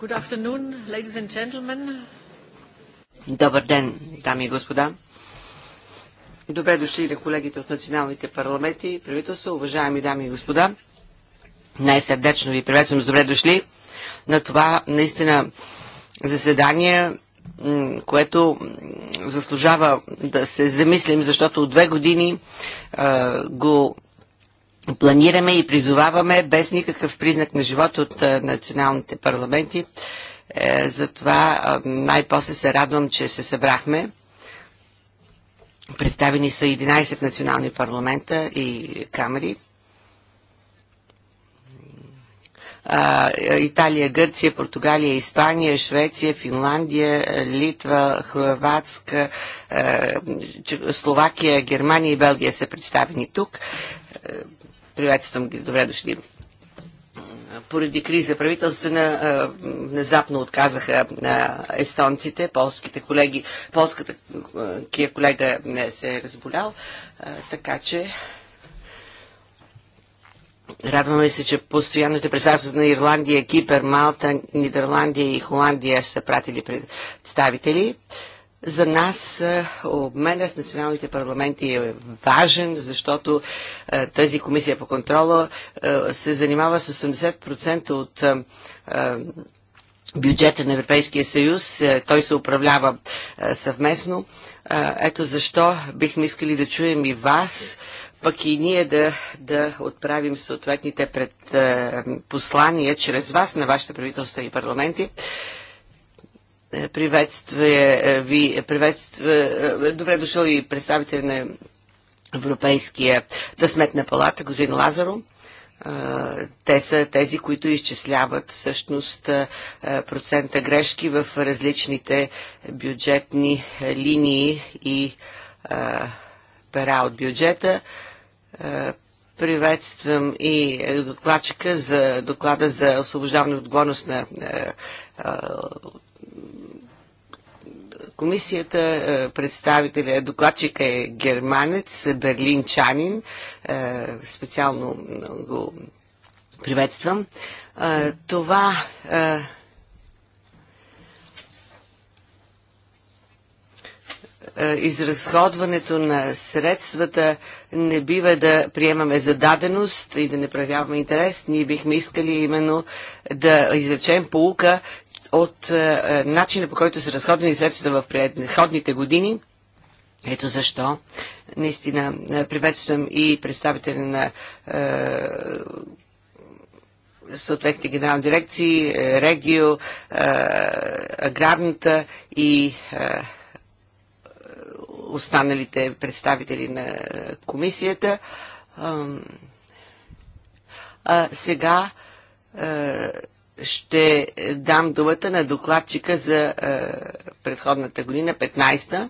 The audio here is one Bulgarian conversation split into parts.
Good afternoon, ladies and gentlemen. Добър ден, дами и господа. Добре дошли на колегите от националните парламенти, правителства, уважаеми дами и господа. Най-сърдечно ви приветствам с добре дошли на това наистина заседание, което заслужава да се замислим, защото от две години а, го планираме и призоваваме без никакъв признак на живот от националните парламенти. Е, затова най-после се радвам, че се събрахме. Представени са 11 национални парламента и камери. Италия, Гърция, Португалия, Испания, Швеция, Финландия, Литва, Хрватска, е, Словакия, Германия и Белгия са представени тук. Е, Приветствам ги. с Добре дошли. Поради криза правителствена внезапно отказаха естонците, полските колеги, полската кия колега не се е разболял, така че Радваме се, че постоянното представителство на Ирландия, Кипър, Малта, Нидерландия и Холандия са пратили представители. За нас е, обмена с националните парламенти е важен, защото е, тази комисия по контрола е, се занимава с 80% от бюджета на Европейския съюз. Той се управлява съвместно. Ето защо бихме искали да чуем и вас, пък и ние да, да отправим съответните пред, послания чрез вас на вашите правителства и парламенти. Е, приветствие е, ви, е, приветствие, добре дошъл и представител на Европейския да сметна палата, господин Лазаро. Те са тези, които изчисляват всъщност процента грешки в различните бюджетни линии и пера от бюджета. Приветствам и докладчика за доклада за освобождаване отговорност на Комисията, е, представителя, докладчик е германец, е берлинчанин, е, специално го приветствам. Това изразходването на средствата не бива да приемаме за даденост и да не проявяваме интерес. Ние бихме искали именно да извлечем поука от е, е, начина по който са разходвани средства в предходните години. Ето защо наистина е, приветствам и представители на е, съответните генерални дирекции, е, регио, е, аграрната и е, останалите представители на комисията. А сега ще дам думата на докладчика за е, предходната година, 15-та.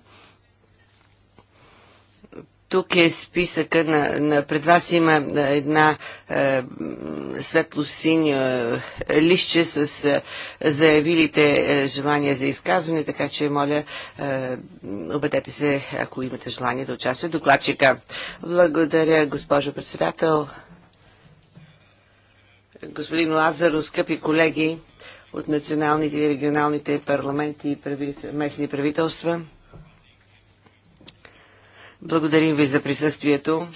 Тук е списъка на, на пред вас има една е, светло-синя е, лище с е, заявилите е, желания за изказване, така че моля, е, обедете се, ако имате желание да участвате. Докладчика. Благодаря, госпожо председател господин Лазаро, скъпи колеги от националните и регионалните парламенти и местни правителства. Благодарим ви за присъствието.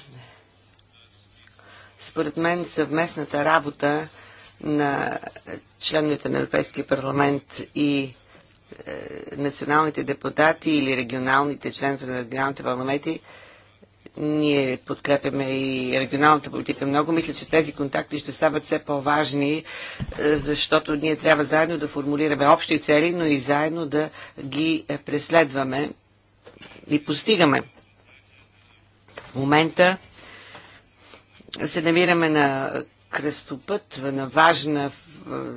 Според мен съвместната работа на членовете на Европейския парламент и е, националните депутати или регионалните членове на регионалните парламенти ние подкрепяме и регионалната политика много. Мисля, че тези контакти ще стават все по-важни, е, защото ние трябва заедно да формулираме общи цели, но и заедно да ги е, преследваме и постигаме. В момента се намираме на на важна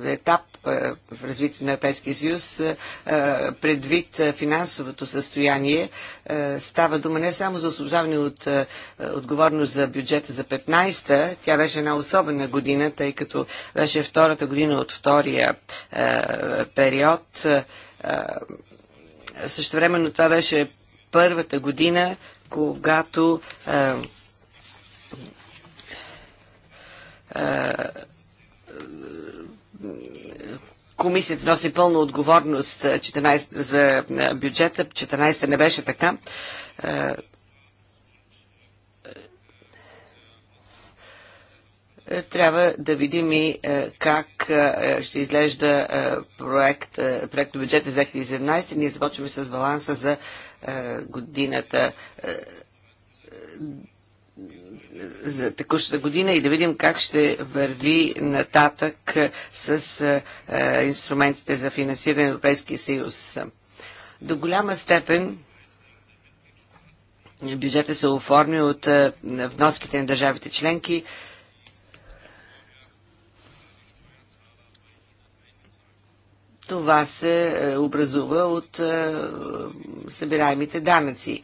етап е, в развитие на Европейския съюз, е, е, предвид финансовото състояние, става дума не само за освобождаване от отговорност за бюджета за 15-та, тя беше една особена година, тъй като беше втората година от втория период. Също времено това беше първата година, когато Е, комисията носи пълна отговорност 14, е, за е, бюджета. 14 не беше така. трябва да видим и как ще изглежда проект, проект на бюджета за 2017. Ние започваме с баланса за годината за текущата година и да видим как ще върви нататък с инструментите за финансиране на Европейския съюз. До голяма степен бюджета се оформи от вноските на държавите членки. Това се е, образува от събираемите данъци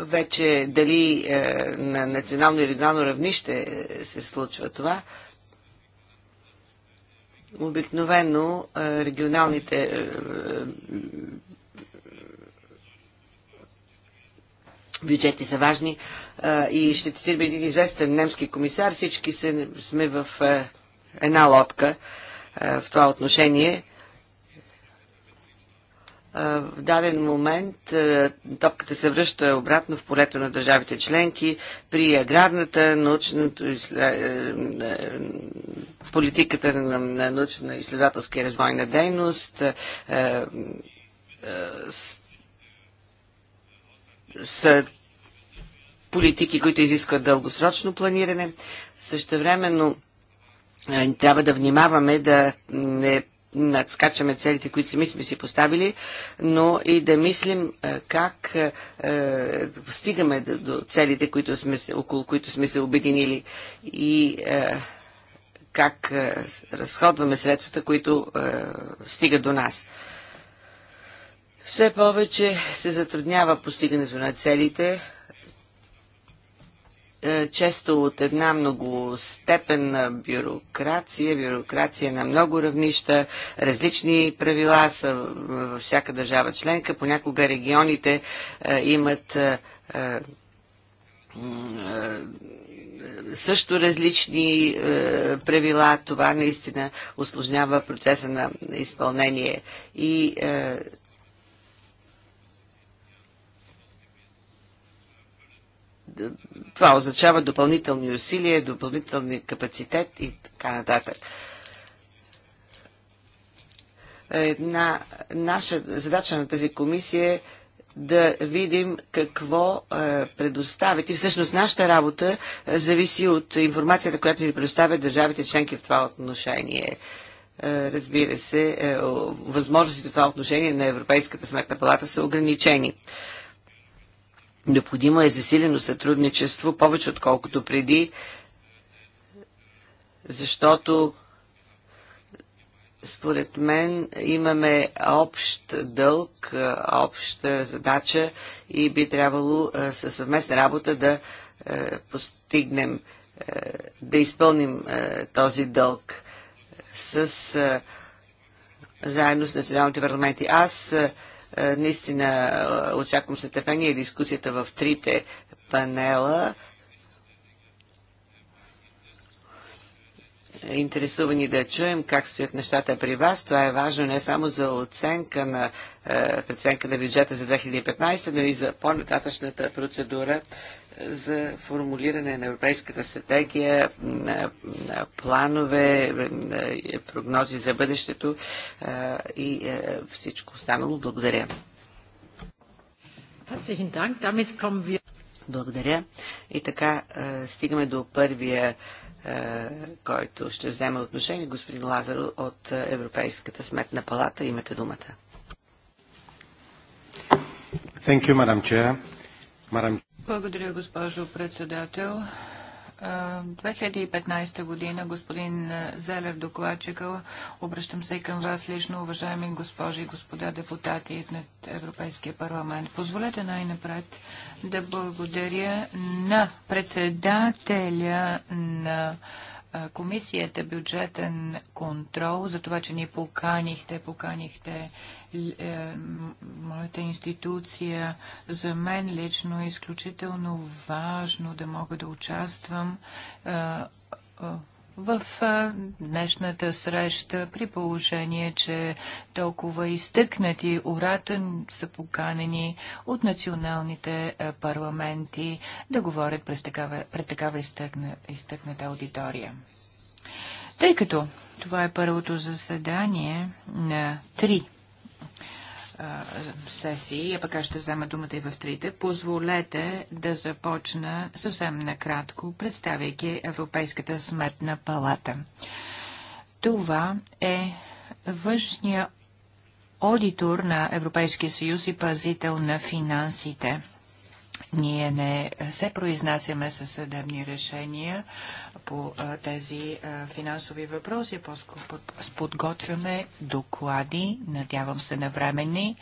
вече дали е, на национално и регионално равнище е, се случва това. Обикновено е, регионалните бюджети са важни и ще цитирам един известен немски комисар. Всички сме в една лодка в това отношение – в даден момент топката се връща обратно в полето на държавите членки при аграрната, научна политиката на научно-изследователска и развойна дейност, са политики, които изискват дългосрочно планиране. Същевременно трябва да внимаваме да не надскачаме целите, които сами сме си поставили, но и да мислим как е, стигаме до целите, които сме, около които сме се обединили и е, как е, разходваме средствата, които стигат до нас. Все повече се затруднява постигането на целите, е, често от една многостепенна бюрокрация, бюрокрация на много равнища, различни правила са във всяка държава членка, понякога регионите е, имат е, също различни правила. Това наистина осложнява процеса на изпълнение. И това означава допълнителни усилия, допълнителни капацитет и така нататък. Една наша задача на тази комисия е да видим какво е, предоставят. И всъщност нашата работа е, зависи от информацията, която ни предоставят държавите членки в това отношение. Е, разбира се, е, възможностите в това отношение на Европейската сметна палата са ограничени. Е, Необходимо е засилено сътрудничество повече отколкото преди, защото според мен имаме общ дълг, обща задача и би трябвало със съвместна работа да постигнем, да изпълним този дълг с заедно с националните парламенти. Аз е, наистина е, очаквам с нетърпение дискусията в трите панела. интересувани да чуем как стоят нещата при вас. Това е важно не само за оценка на е, преценка на бюджета за 2015, но и за по-нататъчната процедура за формулиране на европейската стратегия, планове, прогнози за бъдещето и всичко останало. Благодаря. Благодаря. И така стигаме до първия, който ще вземе отношение, господин Лазаро от Европейската сметна палата. Имате думата. Thank you, Madam Chair. Madam... Благодаря, госпожо председател. 2015 година, господин Зелер докладчика, обръщам се и към вас лично, уважаеми госпожи и господа депутати на Европейския парламент. Позволете най-напред да благодаря на председателя на комисията бюджетен контрол, за това, че ни поканихте, поканихте е, моята институция. За мен лично е изключително важно да мога да участвам в днешната среща, при положение, че толкова изтъкнати ората са поканени от националните парламенти да говорят през такава, пред такава изтъкна, изтъкната аудитория. Тъй като това е първото заседание на три а, сесии, а пък аз ще взема думата и в трите, позволете да започна съвсем накратко, представяйки Европейската сметна палата. Това е външния одитор на Европейския съюз и пазител на финансите – ние не се произнасяме със съдебни решения по тези финансови въпроси, по-скоро подготвяме доклади, надявам се на времени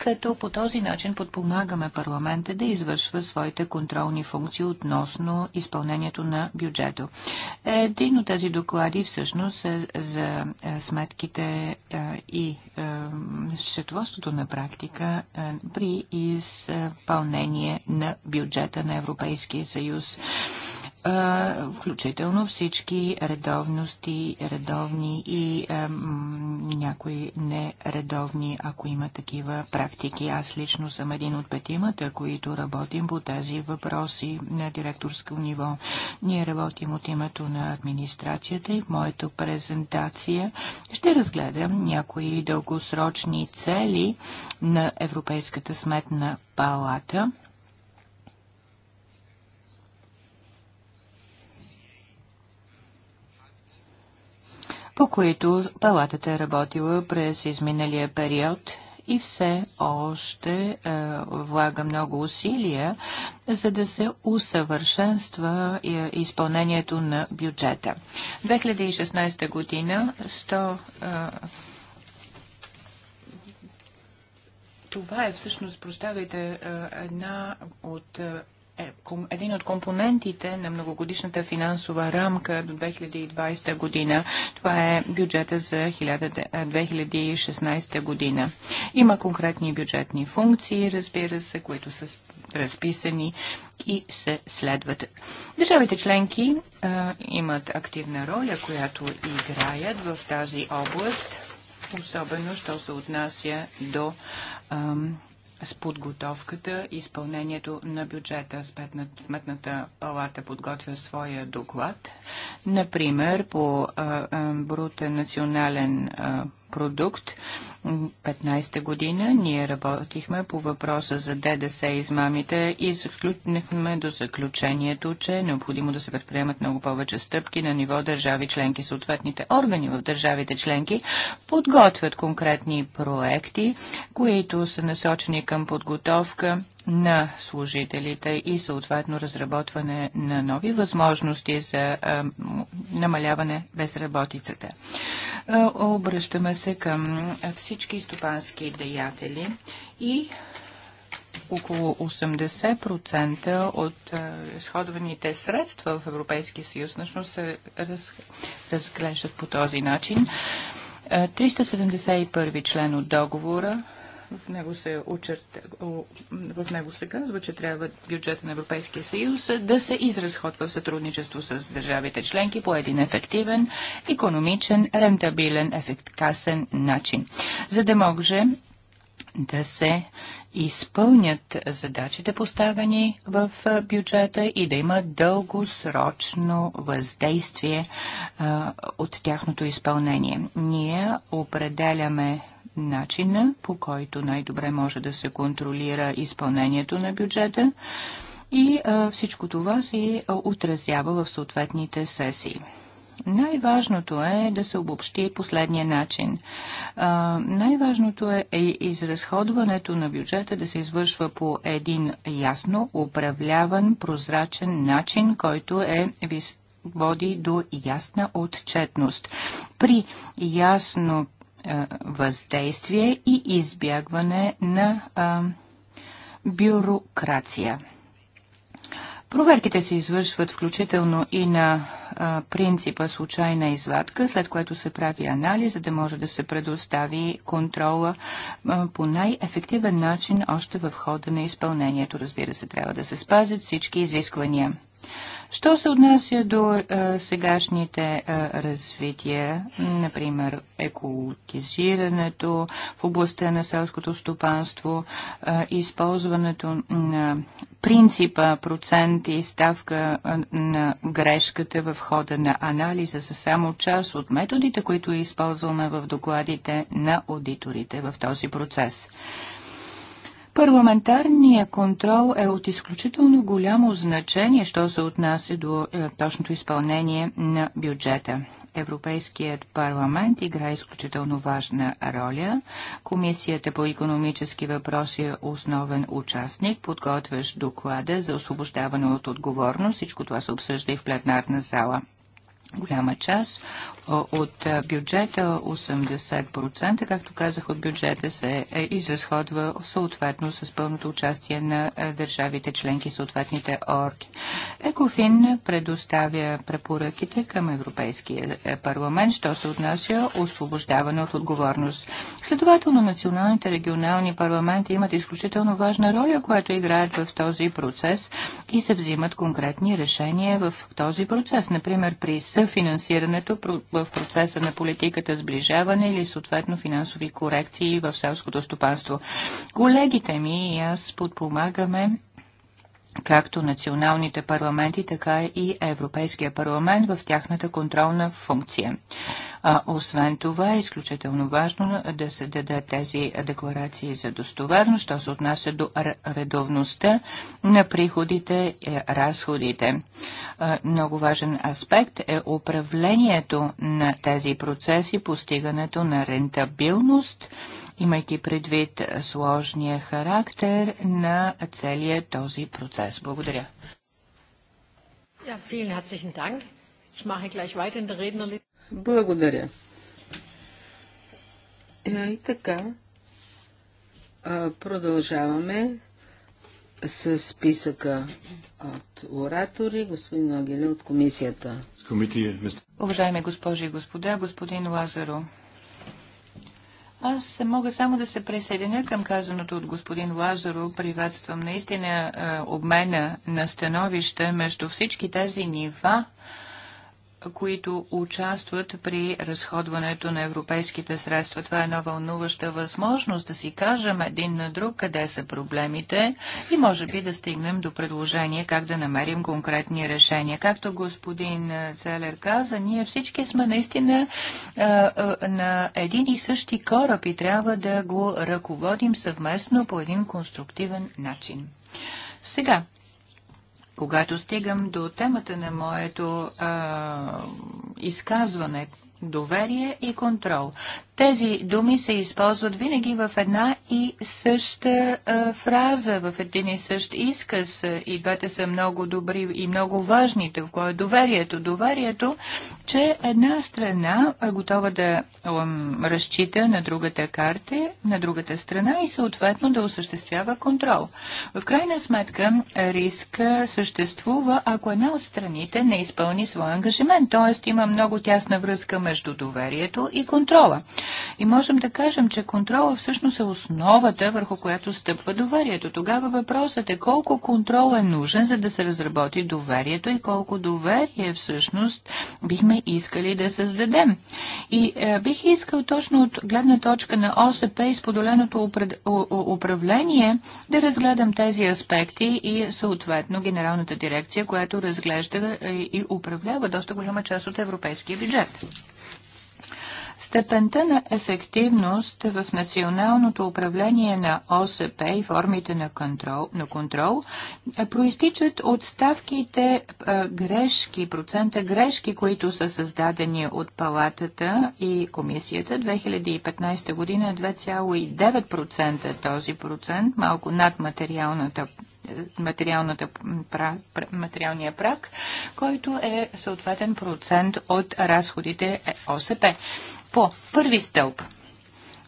като по този начин подпомагаме парламента да извършва своите контролни функции относно изпълнението на бюджета. Един от тези доклади всъщност е за е, сметките е, и е, счетоводството на практика при изпълнение на бюджета на Европейския съюз включително всички редовности, редовни и някои нередовни, ако има такива практики. Аз лично съм един от петимата, които работим по тези въпроси на директорско ниво. Ние работим от името на администрацията и в моята презентация ще разгледам някои дългосрочни цели на Европейската сметна палата по които палатата е работила през изминалия период и все още е, влага много усилия, за да се усъвършенства е, изпълнението на бюджета. 2016 година 100. Е, това е всъщност, прощавайте, е, една от е, е един от компонентите на многогодишната финансова рамка до 2020 година. Това е бюджета за 2016 година. Има конкретни бюджетни функции, разбира се, които са разписани и се следват. Държавите членки а, имат активна роля, която играят в тази област, особено що се отнася до с подготовката и изпълнението на бюджета. Сметната палата подготвя своя доклад, например по брутен национален продукт. 15-та година ние работихме по въпроса за ДДС измамите и заключнахме до заключението, че е необходимо да се предприемат много повече стъпки на ниво държави членки. Съответните органи в държавите членки подготвят конкретни проекти, които са насочени към подготовка на служителите и съответно разработване на нови възможности за а, намаляване безработицата. А, обръщаме се към всички стопански деятели и около 80% от изходваните средства в Европейския съюз всъщност се раз, разглеждат по този начин. 371 член от договора в него се, очерта, в него се казва, че трябва бюджета на Европейския съюз да се изразходва в сътрудничество с държавите членки по един ефективен, економичен, рентабилен, ефикасен начин, за да може да се изпълнят задачите поставени в бюджета и да има дългосрочно въздействие а, от тяхното изпълнение. Ние определяме начина по който най-добре може да се контролира изпълнението на бюджета и а, всичко това се отразява в съответните сесии. Най-важното е да се обобщи последния начин. най-важното е, е изразходването на бюджета да се извършва по един ясно управляван, прозрачен начин, който е води до ясна отчетност. При ясно въздействие и избягване на а, бюрокрация. Проверките се извършват включително и на а, принципа случайна извадка, след което се прави анализ, за да може да се предостави контрола а, по най-ефективен начин още в хода на изпълнението. Разбира се, трябва да се спазят всички изисквания. Що се отнася до а, сегашните а, развития, например екологизирането в областта на селското стопанство, а, използването на принципа процент и ставка на грешката в хода на анализа са само част от методите, които е използвана в докладите на аудиторите в този процес. Парламентарният контрол е от изключително голямо значение, що се отнася до е, точното изпълнение на бюджета. Европейският парламент играе изключително важна роля. Комисията по економически въпроси е основен участник, подготвящ доклада за освобождаване от отговорност. Всичко това се обсъжда и в пленарна зала голяма част от бюджета, 80%, както казах, от бюджета се е, изразходва съответно с пълното участие на държавите членки, съответните орги. Екофин предоставя препоръките към Европейския е, парламент, що се отнася освобождаване от отговорност. Следователно, националните регионални парламенти имат изключително важна роля, която играят в този процес и се взимат конкретни решения в този процес. Например, при съ съфинансирането в процеса на политиката сближаване или съответно финансови корекции в селското стопанство. Колегите ми и аз подпомагаме както националните парламенти, така и Европейския парламент в тяхната контролна функция. А, освен това е изключително важно да се даде тези декларации за достоверност, що се отнася до редовността на приходите и разходите. А, много важен аспект е управлението на тези процеси, постигането на рентабилност имайки предвид сложния характер на целия този процес. Благодаря. Благодаря. Е, и така, продължаваме с списъка от оратори. Господин Агеле от комисията. Уважаеми госпожи и господа, господин Лазаро, аз мога само да се присъединя към казаното от господин Лазаро. Приветствам наистина е, обмена на становища между всички тези нива които участват при разходването на европейските средства. Това е една вълнуваща възможност да си кажем един на друг къде са проблемите и може би да стигнем до предложение как да намерим конкретни решения. Както господин Целер каза, ние всички сме наистина а, а, на един и същи кораб и трябва да го ръководим съвместно по един конструктивен начин. Сега, когато стигам до темата на моето а, изказване, доверие и контрол. Тези думи се използват винаги в една и съща а, фраза, в един и същ изказ. И двете са много добри и много важни. Кое е доверието? Доверието, че една страна е готова да ом, разчита на другата карта, на другата страна и съответно да осъществява контрол. В крайна сметка риск съществува, ако една от страните не изпълни своя ангажимент. т.е. има много тясна връзка между доверието и контрола. И можем да кажем, че контрола всъщност е основата, върху която стъпва доверието. Тогава въпросът е колко контрол е нужен, за да се разработи доверието и колко доверие всъщност бихме искали да създадем. И е, бих искал точно от гледна точка на ОСП и споделеното упред, управление да разгледам тези аспекти и съответно генералната дирекция, която разглежда е, и управлява доста голяма част от европейския бюджет. Степента на ефективност в националното управление на ОСП и формите на контрол, на контрол е, проистичат от ставките а, е, грешки, процента грешки, които са създадени от палатата и комисията. 2015 година 2,9% е този процент, малко над материалната материалната, материалния прак, който е съответен процент от разходите ОСП по първи стълб.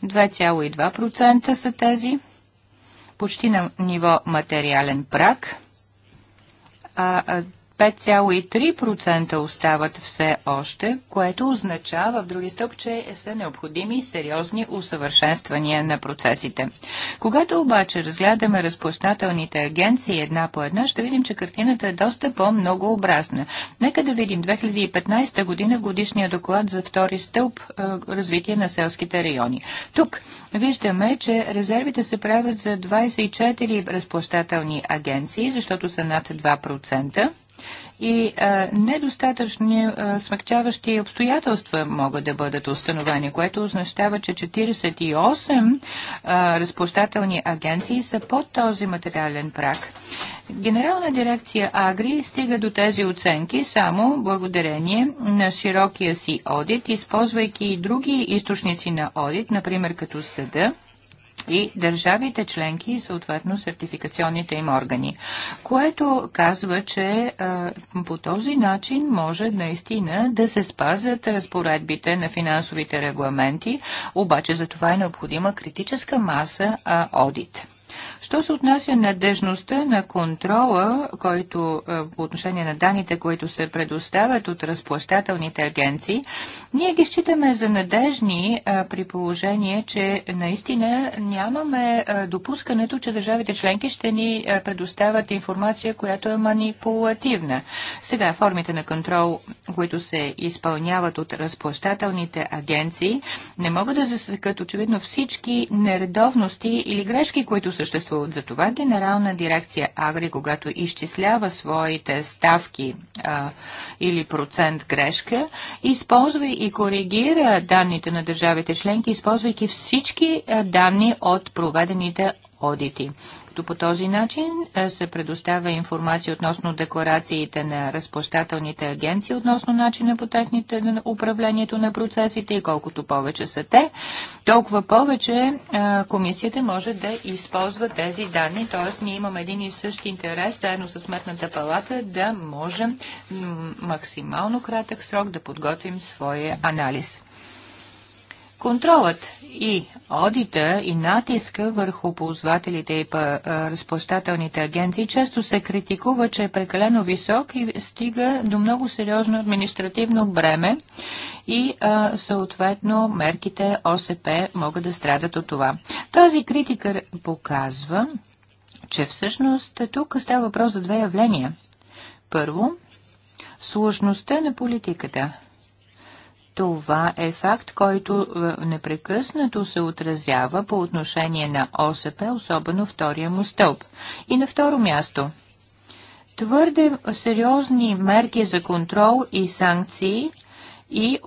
2,2% са тези, почти на ниво материален прак, а 5,3% остават все още, което означава в други стъп, че са необходими сериозни усъвършенствания на процесите. Когато обаче разгледаме разплащателните агенции една по една, ще видим, че картината е доста по-многообразна. Нека да видим 2015 година годишния доклад за втори стълб е, развитие на селските райони. Тук виждаме, че резервите се правят за 24 разплащателни агенции, защото са над 2% и а, недостатъчни а, смъкчаващи обстоятелства могат да бъдат установени, което означава, че 48 а, разплащателни агенции са под този материален прак. Генерална дирекция Агри стига до тези оценки само благодарение на широкия си одит, използвайки и други източници на одит, например като съда, и държавите членки и съответно сертификационните им органи, което казва, че е, по този начин може наистина да се спазят разпоредбите на финансовите регламенти, обаче за това е необходима критическа маса а, одит. Що се отнася надежността на контрола, който е, по отношение на данните, които се предоставят от разплащателните агенции, ние ги считаме за надежни е, при положение, че наистина нямаме е, допускането, че държавите членки ще ни предоставят информация, която е манипулативна. Сега формите на контрол, които се изпълняват от разплащателните агенции, не могат да засекат очевидно всички нередовности или грешки, които съществуват затова Генерална дирекция Агри, когато изчислява своите ставки а, или процент грешка, използва и коригира данните на държавите членки, използвайки всички данни от проведените одити като по този начин е, се предоставя информация относно декларациите на разплащателните агенции, относно начина по техните на управлението на процесите и колкото повече са те, толкова повече а, е, комисията може да използва тези данни. Т.е. ние имаме един и същ интерес, заедно с Сметната палата, да можем максимално кратък срок да подготвим своя анализ. Контролът и одита и натиска върху ползвателите и разплащателните агенции често се критикува, че е прекалено висок и стига до много сериозно административно бреме и а, съответно мерките ОСП могат да страдат от това. Тази критика показва, че всъщност тук става въпрос за две явления. Първо, сложността на политиката – това е факт, който е, непрекъснато се отразява по отношение на ОСП, особено втория му стълб. И на второ място. Твърде сериозни мерки за контрол и санкции и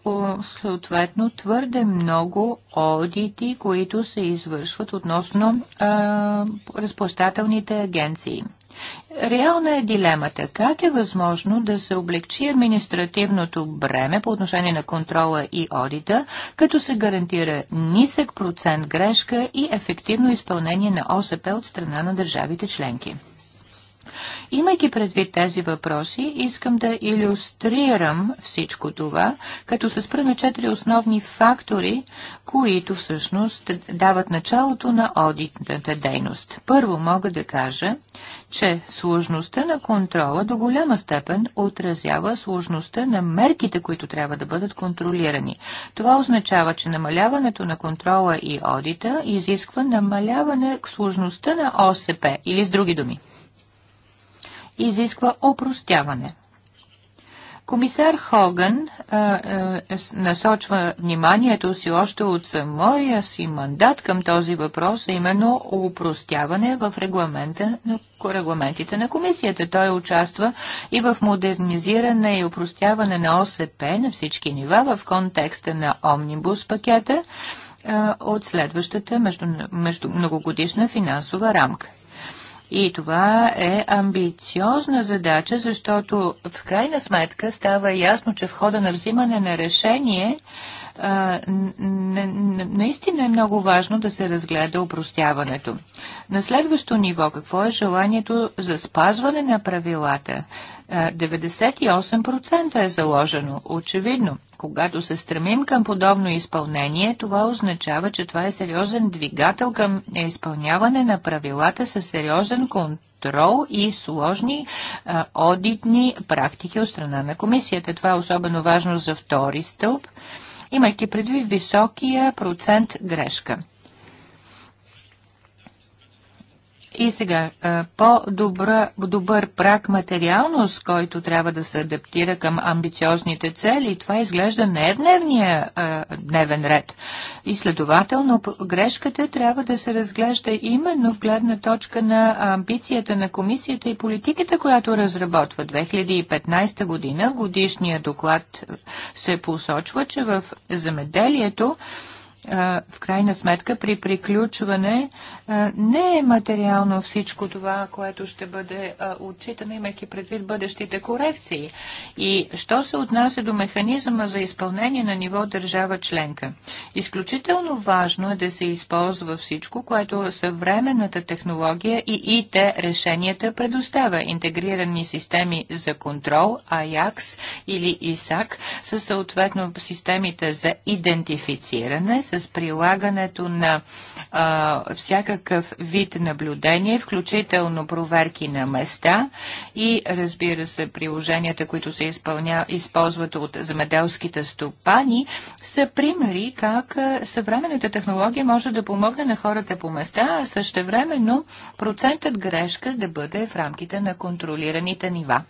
съответно твърде много одити, които се извършват относно а, разплащателните агенции. Реална е дилемата. Как е възможно да се облегчи административното бреме по отношение на контрола и одита, като се гарантира нисък процент грешка и ефективно изпълнение на ОСП от страна на държавите членки? Имайки предвид тези въпроси, искам да иллюстрирам всичко това, като се спра на четири основни фактори, които всъщност дават началото на одитната дейност. Първо мога да кажа, че сложността на контрола до голяма степен отразява сложността на мерките, които трябва да бъдат контролирани. Това означава, че намаляването на контрола и одита изисква намаляване сложността на ОСП или с други думи – изисква опростяване. Комисар Хоган а, а, насочва вниманието си още от самия си мандат към този въпрос, а именно упростяване в регламента, регламентите на комисията. Той участва и в модернизиране и упростяване на ОСП на всички нива в контекста на омнибус пакета а, от следващата между, между многогодишна финансова рамка. И това е амбициозна задача, защото в крайна сметка става ясно, че в хода на взимане на решение а, наистина е много важно да се разгледа упростяването. На следващо ниво, какво е желанието за спазване на правилата? 98% е, е заложено. Очевидно, когато се стремим към подобно изпълнение, това означава, че това е сериозен двигател към изпълняване на правилата с сериозен контрол и сложни а, е, одитни практики от страна на комисията. Това е особено важно за втори стълб, имайки предвид високия процент грешка. И сега, по-добър прак материалност, който трябва да се адаптира към амбициозните цели, това изглежда не е в дневния а, дневен ред. И следователно, грешката трябва да се разглежда именно в гледна точка на амбицията на комисията и политиката, която разработва. 2015 година годишния доклад се посочва, че в замеделието в крайна сметка при приключване не е материално всичко това, което ще бъде отчитано, имайки предвид бъдещите корекции. И що се отнася до механизма за изпълнение на ниво държава членка? Изключително важно е да се използва всичко, което съвременната технология и ИТ решенията предоставя. Интегрирани системи за контрол, АЯКС или ИСАК, със съответно системите за идентифициране, с с прилагането на а, всякакъв вид наблюдение, включително проверки на места и разбира се приложенията, които се изпълня, използват от земеделските стопани, са примери как съвременната технология може да помогне на хората по места, а същевременно процентът грешка да бъде в рамките на контролираните нива.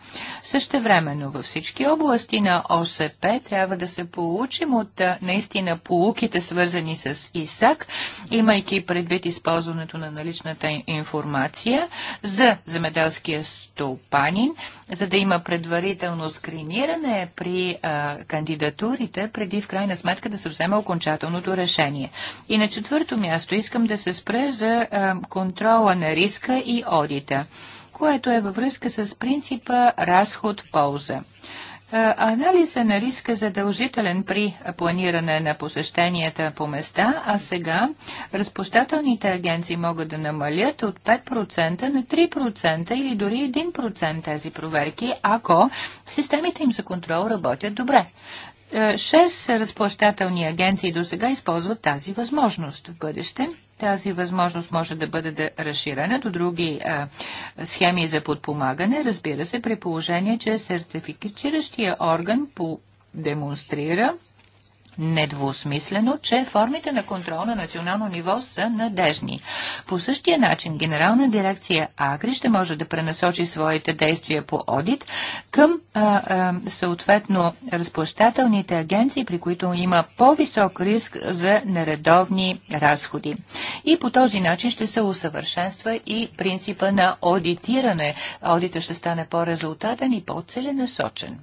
Същевременно във всички области на ОСП трябва да се получим от наистина полуките свързани свързани с ИСАК, имайки предвид използването на наличната информация за земеделския стопанин, за да има предварително скриниране при а, кандидатурите, преди в крайна сметка да се вземе окончателното решение. И на четвърто място искам да се спре за а, контрола на риска и одита, което е във връзка с принципа разход-полза. Е, Анализа е на риска е задължителен при планиране на посещенията по места, а сега разпощателните агенции могат да намалят от 5% на 3% или дори 1% тези проверки, ако системите им за контрол работят добре. Е, шест разплащателни агенции до сега използват тази възможност в бъдеще тази възможност може да бъде разширена до други а, схеми за подпомагане, разбира се, при положение, че сертифициращия орган по демонстрира недвусмислено, че формите на контрол на национално ниво са надежни. По същия начин Генерална дирекция Агри ще може да пренасочи своите действия по одит към а, а, съответно разплащателните агенции, при които има по-висок риск за нередовни разходи. И по този начин ще се усъвършенства и принципа на одитиране. Одита ще стане по-резултатен и по-целенасочен.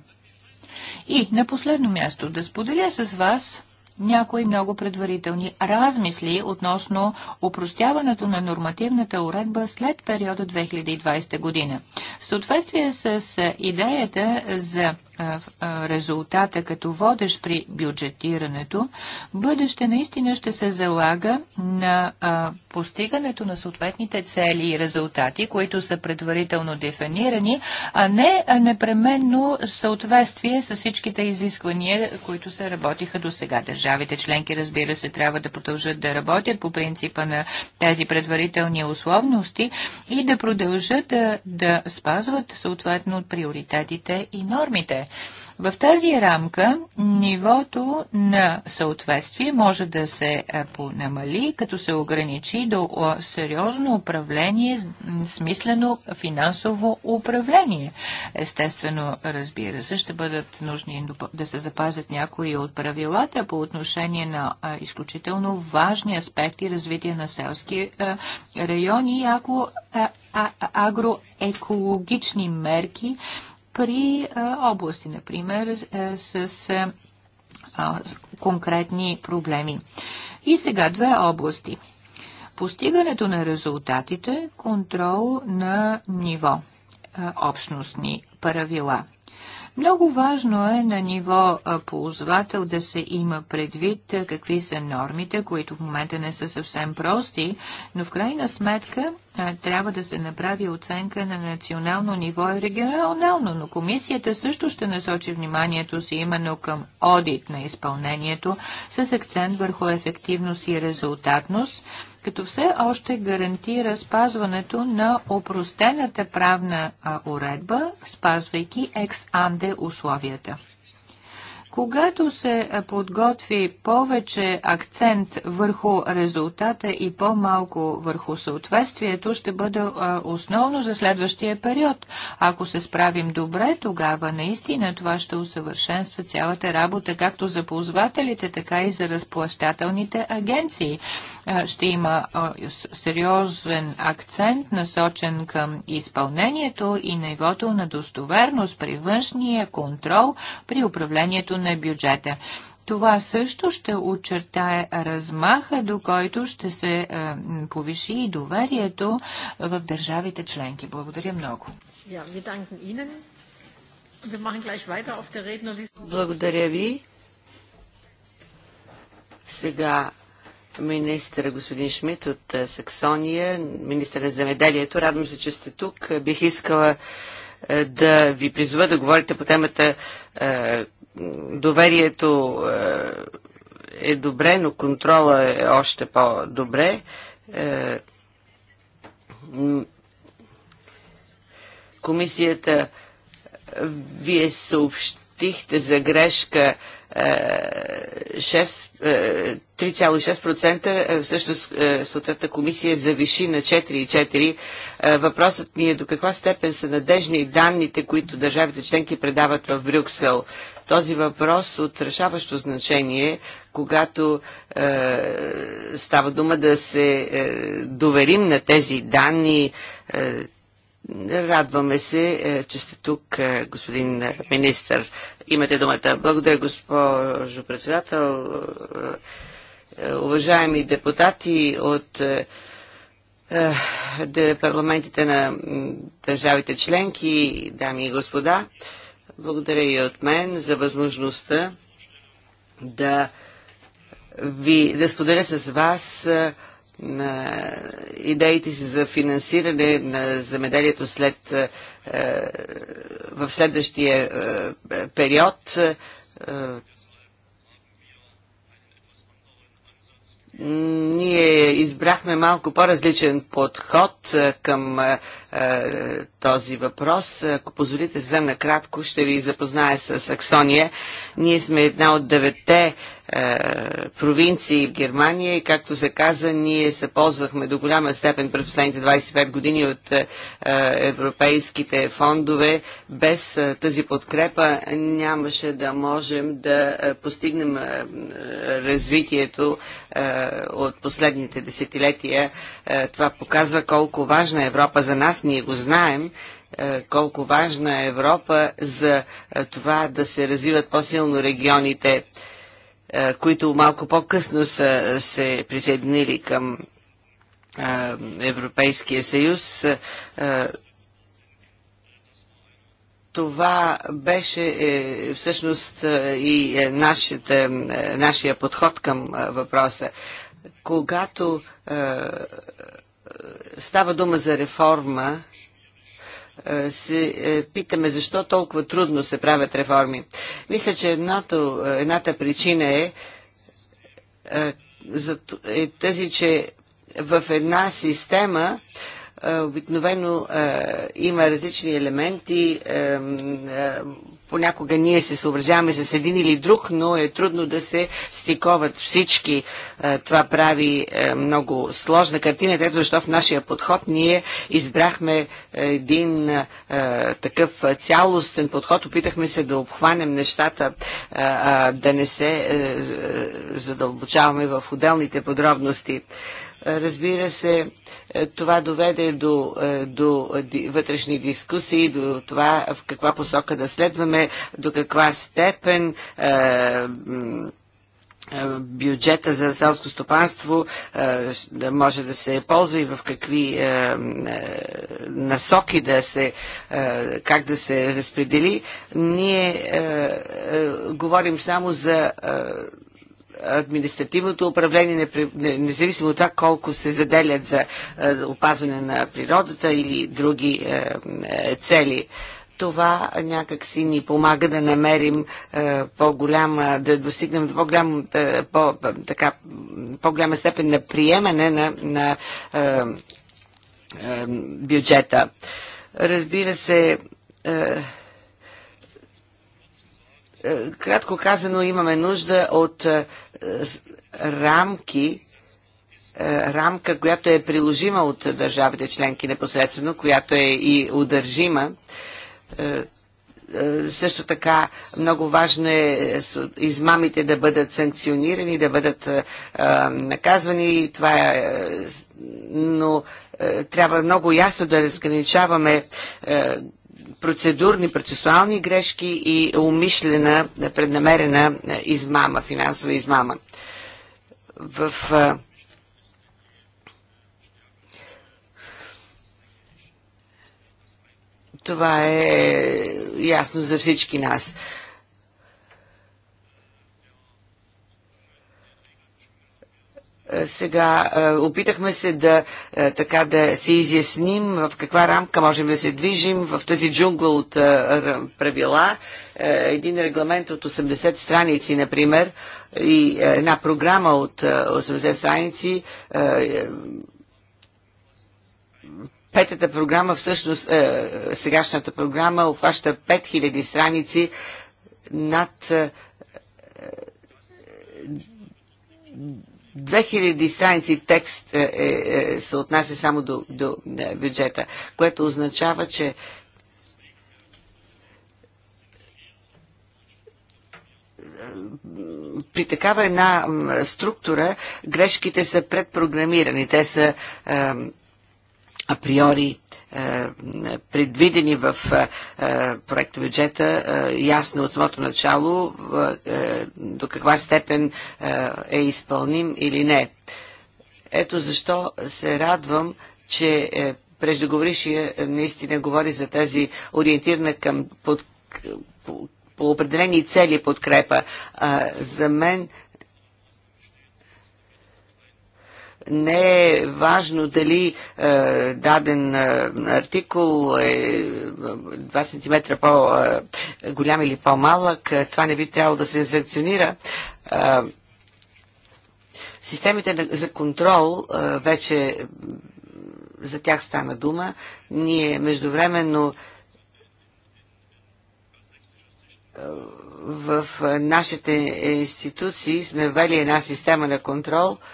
И на последно място да споделя с вас някои много предварителни размисли относно упростяването на нормативната уредба след периода 2020 година. В съответствие с идеята за резултата като водещ при бюджетирането, бъдеще наистина ще се залага на постигането на съответните цели и резултати, които са предварително дефинирани, а не непременно съответствие с всичките изисквания, които се работиха до сега. Държавите членки, разбира се, трябва да продължат да работят по принципа на тези предварителни условности и да продължат да, да спазват съответно приоритетите и нормите в тази рамка нивото на съответствие може да се е, намали, като се ограничи до е, сериозно управление, смислено финансово управление. Естествено, разбира се, ще бъдат нужни да се запазят някои от правилата по отношение на е, изключително важни аспекти развитие на селски райони и ако агроекологични мерки при области, например, е, с е, конкретни проблеми. И сега две области. Постигането на резултатите, контрол на ниво, общностни правила – много важно е на ниво ползвател да се има предвид какви са нормите, които в момента не са съвсем прости, но в крайна сметка трябва да се направи оценка на национално ниво и регионално, но комисията също ще насочи вниманието си именно към одит на изпълнението с акцент върху ефективност и резултатност като все още гарантира спазването на опростената правна уредба, спазвайки екс-анде условията. Когато се подготви повече акцент върху резултата и по-малко върху съответствието, ще бъде основно за следващия период. Ако се справим добре, тогава наистина това ще усъвършенства цялата работа, както за ползвателите, така и за разплащателните агенции. Ще има сериозен акцент, насочен към изпълнението и нивото на достоверност при външния контрол при управлението на бюджета. Това също ще очертае размаха, до който ще се е, повиши и доверието в държавите членки. Благодаря много. Благодаря ви. Сега министър господин Шмидт от е, Саксония, министър на земеделието. Радвам се, че сте тук. Бих искала е, да ви призова да говорите по темата доверието е, е добре, но контрола е още по-добре. Е, комисията вие съобщихте за грешка 3,6%, е, всъщност съответната комисия завиши на 4,4%. Въпросът ми е до каква степен са надежни данните, които държавите членки предават в Брюксел този въпрос от решаващо значение, когато е, става дума да се е, доверим на тези данни. Е, Радваме се, е, че сте тук, е, господин министр. Имате думата. Благодаря, госпожо председател. Е, е уважаеми депутати от е, е, парламентите на държавите членки, дами и господа, благодаря и от мен за възможността да ви, да споделя с вас на идеите си за финансиране на замеделието след, в следващия период. ние избрахме малко по-различен подход е, към е, е, този въпрос. Е, ако позволите съвсем накратко, ще ви запозная с Аксония. Ние сме една от девете е, провинции в Германия и както се каза, ние се ползвахме до голяма степен през последните 25 години от е, европейските фондове. Без е, тази подкрепа нямаше да можем да постигнем развитието от последните десетилетия. Това показва колко важна е Европа за нас, ние го знаем колко важна е Европа за това да се развиват по-силно регионите. Е, които малко по-късно са се присъединили към е, Европейския съюз. Е, това беше всъщност и нашата, нашия подход към въпроса. Когато става дума за реформа, е, се е, питаме защо толкова трудно се правят реформи. Мисля, че едното, е, едната причина е, е тази, че в една система е, обикновено е, има различни елементи. Е, понякога ние се съобразяваме с един или друг, но е трудно да се стиковат всички. Това прави много сложна картина, тъй защо в нашия подход ние избрахме един такъв цялостен подход. Опитахме се да обхванем нещата, да не се задълбочаваме в отделните подробности. Разбира се, е, това доведе до, е, до вътрешни дискусии, до това в каква посока да следваме, до каква степен е, е бюджета за селско стопанство е, може да се ползва и в какви е, насоки да се, е, как да се разпредели. Ние говорим само за административното управление, независимо от това колко се заделят за опазване на природата или други е, е, цели това някак си ни помага да намерим е, по-голяма, да достигнем до по-голяма, е, по, така, по-голяма степен на приемане на, на е, е, бюджета. Разбира се, е, кратко казано, имаме нужда от рамки, е, рамка, която е приложима от държавите членки непосредствено, която е и удържима. Е, е, също така много важно е измамите да бъдат санкционирани, да бъдат наказвани. Това е, но трябва много ясно да разграничаваме процедурни, процесуални грешки и умишлена, преднамерена измама, финансова измама. В Това е ясно за всички нас. Е, сега е, опитахме се да, е, така, да се изясним в каква рамка можем да се движим в тази джунгла от правила. Един регламент от 80 страници, например, и една програма от 80 страници петата програма, всъщност сегашната програма обхваща 5000 страници над 2000 страници текст е, е, е, се отнася само до, до е, бюджета, което означава, че при такава една структура грешките са предпрограмирани, те са е, априори е, предвидени в е, е, проекта бюджета, ясно от самото начало до каква степен е изпълним или не. Ето защо се радвам, че преждеговорившия наистина говори за тази ориентирана към под, по, по определени цели подкрепа. за мен не е важно дали е, даден е, артикул е 2 см по-голям е, или по-малък. Е, това не би трябвало да се санкционира. Е, системите за контрол е, вече за тях стана дума. Ние междувременно е, в е, нашите институции сме ввели една система на контрол, е,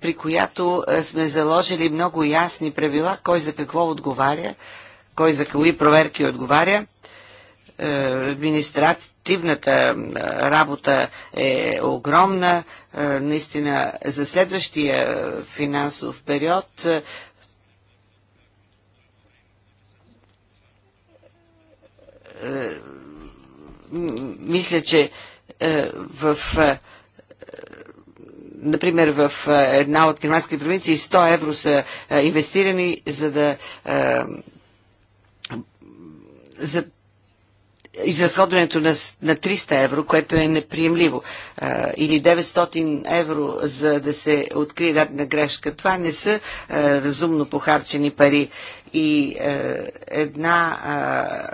при която сме заложили много ясни правила, кой за какво отговаря, кой за кои проверки отговаря. Е, административната работа е огромна. Е, наистина, за следващия финансов период е, мисля, че в например, в една от германските провинции 100 евро са инвестирани, за да за изразходването на, на 300 евро, което е неприемливо, а, или 900 евро, за да се открие дадена грешка, това не са а, разумно похарчени пари. И а, една а,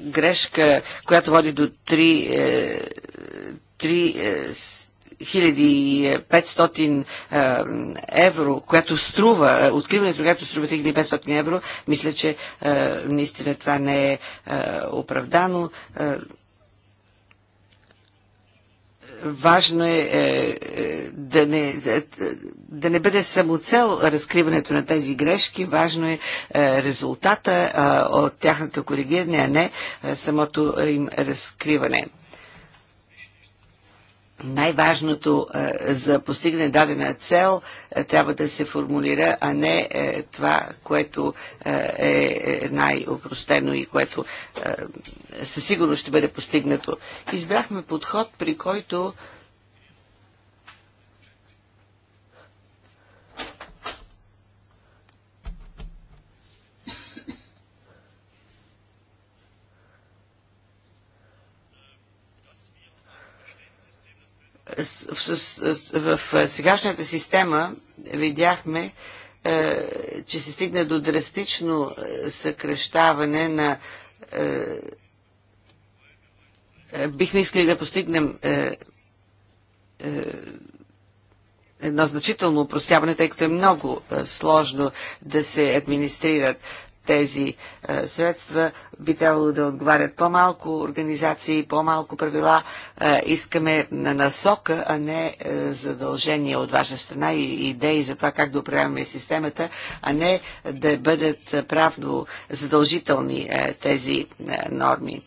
грешка, която води до 3, а, е, 1500 е, евро, която струва, е, откриването, която струва 3500 евро, мисля, че е, наистина това не е оправдано. Важно е, е да, не, да, да не бъде самоцел разкриването на тези грешки, важно е, е резултата е, от тяхното коригиране, а не самото им разкриване най-важното е, за постигане дадена цел е, трябва да се формулира, а не е, това, което е най-опростено и което със сигурност ще бъде постигнато. Избрахме подход, при който в, в сегашната система видяхме, е, че се стигна до драстично е, съкрещаване на е, бихме искали да постигнем едно значително упростяване, тъй като е много сложно да се администрират тези е, средства. Би трябвало да отговарят по-малко организации, по-малко правила. Е, искаме на насока, а не е, задължения от ваша страна и идеи за това как да управляваме системата, а не да бъдат правно задължителни тези норми.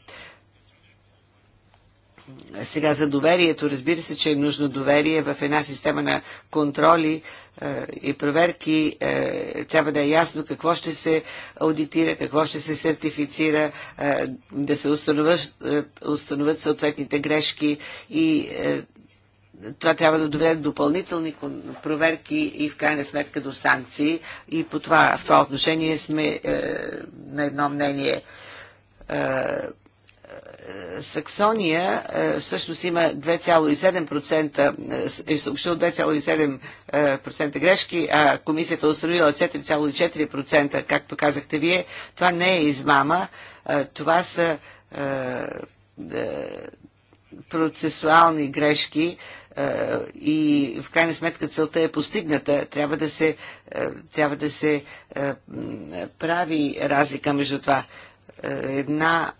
Сега за доверието, разбира се, че е нужно доверие в една система на контроли е, и проверки. Е, трябва да е ясно какво ще се аудитира, какво ще се сертифицира, е, да се установят, установят съответните грешки и това трябва да доведе до допълнителни проверки и в крайна сметка до санкции. И по това, в това отношение сме на едно мнение Саксония е, всъщност има 2,7% е, е съобщил 2,7% е, грешки, а комисията установила 4,4%, както казахте вие. Това не е измама, това са процесуални грешки и в крайна сметка целта е постигната. Трябва да се, трябва да се прави разлика между това. Е, една.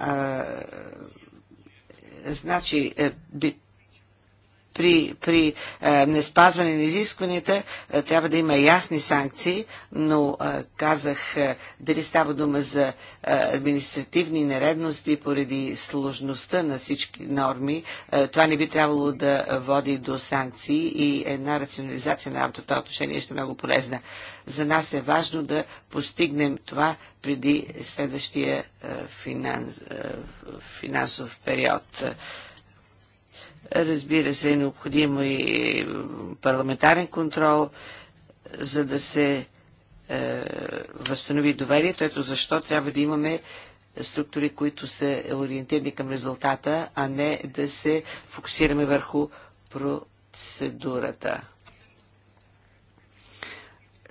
Е, значи, е, при, при е, неспазване на изискванията е, трябва да има ясни санкции, но е, казах е, дали става дума за е, административни нередности поради сложността на всички норми, е, това не би трябвало да води до санкции и една рационализация на работата това отношение е ще е много полезна. За нас е важно да постигнем това преди следващия е, финанс, е, финансов период. Разбира се, е необходимо и е, парламентарен контрол, за да се е, възстанови доверието. Ето защо трябва да имаме структури, които са ориентирани към резултата, а не да се фокусираме върху процедурата.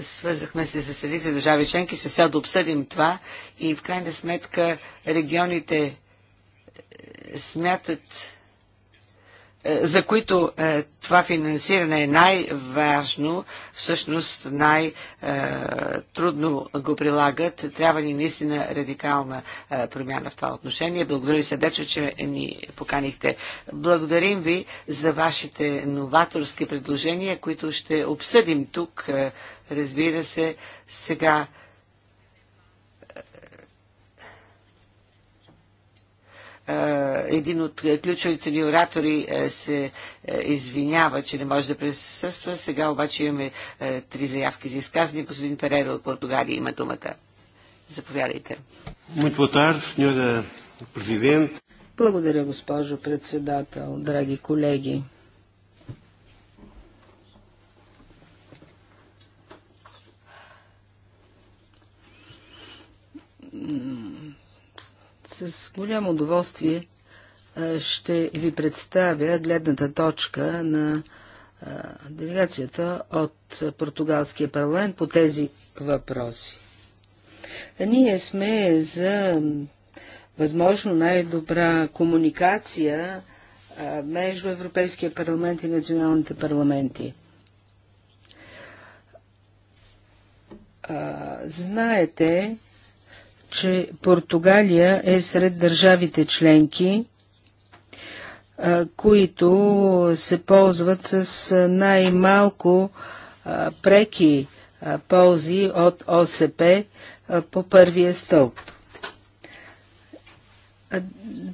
Свързахме се с редица държави членки, ще сега да обсъдим това и в крайна сметка регионите е, смятат, е, за които е, това финансиране е най-важно, всъщност най-трудно е, го прилагат. Трябва ни наистина радикална е, промяна в това отношение. Благодаря ви сърдечно, че ни поканихте. Благодарим ви за вашите новаторски предложения, които ще обсъдим тук. Е, разбира се, сега Е, един от ключовите ни оратори е, се е, извинява, че не може да присъства. Сега обаче имаме три заявки за изказване. Господин Переро от Португалия има думата. Заповядайте. Благодаря, госпожо председател, драги колеги. Mm с голямо удоволствие ще ви представя гледната точка на делегацията от португалския парламент по тези въпроси. Ние сме за възможно най-добра комуникация между Европейския парламент и националните парламенти. Знаете, че Португалия е сред държавите членки, които се ползват с най-малко преки ползи от ОСП по първия стълб.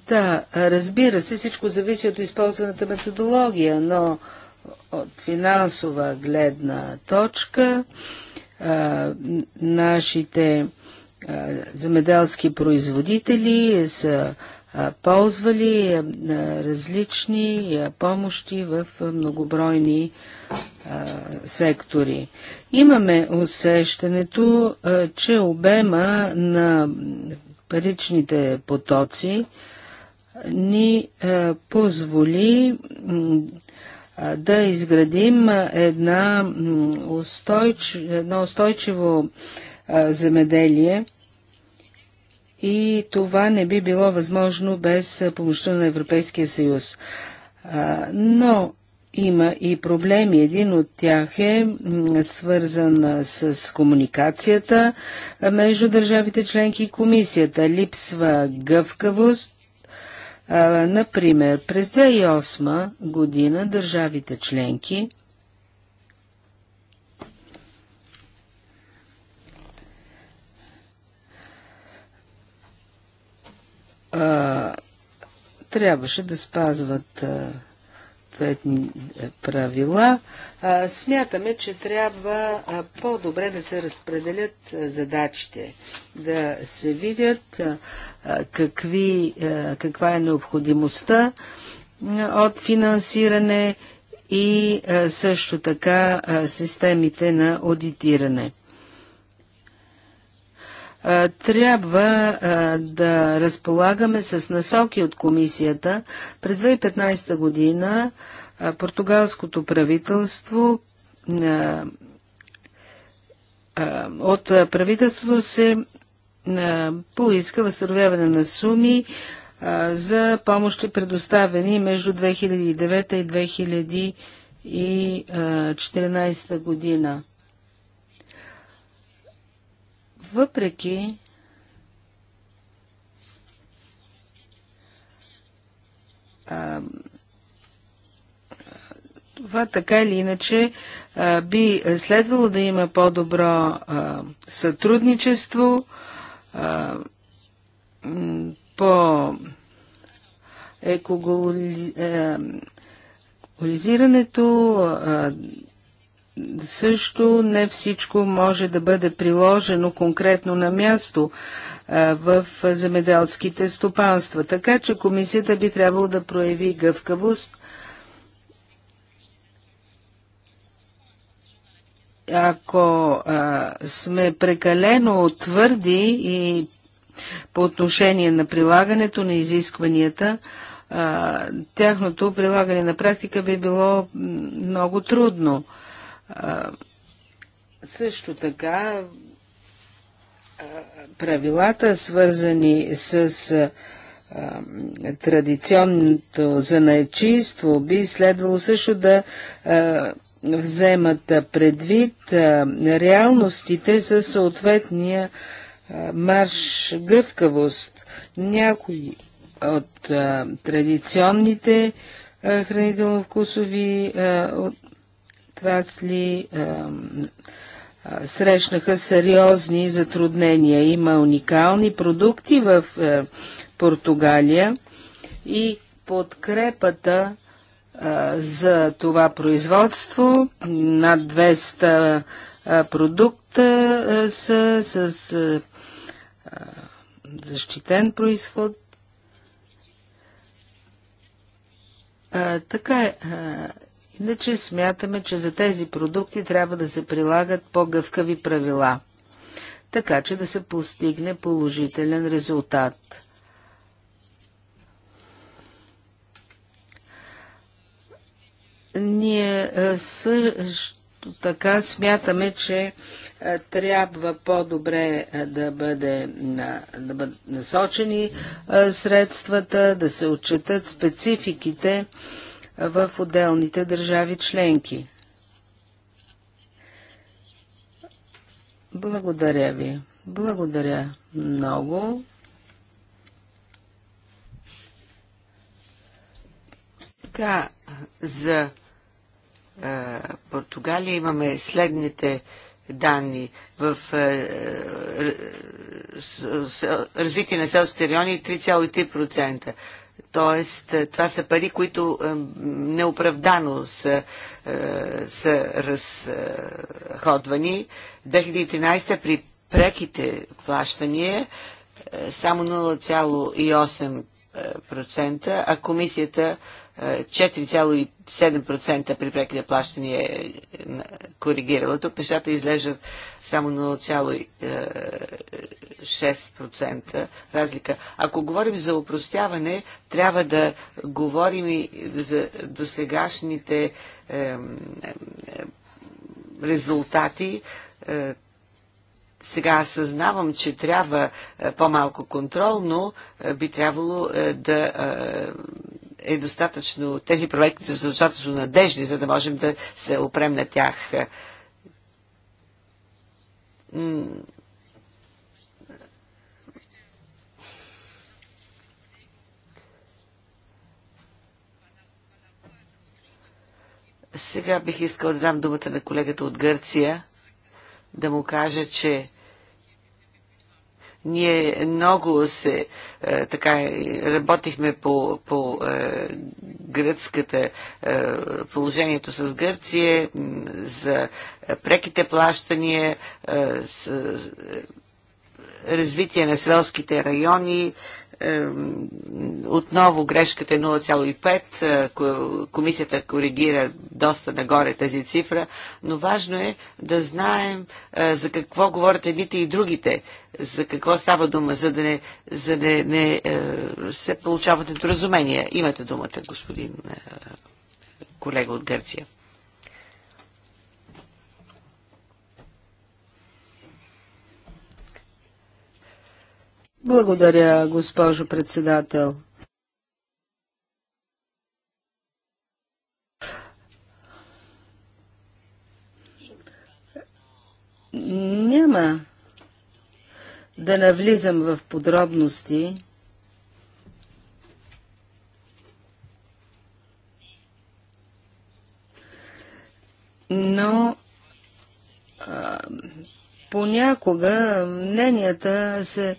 Да, разбира се, всичко зависи от използваната методология, но от финансова гледна точка а, нашите земеделски производители са ползвали различни помощи в многобройни сектори. Имаме усещането, че обема на паричните потоци ни позволи да изградим една устойч... едно устойчиво земеделие, и това не би било възможно без помощта на Европейския съюз. Но има и проблеми. Един от тях е свързан с комуникацията между държавите членки и комисията. Липсва гъвкавост. Например, през 2008 година държавите членки а, трябваше да спазват а, съответни е, правила. А, смятаме, че трябва по-добре да се разпределят задачите, да се видят а, какви, а, каква е необходимостта от финансиране и също така системите на аудитиране трябва да разполагаме с насоки от комисията. През 2015 година португалското правителство от правителството се поиска възстановяване на суми за помощи предоставени между 2009 и 2014 година въпреки а, това така или иначе а, би следвало да има по-добро сътрудничество, а, по екологизирането, също не всичко може да бъде приложено конкретно на място в земеделските стопанства. Така че комисията би трябвало да прояви гъвкавост. Ако а, сме прекалено твърди и по отношение на прилагането на изискванията, а, тяхното прилагане на практика би било много трудно. Също така правилата, свързани с традиционното занаечийство, би следвало също да вземат предвид реалностите за съответния марш гъвкавост. Някои от традиционните хранително-вкусови отрасли срещнаха сериозни затруднения. Има уникални продукти в е, Португалия и подкрепата за това производство над 200 продукта са с защитен происход. така е. Иначе смятаме, че за тези продукти трябва да се прилагат по-гъвкави правила, така че да се постигне положителен резултат. Ние също така смятаме, че трябва по-добре да, бъде, да бъдат насочени средствата, да се отчитат спецификите в отделните държави членки. Благодаря ви. Благодаря много. Така, за е, Португалия имаме следните данни в е, е, развитие на селските райони 3,3%. Е Тоест, е, това са пари, които е, неоправдано са, е, са разходвани. 2013 при преките плащания само 0,8%, а комисията 4,7% при преки плащания е коригирала. Тук нещата излежат само 0,6% е, разлика. Ако говорим за упростяване, трябва да говорим и за досегашните е, е, резултати, сега съзнавам, че трябва по-малко контрол, но би трябвало да е достатъчно, тези проекти са достатъчно надежни, за да можем да се опрем на тях. Сега бих искал да дам думата на колегата от Гърция, да му кажа, че ние много се е, така е, работихме по, по е, гръцката положението с Гърция, за преките плащания, с развитие на селските райони, отново грешката е 0,5. Е, комисията коригира доста нагоре тази цифра, но важно е да знаем е, за какво говорят едните и другите, за какво става дума, за да не, за да не е, се получават недоразумения. Имате думата, господин колега от Гърция. Благодаря, госпожо председател. Няма да навлизам в подробности. Но а, понякога мненията се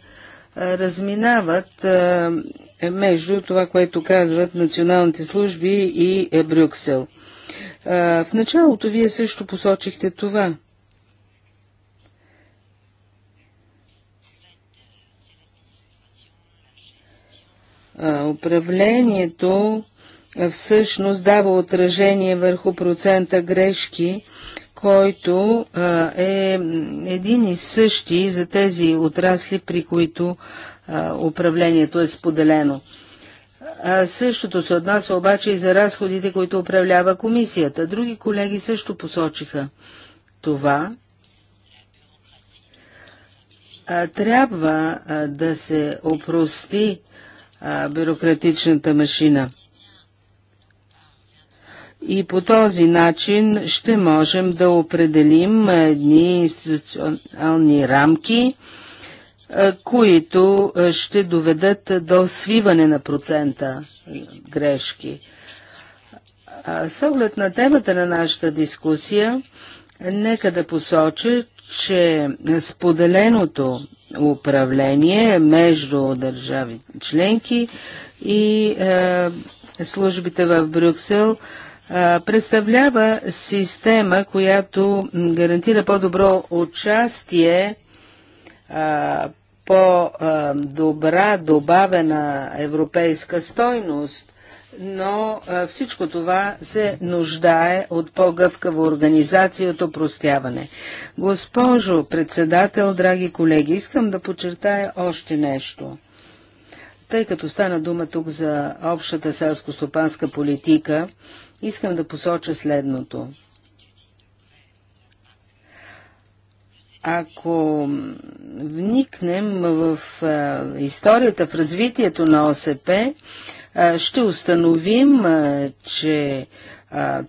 разминават е, между това, което казват националните служби и е, Брюксел. В началото вие също посочихте това. Управлението всъщност дава отражение върху процента грешки който а, е един и същи за тези отрасли, при които а, управлението е споделено. А, същото се отнася обаче и за разходите, които управлява комисията. Други колеги също посочиха това. А, трябва а, да се опрости а, бюрократичната машина. И по този начин ще можем да определим едни институционални рамки, е, които е, ще доведат до свиване на процента грешки. С оглед на темата на нашата дискусия, нека да посоча, че споделеното управление между държави членки и е, службите в Брюксел – представлява система, която гарантира по-добро участие, по-добра добавена европейска стойност, но всичко това се нуждае от по-гъвкава организация от опростяване. Госпожо председател, драги колеги, искам да подчертая още нещо – тъй като стана дума тук за общата селско-стопанска политика, искам да посоча следното. Ако вникнем в историята, в развитието на ОСП, ще установим, че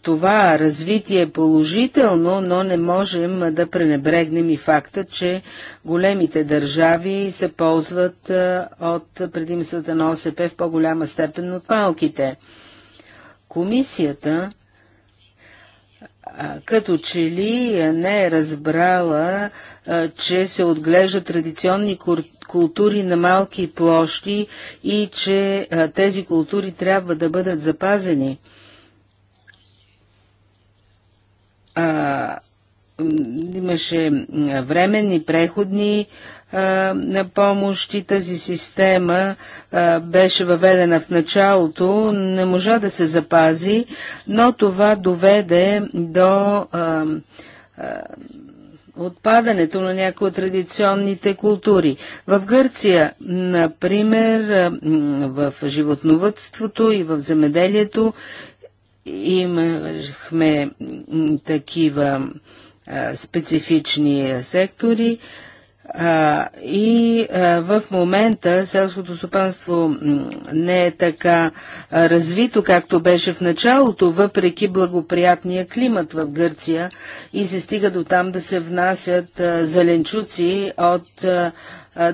това развитие е положително, но не можем да пренебрегнем и факта, че големите държави се ползват от предимствата на ОСП в по-голяма степен от малките. Комисията като че ли не е разбрала, че се отглеждат традиционни култури на малки площи и че тези култури трябва да бъдат запазени. имаше временни преходни а, помощи. Тази система беше въведена в началото, не можа да се запази, но това доведе до отпадането на някои от традиционните култури. В Гърция, например, в животновътството и в земеделието Имахме такива специфични сектори и в момента селското стопанство не е така развито, както беше в началото, въпреки благоприятния климат в Гърция и се стига до там да се внасят зеленчуци от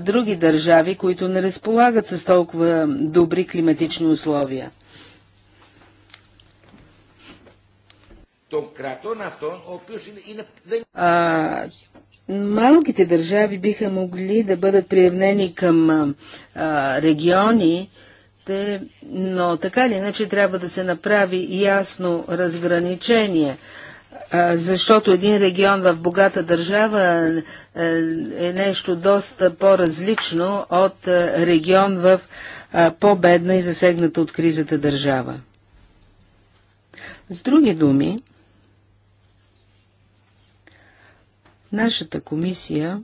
други държави, които не разполагат с толкова добри климатични условия. των κρατών αυτών, ο οποίος είναι... είναι... Малките държави биха могли да бъдат приявнени към а, региони, те, но така или иначе трябва да се направи ясно разграничение, а, защото един регион в богата държава е нещо доста по-различно от регион в по-бедна и засегната от кризата държава. С други думи, Нашата комисия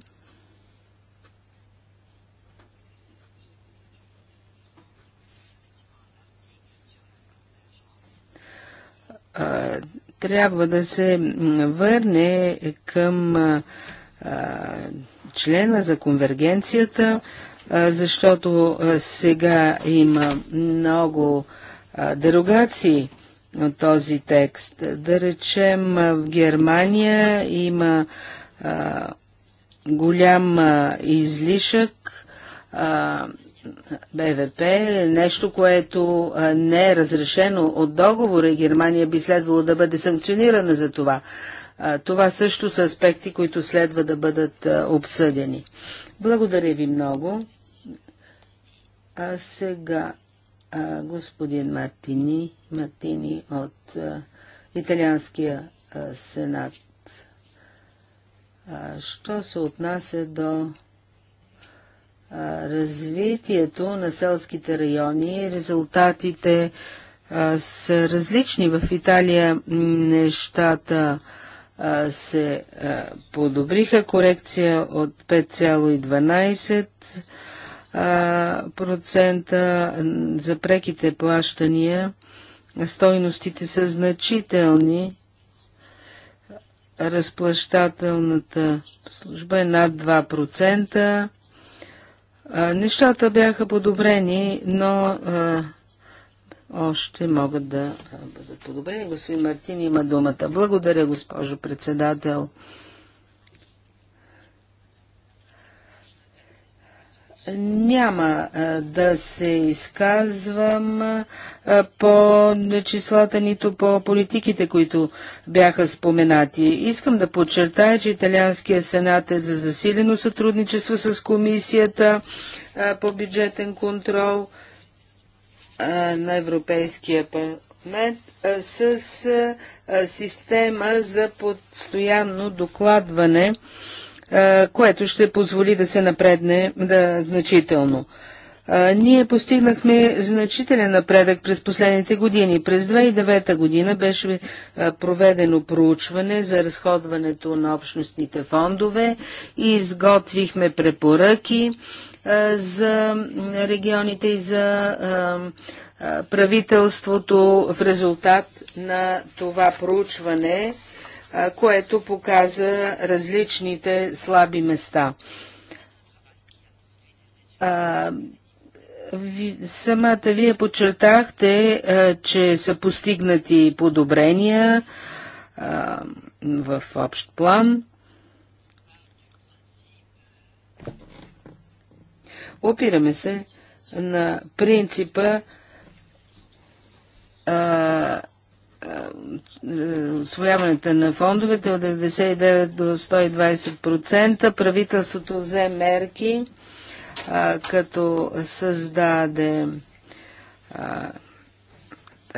а, трябва да се върне към а, члена за конвергенцията, а, защото сега има много дерогации от този текст. Да речем, в Германия има голям а, излишък а, БВП, нещо, което не е разрешено от договора и Германия би следвало да бъде санкционирана за това. Това също са аспекти, които следва да бъдат обсъдени. Благодаря ви много. А сега господин Мартини, Мартини от Италианския сенат. Що се отнася до развитието на селските райони, резултатите са различни. В Италия нещата се подобриха. Корекция от 5,12 процента за преките плащания. Стойностите са значителни разплащателната служба е над 2%. А, нещата бяха подобрени, но а, още могат да бъдат подобрени. Господин Мартин има думата. Благодаря, госпожо председател. Няма да се изказвам по числата, нито по политиките, които бяха споменати. Искам да подчертая, че Италианския сенат е за засилено сътрудничество с комисията по бюджетен контрол на Европейския парламент с система за постоянно докладване е, което ще позволи да се напредне да, значително. Е, ние постигнахме значителен напредък през последните години. През 2009 година беше е, проведено проучване за разходването на общностните фондове и изготвихме препоръки за регионите и за правителството в резултат на това проучване което показа различните слаби места. Самата вие подчертахте, че са постигнати подобрения в общ план. Опираме се на принципа а, освояването на фондовете от 99 до 120%. Правителството взе мерки, а, като създаде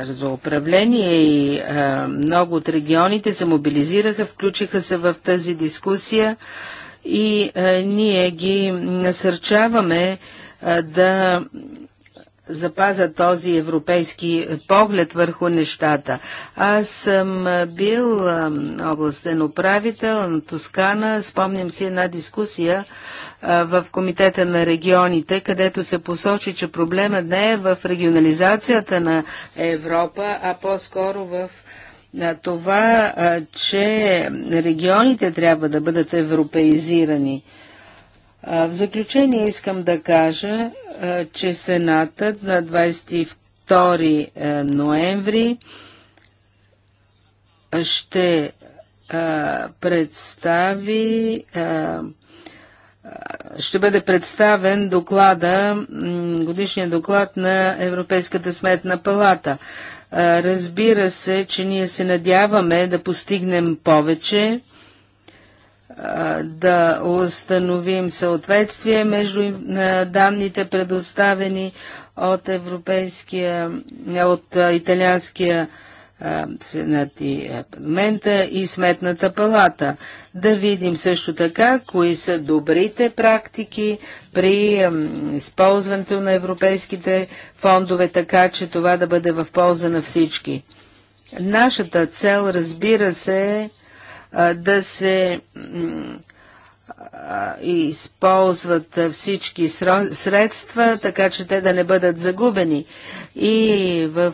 за управление и а, много от регионите се мобилизираха, включиха се в тази дискусия и а, ние ги насърчаваме а, да запаза този европейски поглед върху нещата. Аз съм бил областен управител на Тоскана. Спомням си една дискусия в Комитета на регионите, където се посочи, че проблемът не е в регионализацията на Европа, а по-скоро в на това, че регионите трябва да бъдат европеизирани. В заключение искам да кажа, че Сенатът на 22 е, ноември ще представи ще бъде представен доклада, годишния доклад на Европейската сметна палата. Разбира се, че ние се надяваме да постигнем повече да установим съответствие между данните предоставени от европейския, от италианския Сенат и и Сметната палата. Да видим също така кои са добрите практики при използването на европейските фондове, така че това да бъде в полза на всички. Нашата цел, разбира се, е да се използват всички средства, така че те да не бъдат загубени. И в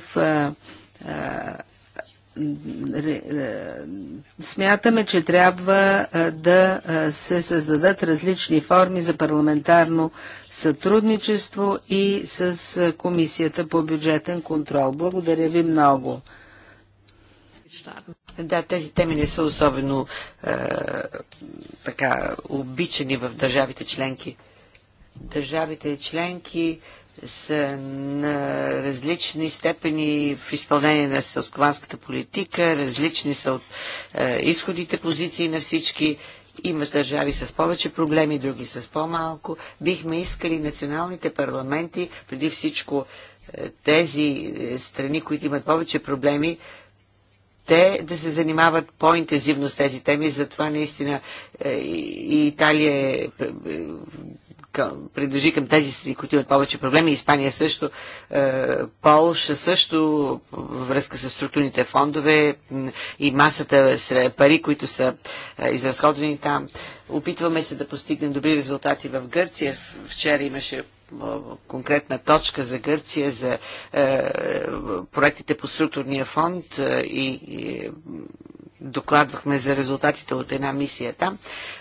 смятаме, че трябва да се създадат различни форми за парламентарно сътрудничество и с Комисията по бюджетен контрол. Благодаря ви много. Да, тези теми не са особено е, така обичани в държавите членки. Държавите членки са на различни степени в изпълнение на селскованската политика, различни са от е, изходите позиции на всички. Има държави с повече проблеми, други с по-малко. Бихме искали националните парламенти, преди всичко е, тези е, страни, които имат повече проблеми, те да се занимават по-интензивно с тези теми. Затова наистина е, и Италия е, е принадлежи към тези страни, които имат повече проблеми. Испания също, е, Полша също, във връзка с структурните фондове и масата пари, които са изразходвани там. Опитваме се да постигнем добри резултати в Гърция. Вчера имаше конкретна точка за Гърция, за е, проектите по структурния фонд е, и докладвахме за резултатите от една мисия там.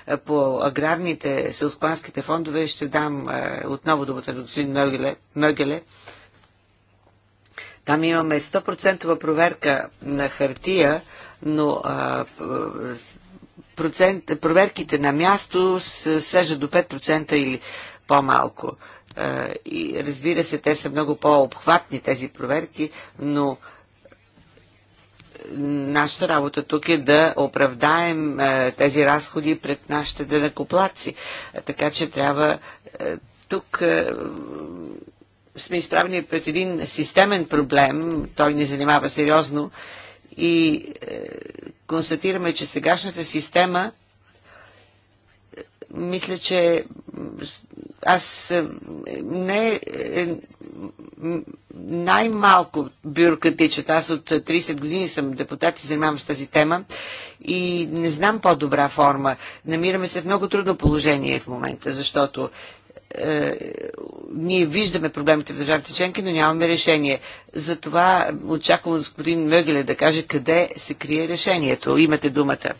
Е, по аграрните селскопанските фондове ще дам отново думата на господин Ногеле. Ногеле. Там имаме 100% проверка на хартия, но е, процент, проверките на място свежат до 5% или по-малко и разбира се, те са много по-обхватни тези проверки, но нашата работа тук е да оправдаем тези разходи пред нашите денакоплаци. Така че трябва тук сме изправени пред един системен проблем, той ни занимава сериозно и констатираме, че сегашната система мисля, че аз не е, най-малко бюрократичен. Аз от 30 години съм депутат и занимавам с тази тема и не знам по-добра форма. Намираме се в много трудно положение в момента, защото е, ние виждаме проблемите в държавите членки, но нямаме решение. Затова очаквам господин Мъгеле да каже къде се крие решението. Имате думата.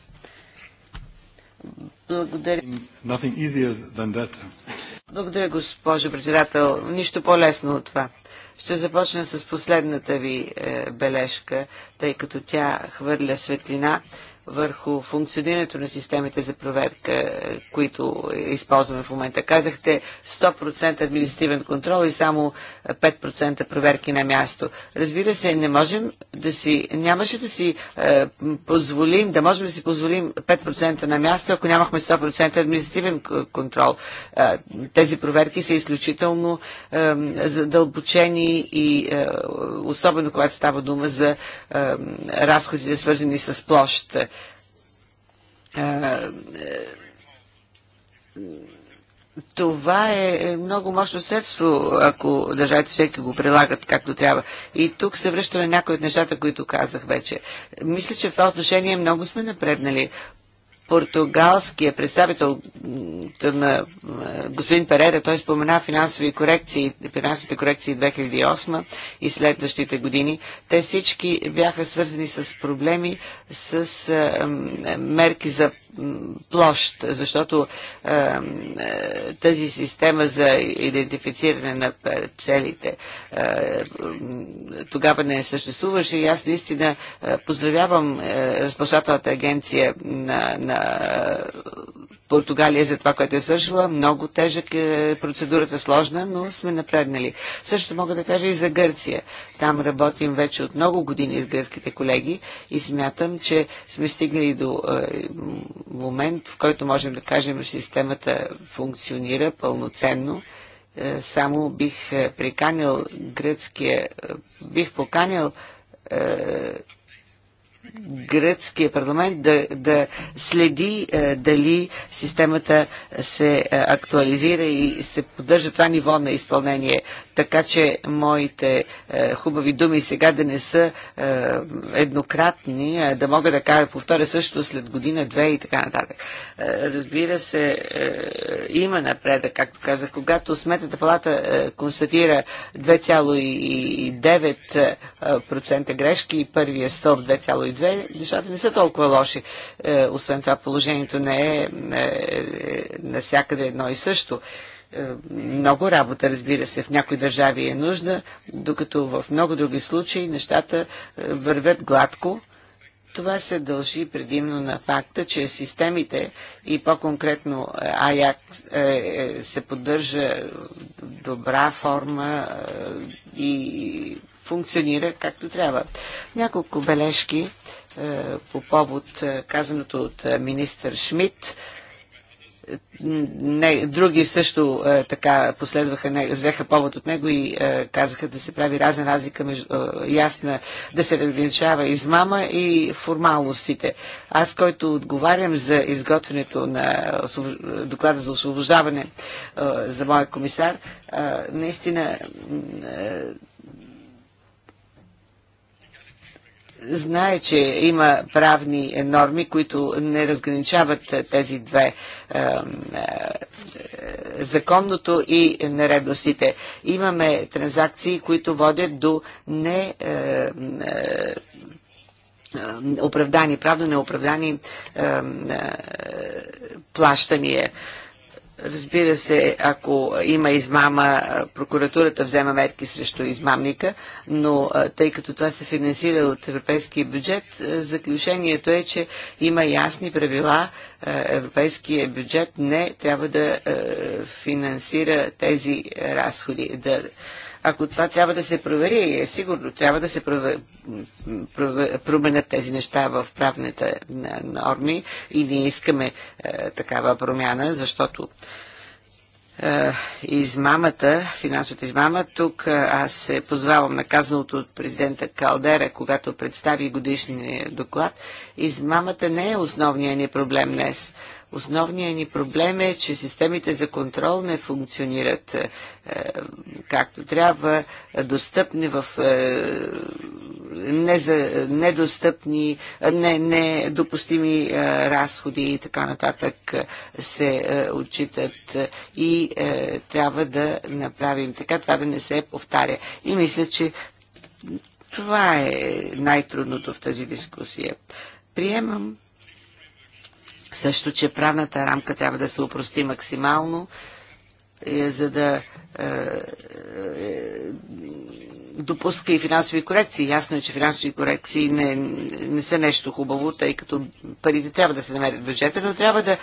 Благодаря. Благодаря, госпожо председател. Нищо по-лесно от това. Ще започна с последната ви е, бележка, тъй като тя хвърля светлина върху функционирането на системите за проверка, е, които използваме в момента. Казахте 100% административен контрол и само 5% проверки на място. Разбира се, не можем да си, нямаше да си е, позволим, да можем да си позволим 5% на място, ако нямахме 100% административен контрол. Е, тези проверки са изключително е, задълбочени и е, особено когато става дума за е, разходите свързани с площ е, това е, е много мощно средство, ако държавите всеки го прилагат както трябва. И тук се връща на някои от нещата, които казах вече. Мисля, че в това отношение много сме напреднали португалския представител на господин Перера, той спомена финансови корекции, финансовите корекции 2008 и следващите години. Те всички бяха свързани с проблеми с мерки за площ, защото тази система за идентифициране на целите тогава не съществуваше и аз наистина поздравявам разплащателната агенция на, на Португалия за това, което е свършила. Много тежък е процедурата сложна, но сме напреднали. Също мога да кажа и за Гърция. Там работим вече от много години с гръцките колеги и смятам, че сме стигнали до е, момент, в който можем да кажем, че системата функционира пълноценно е, само бих е, приканил гръцкия, е, бих поканил е, гръцкия парламент да, да следи е, дали системата се е, актуализира и се поддържа това ниво на изпълнение. Така че моите е, хубави думи сега да не са е, еднократни, да мога да кажа, повторя също след година, две и така нататък. Е, разбира се, е, има напредък, както казах. Когато сметата палата констатира 2,9% грешки и първия стълб 2,2%, две нещата не са толкова лоши. Е, освен това положението не е, е, е насякъде едно и също. Е, много работа, разбира се, в някои държави е нужна, докато в много други случаи нещата е, вървят гладко. Това се дължи предимно на факта, че системите и по-конкретно е, АЯК се поддържа добра форма и функционира както трябва. Няколко бележки е, по повод е, казаното от е, министър Шмидт. Не, други също е, така последваха, не, взеха повод от него и е, казаха да се прави разна разлика, между, е, ясна, да се разграничава измама и формалностите. Аз, който отговарям за изготвянето на доклада за освобождаване е, за моя комисар, е, наистина. Е, знае, че има правни норми, които не разграничават тези две е, е, законното и нередностите. Имаме транзакции, които водят до не е, е, е оправдани, правно неоправдани е, плащания. Разбира се, ако има измама, прокуратурата взема мерки срещу измамника, но тъй като това се финансира от европейския бюджет, заключението е, че има ясни правила. Европейския бюджет не трябва да финансира тези разходи, да ако това трябва да се провери, е сигурно трябва да се променят тези неща в правните норми и ние искаме е, такава промяна, защото е, измамата, финансовата измама. Тук е, аз се позвавам на казаното от президента Калдера, когато представи годишния доклад. Измамата не е основният ни проблем днес. Основният ни проблем е, че системите за контрол не функционират е, както трябва, достъпни в е, не за, недостъпни, не, недопустими е, разходи и така нататък се е, отчитат е, и е, трябва да направим така, това да не се повтаря. И мисля, че това е най-трудното в тази дискусия. Приемам също, че правната рамка трябва да се упрости максимално, е, за да е, е, допуска и финансови корекции. Ясно е, че финансови корекции не, не са нещо хубаво, тъй като парите трябва да се намерят в бюджета, но трябва да е,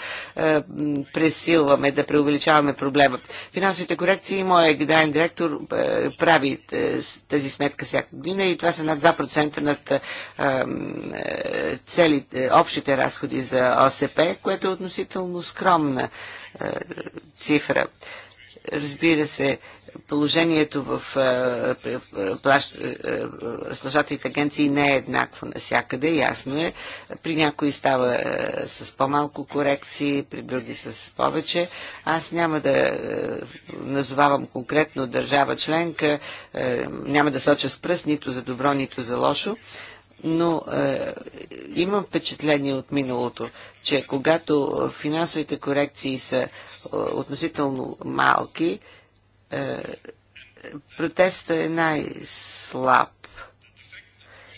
пресилваме, да преувеличаваме проблема. Финансовите корекции, моят генерален директор е, прави е, тази сметка всяка година и това са над 2% над е, е, целите, общите разходи за ОСП, което е относително скромна е, цифра. Разбира се, положението в е, е, е, разплащателите агенции не е еднакво насякъде, ясно е. При някои става с по-малко корекции, при други с повече. Аз няма да назовавам конкретно държава членка, няма да соча с пръст нито за добро, нито за лошо но е, имам впечатление от миналото, че когато финансовите корекции са е, относително малки, е, протестът е най-слаб.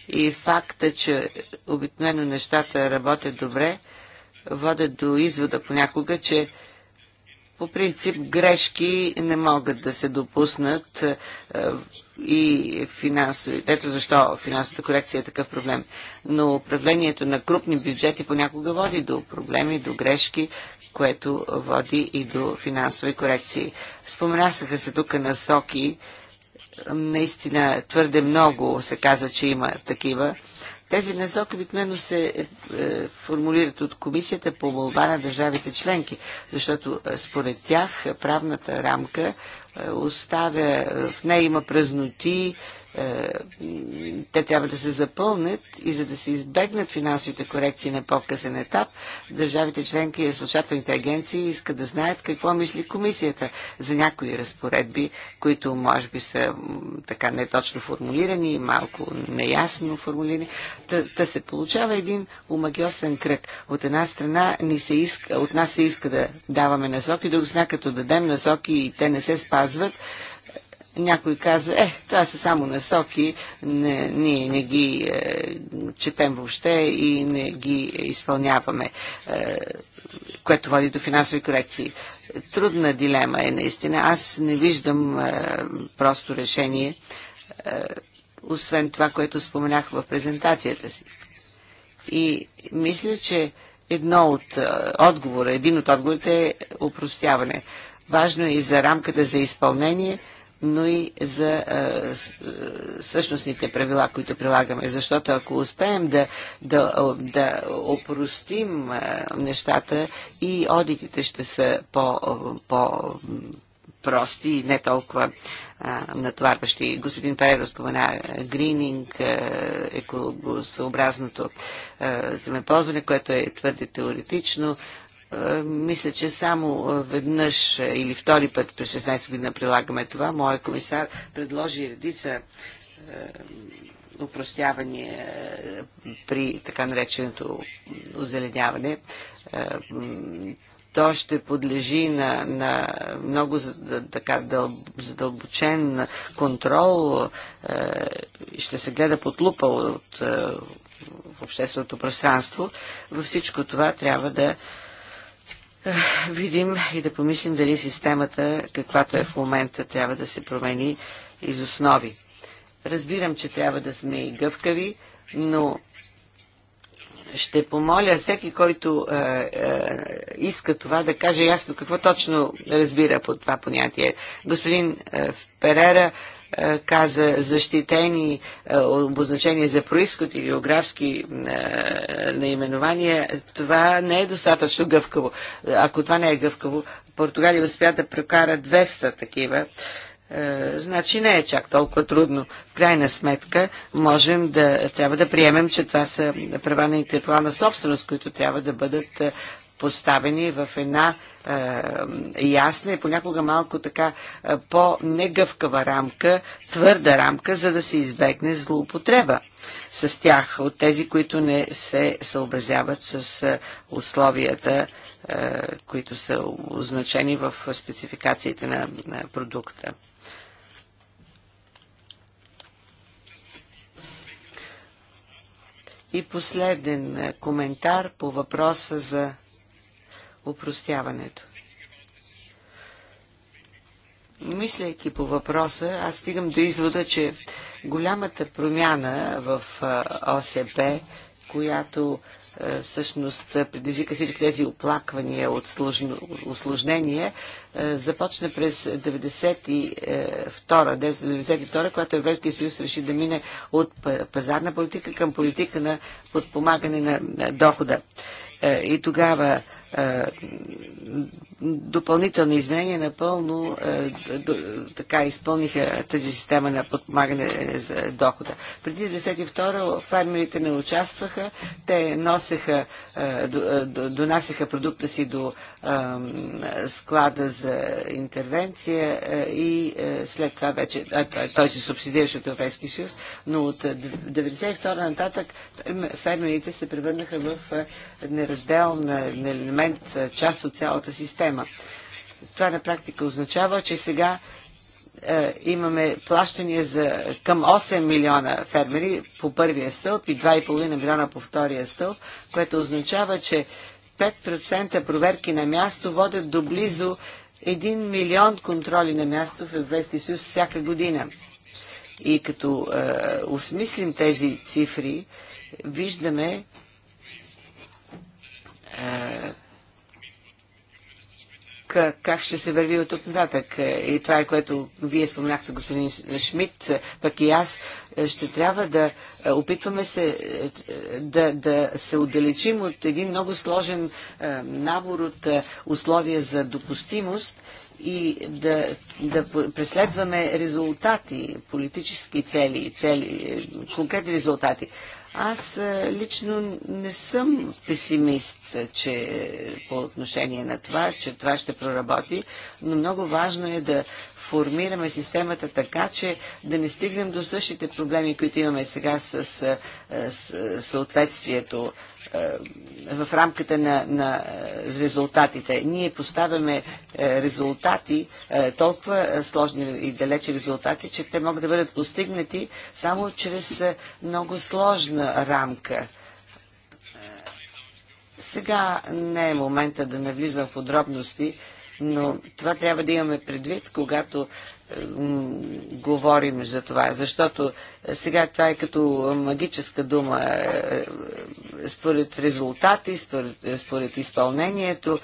И факта, е, че обикновено нещата работят добре, водят до извода понякога, че по принцип грешки не могат да се допуснат е, и финансови. Ето защо финансовата корекция е такъв проблем. Но управлението на крупни бюджети понякога води до проблеми, до грешки, което води и до финансови корекции. Споменасаха се тук насоки. Наистина твърде много се каза, че има такива. Тези насоки обикновено се е, е, формулират от комисията по молба на държавите членки, защото е, според тях правната рамка е, оставя, в нея има празноти, е, те трябва да се запълнят и за да се избегнат финансовите корекции на по-късен етап, държавите членки и слушателните агенции искат да знаят какво мисли комисията за някои разпоредби, които може би са така неточно формулирани и малко неясно формулирани. Та, та се получава един омагиосен кръг. От една страна ни се иска, от нас се иска да даваме насоки, докато сега като дадем насоки и те не се спазват, някой каза, е, това са само насоки, не, ние не ги е, четем въобще и не ги изпълняваме, е, което води до финансови корекции. Трудна дилема е наистина. Аз не виждам е, просто решение, е, освен това, което споменах в презентацията си. И мисля, че едно от е, отговора, един от отговорите е упростяване. Важно е и за рамката за изпълнение – но и за същностните правила, които прилагаме. Защото ако успеем да, да, да опростим нещата и одитите ще са по, по прости и не толкова а, натоварващи. Господин Переро спомена грининг, екологосъобразното земеползване, което е твърде теоретично. Е, мисля, че само е, веднъж е, или втори път през 16 година прилагаме това. Моя комисар предложи редица упростяване при така нареченото озеленяване. То ще подлежи на, на много така задълбочен контрол, ще се гледа под лупа от в общественото пространство. Във всичко това трябва да видим и да помислим дали системата, каквато е в момента, трябва да се промени из основи. Разбирам, че трябва да сме и гъвкави, но ще помоля всеки, който е, е, иска това, да каже ясно какво точно разбира под това понятие. Господин е, Перера е, каза защитени е, обозначения за происход и географски е, наименования, това не е достатъчно гъвкаво. Ако това не е гъвкаво, Португалия успя да прокара 200 такива значи не е чак толкова трудно. В крайна сметка можем да, трябва да приемем, че това са права на интелектуална собственост, които трябва да бъдат поставени в една е, ясна и е, понякога малко така е, по-негъвкава рамка, твърда рамка, за да се избегне злоупотреба с тях от тези, които не се съобразяват с условията, които са означени в спецификациите на, на продукта. И последен коментар по въпроса за упростяването. Мисляйки по въпроса, аз стигам до извода, че голямата промяна в ОСП, която всъщност предизвика всички тези оплаквания от усложнение, е, започна през 1992, е когато Европейския съюз реши да мине от пазарна политика към политика на подпомагане на дохода. Е, и тогава допълнителни изменения напълно така изпълниха тази система на подпомагане за дохода. Преди 1992 фермерите не участваха, те носеха, донасяха продукта си до склада за интервенция е, и е, след това вече той се субсидираше от Европейския съюз, но от 1992 е, нататък фермерите се превърнаха в неразделен елемент, част от цялата система. Това на практика означава, че сега имаме плащания за към 8 милиона фермери по първия стълб и 2,5 милиона по втория стълб, което означава, че 5% проверки на място водят до близо 1 милион контроли на място в Европейския съюз всяка година. И като е, осмислим тези цифри, виждаме е, как ще се върви от тук нататък. И това е което вие споменахте, господин Шмидт, пък и аз ще трябва да е, опитваме се е, да, да се отдалечим от един много сложен е, набор от условия за допустимост и да, да преследваме резултати, политически цели, цели, конкретни резултати. Аз е, лично не съм песимист е, че, по отношение на това, че това ще проработи, но много важно е да формираме системата така, че да не стигнем до същите проблеми, които имаме сега с, е, с съответствието е, в рамката на, на е, резултатите. Ние поставяме е, резултати, толкова сложни и далечи резултати, че те могат да бъдат постигнати само чрез много сложна рамка. Сега не е момента да навлизам в подробности, но това трябва да имаме предвид, когато говорим за това, защото сега това е като магическа дума е, е, според резултати, според, е, според изпълнението.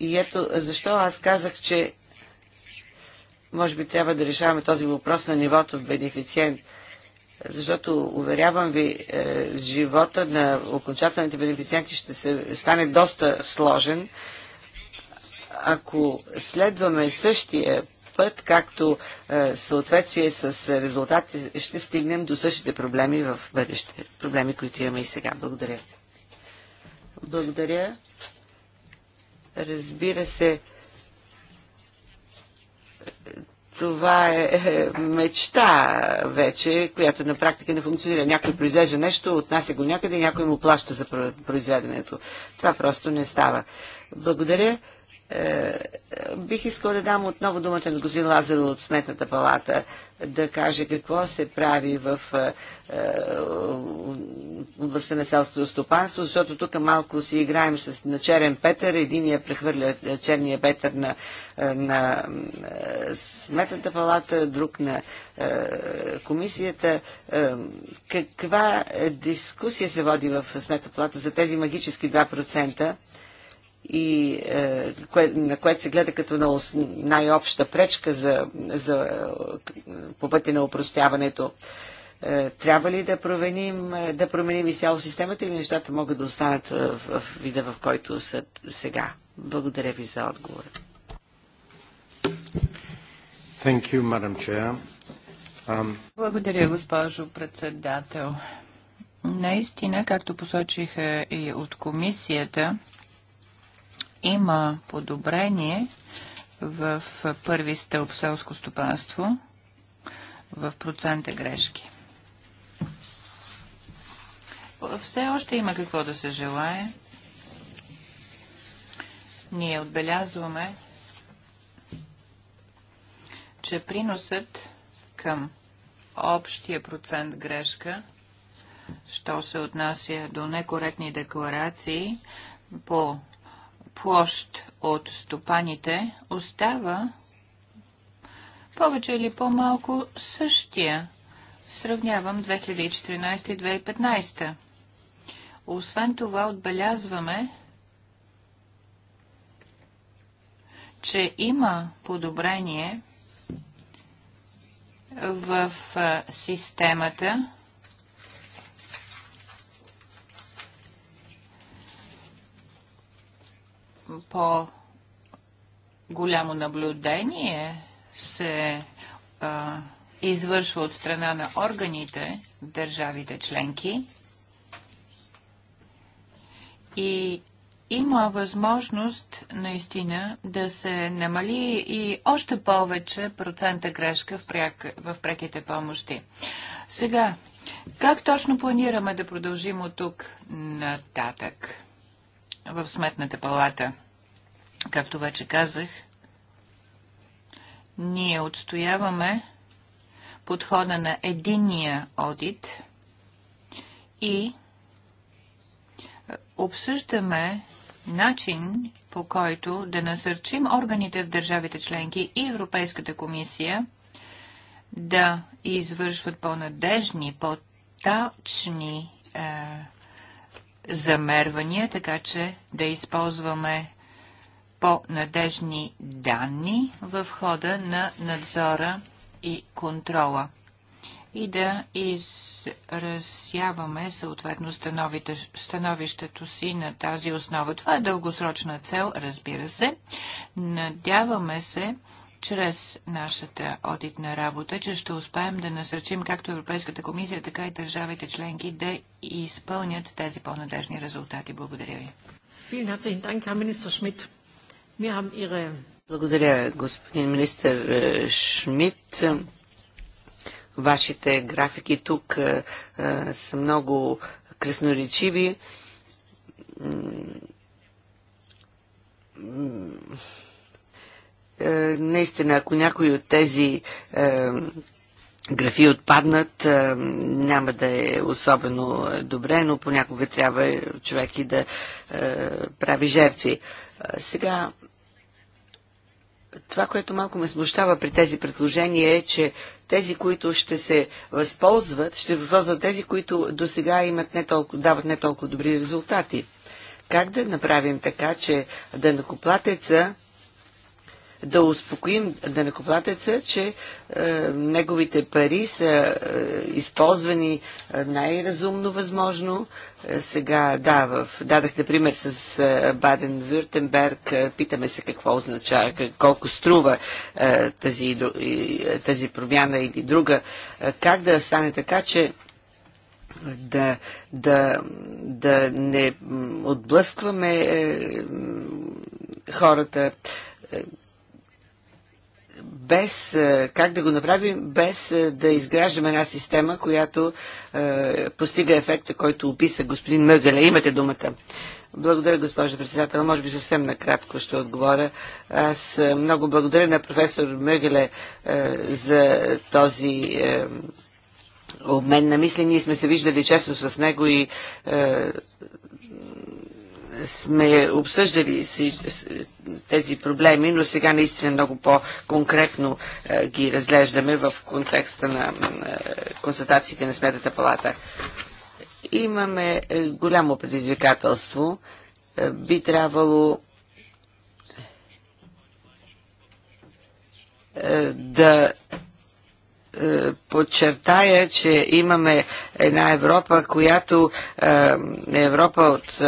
И ето защо аз казах, че може би трябва да решаваме този въпрос на нивото бенефициент. Защото, уверявам ви, живота на окончателните бенефициенти ще се стане доста сложен ако следваме същия път, както е, съответствие с резултатите, ще стигнем до същите проблеми в бъдеще. Проблеми, които имаме и сега. Благодаря. Благодаря. Разбира се, това е, е мечта вече, която на практика не функционира. Някой произвежда нещо, отнася го някъде и някой му плаща за произведенето. Това просто не става. Благодаря. Е, бих искал да дам отново думата на господин Лазаро от Сметната палата да каже какво се прави в е, е, областта на селското стопанство, защото тук малко си играем с, на черен петър. Единия прехвърля черния петър на, на Сметната палата, друг на комисията. Каква дискусия се води в Сметната палата за тези магически 2%? и е, кое, на което се гледа като на най-обща пречка за, за, по пътя на упростяването. Е, трябва ли да променим, е, да променим изцяло системата или нещата могат да останат в, в вида, в който са сега? Благодаря ви за отговора. Thank you, Madam Chair. Um... Благодаря, госпожо председател. Наистина, както посочиха и от комисията, има подобрение в първи стълб селско стопанство в процента грешки. Все още има какво да се желае. Ние отбелязваме, че приносът към общия процент грешка, що се отнася до некоректни декларации по площ от стопаните остава повече или по-малко същия. Сравнявам 2014 и 2015. Освен това отбелязваме, че има подобрение в системата по-голямо наблюдение се а, извършва от страна на органите в държавите членки и има възможност наистина да се намали и още повече процента грешка в, пряк, в преките помощи. Сега, как точно планираме да продължим от тук нататък? в Сметната палата. Както вече казах, ние отстояваме подхода на единния одит и е, обсъждаме начин по който да насърчим органите в държавите членки и Европейската комисия да извършват по-надежни, по тачни е, замервания, така че да използваме по-надежни данни в хода на надзора и контрола и да изразяваме съответно становището си на тази основа. Това е дългосрочна цел, разбира се. Надяваме се чрез нашата одитна работа, че ще успеем да насърчим както Европейската комисия, така и държавите членки да изпълнят тези по-надежни резултати. Благодаря ви. Благодаря, господин министр е, Шмидт. Вашите графики тук е, е, са много красноречиви е, наистина, ако някой от тези е, графи отпаднат, е, няма да е особено добре, но понякога трябва човек и да е, прави жертви. Е, сега, това, което малко ме смущава при тези предложения е, че тези, които ще се възползват, ще възползват тези, които до сега имат не толкова, дават не толкова добри резултати. Как да направим така, че да накоплатеца да успокоим данекоплатеца, че е, неговите пари са е, използвани е, най-разумно възможно. Е, сега, да, в, дадах, например, с е, Баден-Вюртенберг, е, питаме се какво означава, как, колко струва е, тази, е, тази промяна или друга. Е, как да стане така, че да, да, да не отблъскваме е, хората. Е, без, е, как да го направим, без е, да изграждаме една система, която е, постига ефекта, който описа господин Мъгеле. Имате думата. Благодаря, госпожо председател. Може би съвсем накратко ще отговоря. Аз е, много благодаря на професор Мъгеле за този е, обмен на мисли. Ние сме се виждали често с него и е, сме обсъждали тези проблеми, но сега наистина много по-конкретно е, ги разглеждаме в контекста на констатациите на Сметната палата. Имаме е, голямо предизвикателство. Е, би трябвало да подчертая, че имаме една Европа, която е Европа от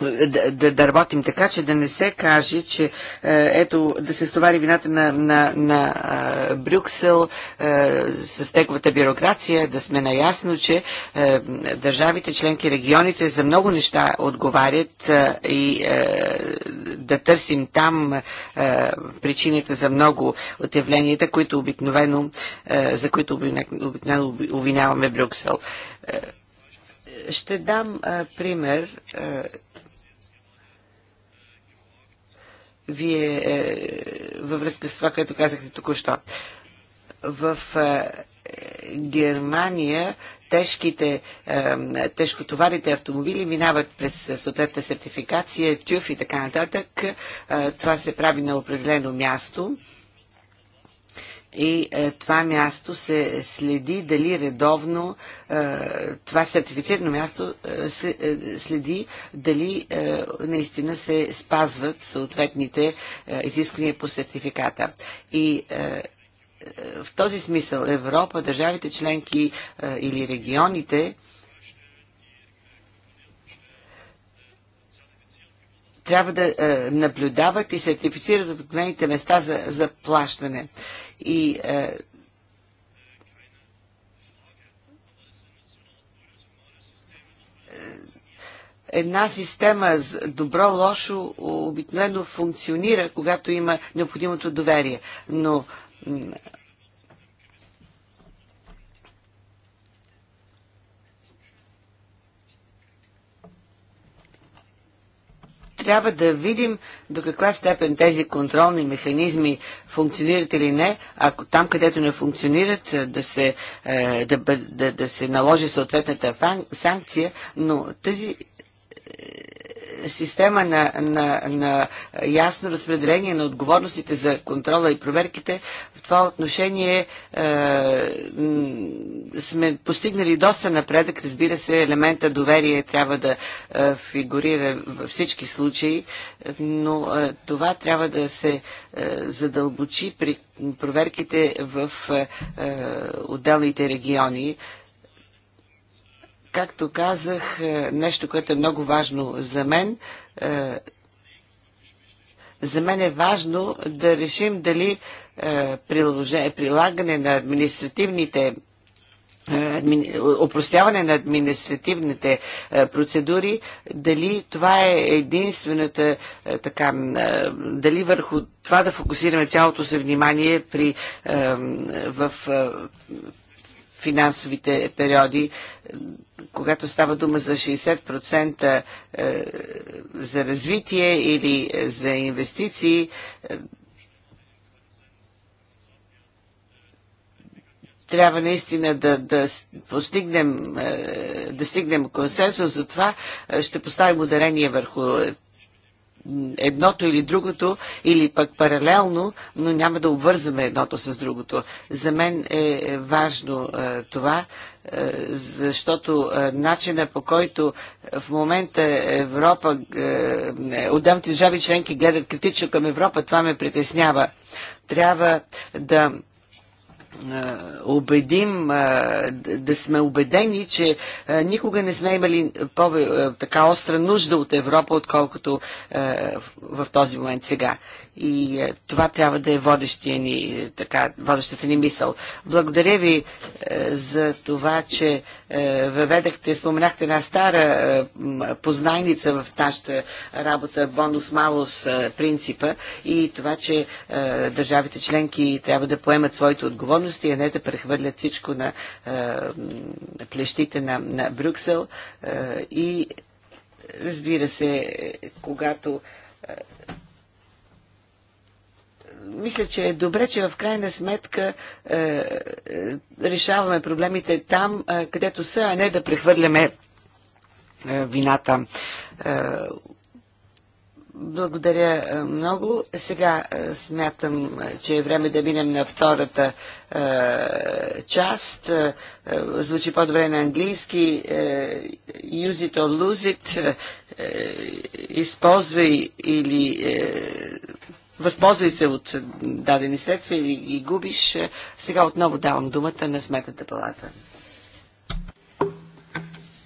да, да, да работим така, че да не се каже, че е, ето да се стовари вината на, на, на е, Брюксел е, с тековата бюрокрация, да сме наясно, че е, държавите, членки, регионите за много неща отговарят е, и е, да търсим там причините за много от явленията, които обикновено, за които обикновено обвиняваме Брюксел. Ще дам пример вие е, във връзка с това, което казахте току-що. В е, Германия тежките, е, тежкотоварите автомобили минават през съответна сертификация, тюф и така нататък. Е, това се прави на определено място и е, това място се следи дали редовно, е, това сертифицирано място е, се е, следи дали е, наистина се спазват съответните е, изисквания по сертификата. И е, в този смисъл Европа, държавите членки е, или регионите трябва да е, наблюдават и сертифицират обикновените места за, за плащане и е, една система добро-лошо обикновено функционира, когато има необходимото доверие. Но трябва да видим до каква степен тези контролни механизми функционират или не. Ако там, където не функционират, е, да се, е, да, да, да се наложи съответната санкция, но тази система на, на, на ясно разпределение на отговорностите за контрола и проверките, в това отношение е, сме постигнали доста напредък. Разбира се, елемента доверие трябва да е, фигурира във всички случаи, но е, това трябва да се е, задълбочи при проверките в е, е отделните региони. Е, Както казах, е, нещо, което е много важно за мен, е, за мен е важно да решим дали е, прилагане на административните опростяване на административните процедури, дали това е единствената така, дали върху това да фокусираме цялото се внимание при, в финансовите периоди, когато става дума за 60% е, за развитие или е, за инвестиции, е, трябва наистина да, да постигнем, да стигнем консенсус, затова ще поставим ударение върху едното или другото, или пък паралелно, но няма да обвързваме едното с другото. За мен е, е важно е, това, е, защото начина по който в момента Европа, отделните държави членки гледат критично към Европа, това ме притеснява. Трябва да е, убедим, е, да сме убедени, че е, никога не сме имали по така остра нужда от Европа, отколкото в този момент сега. И е, това трябва да е водещия ни, е, така, водещата ни мисъл. Благодаря ви е, за това, че е, въведахте, споменахте една стара е, познайница в нашата работа, бонус-малус принципа и това, че държавите членки трябва да поемат своите отговорности, а не да прехвърлят всичко на плещите на, на Брюксел. И разбира се, когато мисля, че е добре, че в крайна сметка е, е, решаваме проблемите там, е, където са, а не да прехвърляме е, вината. Е, благодаря е, много. Сега е, смятам, е, че е време да минем на втората е, част. Е, е звучи по-добре на английски. Use it or lose it. Използвай или възползвай се от дадени средства или ги губиш. Сега отново давам думата на Сметната палата.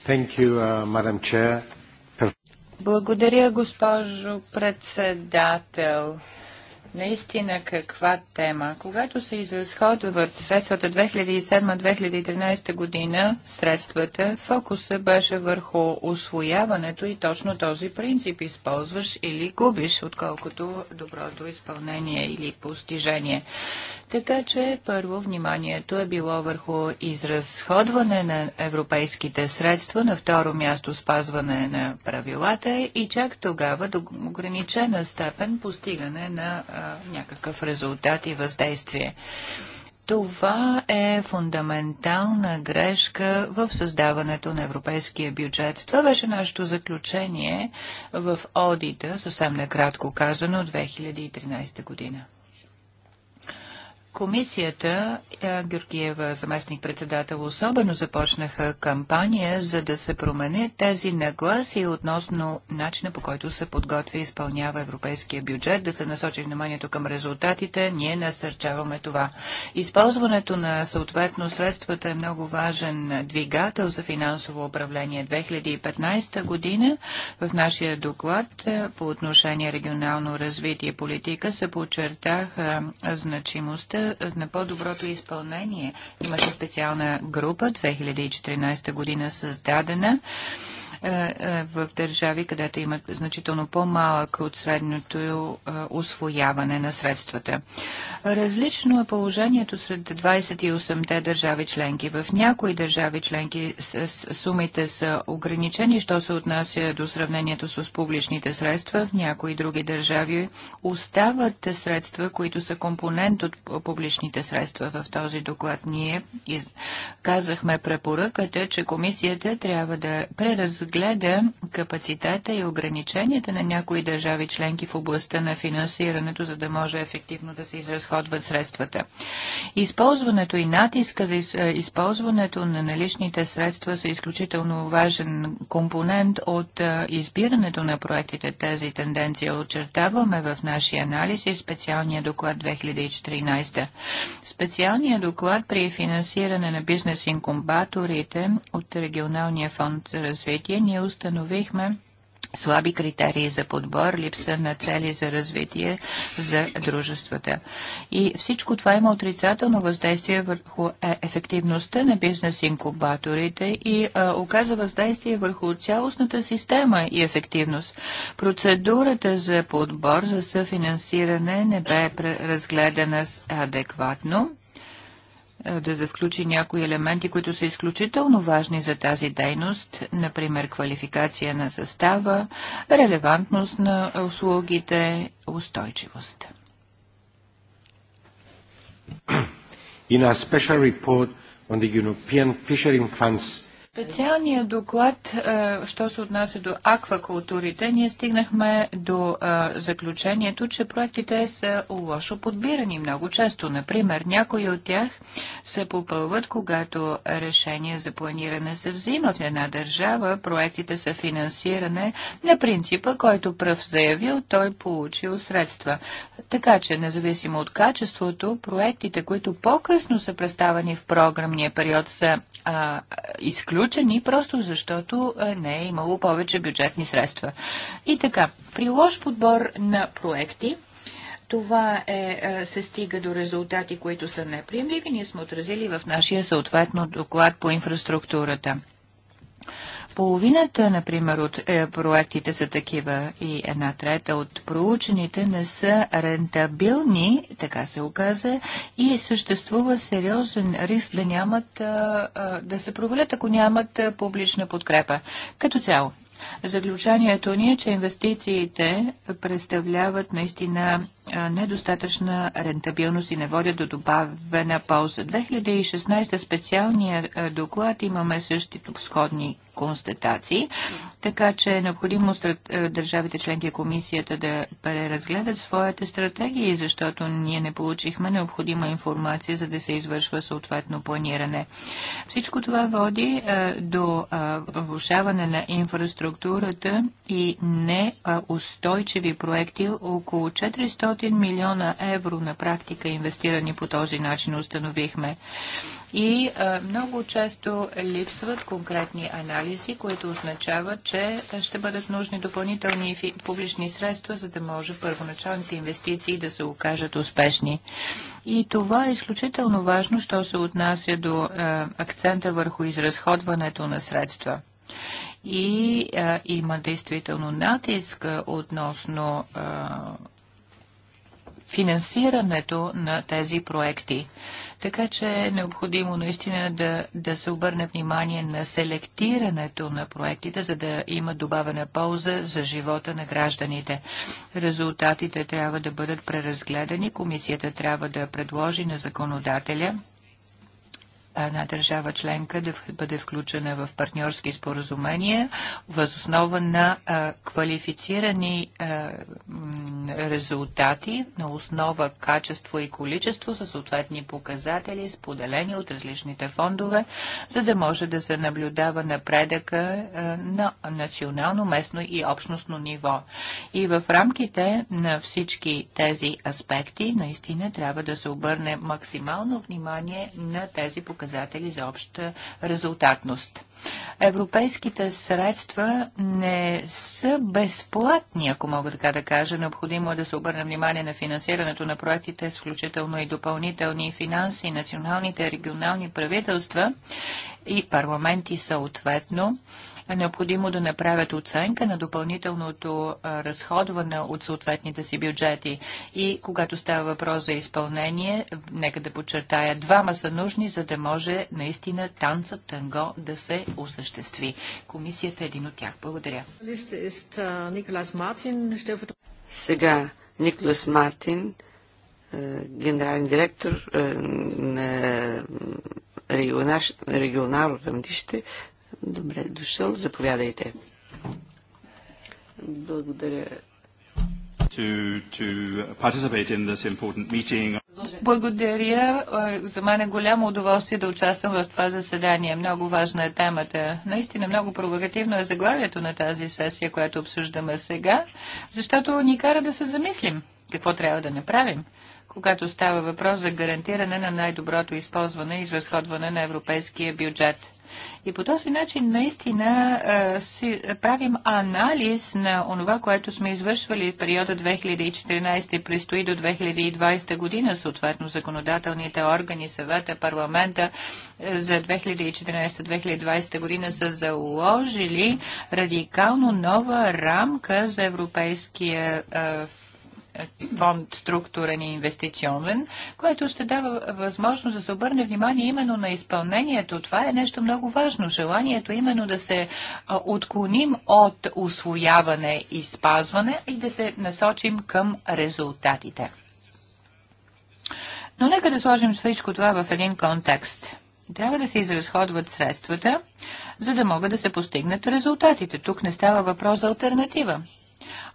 Thank you, uh, Благодаря, госпожо председател. Наистина каква тема? Когато се изразходват средствата 2007-2013 година, средствата, фокуса беше върху освояването и точно този принцип използваш или губиш, отколкото доброто изпълнение или постижение. Така че първо вниманието е било върху изразходване на европейските средства, на второ място спазване на правилата и чак тогава до ограничена степен постигане на а, някакъв резултат и въздействие. Това е фундаментална грешка в създаването на европейския бюджет. Това беше нашето заключение в одита, съвсем накратко казано, 2013 година. Комисията, е, Георгиева заместник-председател, особено започнаха кампания, за да се промене тези нагласи относно начина по който се подготвя и изпълнява европейския бюджет, да се насочи вниманието към резултатите. Ние насърчаваме това. Използването на съответно средствата е много важен двигател за финансово управление. 2015 година в нашия доклад е, по отношение регионално развитие и политика се подчертаха е, значимостта е, на по-доброто изпълнение. Имаше специална група 2014 година създадена е, е, в държави, където имат значително по-малък от средното е, освояване на средствата. Различно е положението сред 28-те държави членки. В някои държави членки сумите са ограничени, що се отнася до сравнението с публичните средства. В някои други държави остават средства, които са компонент от публичните средства. В този доклад ние казахме препоръката, че комисията трябва да преразгледа разгледа капацитета и ограниченията на някои държави членки в областта на финансирането, за да може ефективно да се изразходват средствата. Използването и натиска за е, използването на наличните средства са изключително важен компонент от е, избирането на проектите. Тази тенденция очертаваме в нашия анализ и специалния доклад 2014. Специалният доклад при финансиране на бизнес инкубаторите от регионалния фонд за развитие ние установихме слаби критерии за подбор, липса на цели за развитие за дружествата. И всичко това има отрицателно въздействие върху е, ефективността на бизнес-инкубаторите и а, е, оказа въздействие върху цялостната система и ефективност. Процедурата за подбор за съфинансиране не бе разгледана адекватно е, да, заключи включи някои елементи, които са изключително важни за тази дейност, например квалификация на състава, релевантност на услугите, устойчивост. In a special report on the European Fishery Funds Специалният доклад, е, що се отнася до аквакултурите, ние стигнахме до е, заключението, че проектите са лошо подбирани много често. Например, някои от тях се попълват, когато решение за планиране се взима в една държава, проектите са финансиране на принципа, който пръв заявил, той получил средства. Така че, независимо от качеството, проектите, които по-късно са представени в програмния период, са а, изключени изключени, просто защото е, не е имало повече бюджетни средства. И така, при лош подбор на проекти, това е, е, се стига до резултати, които са неприемливи. Ние сме отразили в нашия съответно доклад по инфраструктурата. Половината, например, от е, проектите са такива и една трета от проучените не са рентабилни, така се оказа, и съществува сериозен риск да нямат, а, а, да се провалят, ако нямат а, публична подкрепа. Като цяло, Заключанието ни е, че инвестициите представляват наистина недостатъчна рентабилност и не водят до добавена полза. 2016 специалния доклад имаме същите сходни констатации, така че е необходимо е, държавите членки и комисията да преразгледат своите стратегии, защото ние не получихме необходима информация, за да се извършва съответно планиране. Всичко това води е, до е, влушаване на инфраструктурата и неустойчиви проекти. Около 400 милиона евро на практика инвестирани по този начин установихме и а, е, много често липсват конкретни анализи, които означават, че ще бъдат нужни допълнителни публични средства, за да може първоначалните инвестиции да се окажат успешни. И това е изключително важно, що се отнася до а, е, акцента върху изразходването на средства и а, е, има действително натиск относно а, финансирането на тези проекти. Така че е необходимо наистина да, да се обърне внимание на селектирането на проектите, за да има добавена полза за живота на гражданите. Резултатите трябва да бъдат преразгледани. Комисията трябва да предложи на законодателя една държава членка да бъде включена в партньорски споразумения възоснова на а, квалифицирани а, резултати на основа качество и количество със съответни показатели, споделени от различните фондове, за да може да се наблюдава напредъка а, на национално, местно и общностно ниво. И в рамките на всички тези аспекти наистина трябва да се обърне максимално внимание на тези показатели показатели за обща резултатност. Европейските средства не са безплатни, ако мога така да кажа. Необходимо е да се обърне внимание на финансирането на проектите, включително и допълнителни финанси, националните и регионални правителства и парламенти съответно е необходимо да направят оценка на допълнителното разходване от съответните си бюджети. И когато става въпрос за изпълнение, нека да подчертая, двама са нужни, за да може наистина танцът танго да се осъществи. Комисията е един от тях. Благодаря. Сега Николас Мартин, генерален директор на регионалното равнище Добре дошъл. Заповядайте. Благодаря. To, to participate in this important meeting. Благодаря. Е, за мен е голямо удоволствие да участвам в това заседание. Много важна е темата. Наистина много провокативно е заглавието на тази сесия, която обсъждаме сега, защото ни кара да се замислим какво трябва да направим, когато става въпрос за гарантиране на най-доброто използване и изразходване на европейския бюджет. И по този начин наистина си правим анализ на онова, което сме извършвали в периода 2014 и предстои до 2020 година, съответно законодателните органи, съвета, парламента е, за 2014-2020 година са заложили радикално нова рамка за европейския е, фонд структурен и инвестиционен, което ще дава възможност да се обърне внимание именно на изпълнението. Това е нещо много важно. Желанието именно да се отклоним от освояване и спазване и да се насочим към резултатите. Но нека да сложим всичко това в един контекст. Трябва да се изразходват средствата, за да могат да се постигнат резултатите. Тук не става въпрос за альтернатива.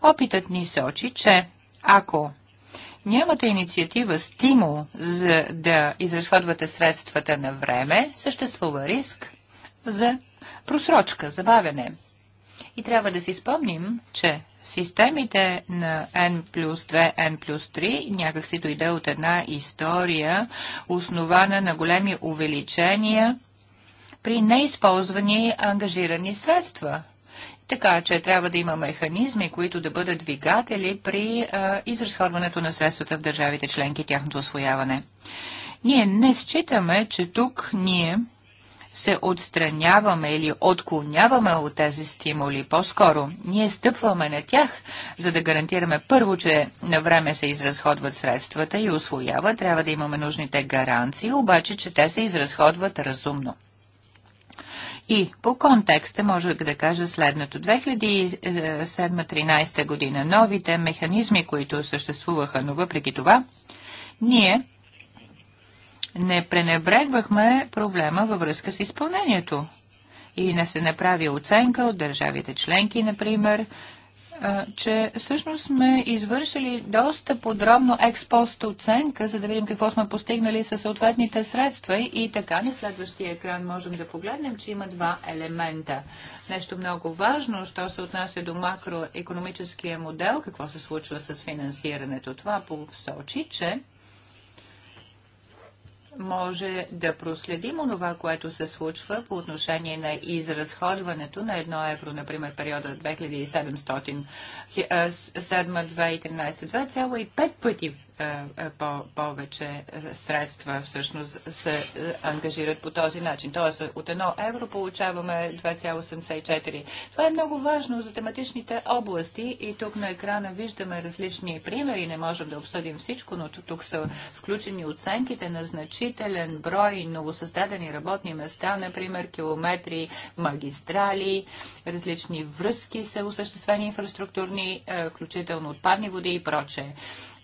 Опитът ни сочи, че ако нямате инициатива, стимул за да изразходвате средствата на време, съществува риск за просрочка, забавяне. И трябва да си спомним, че системите на N плюс 2, N плюс 3 някак си дойде от една история, основана на големи увеличения при неизползвани ангажирани средства – така че трябва да има механизми, които да бъдат двигатели при а, изразходването на средствата в държавите членки, тяхното освояване. Ние не считаме, че тук ние се отстраняваме или отклоняваме от тези стимули. По-скоро ние стъпваме на тях, за да гарантираме първо, че на време се изразходват средствата и освоява. Трябва да имаме нужните гаранции, обаче, че те се изразходват разумно. И по контекста може да кажа следното. 2007-13 година новите механизми, които съществуваха, но въпреки това, ние не пренебрегвахме проблема във връзка с изпълнението и не се направи оценка от държавите членки, например, че всъщност сме извършили доста подробно експост оценка, за да видим какво сме постигнали със съответните средства и така на следващия екран можем да погледнем, че има два елемента. Нещо много важно, що се отнася до макроекономическия модел, какво се случва с финансирането. Това посочи, че може да проследим онова, което се случва по отношение на изразходването на едно евро, например, периода 2700-2013, 2,5 пъти е, е, повече е, средства всъщност се ангажират по този начин. Тоест от едно евро получаваме 2,84. Това е много важно за тематичните области и тук на екрана виждаме различни примери. Не можем да обсъдим всичко, но тук са включени оценките на значителен брой новосъздадени работни места, например километри, магистрали, различни връзки са осъществени инфраструктурни, включително отпадни води и прочее.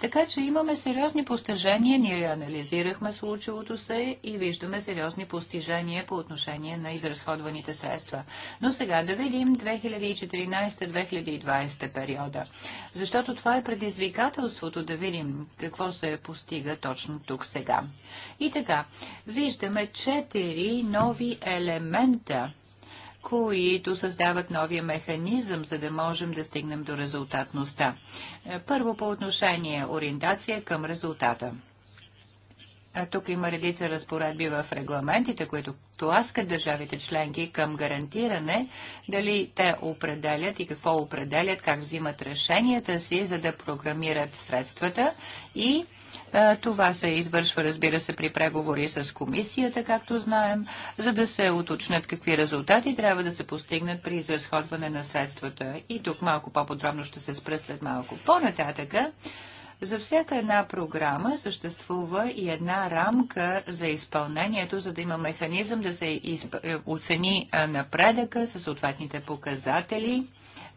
Така че имаме сериозни постижения. Ние анализирахме случилото се и виждаме сериозни постижения по отношение на изразходваните средства. Но сега да видим 2014-2020 периода. Защото това е предизвикателството да видим какво се постига точно тук сега. И така, виждаме четири нови елемента които създават новия механизъм, за да можем да стигнем до резултатността. Е, първо по отношение ориентация към резултата. А тук има редица разпоредби в регламентите, които тласкат държавите членки към гарантиране дали те определят и какво определят, как взимат решенията си, за да програмират средствата и е, това се извършва, разбира се, при преговори с комисията, както знаем, за да се уточнят какви резултати трябва да се постигнат при изразходване на средствата. И тук малко по-подробно ще се спра след малко. По-нататъка, за всяка една програма съществува и една рамка за изпълнението, за да има механизъм да се изп... Е, оцени е, напредъка със съответните показатели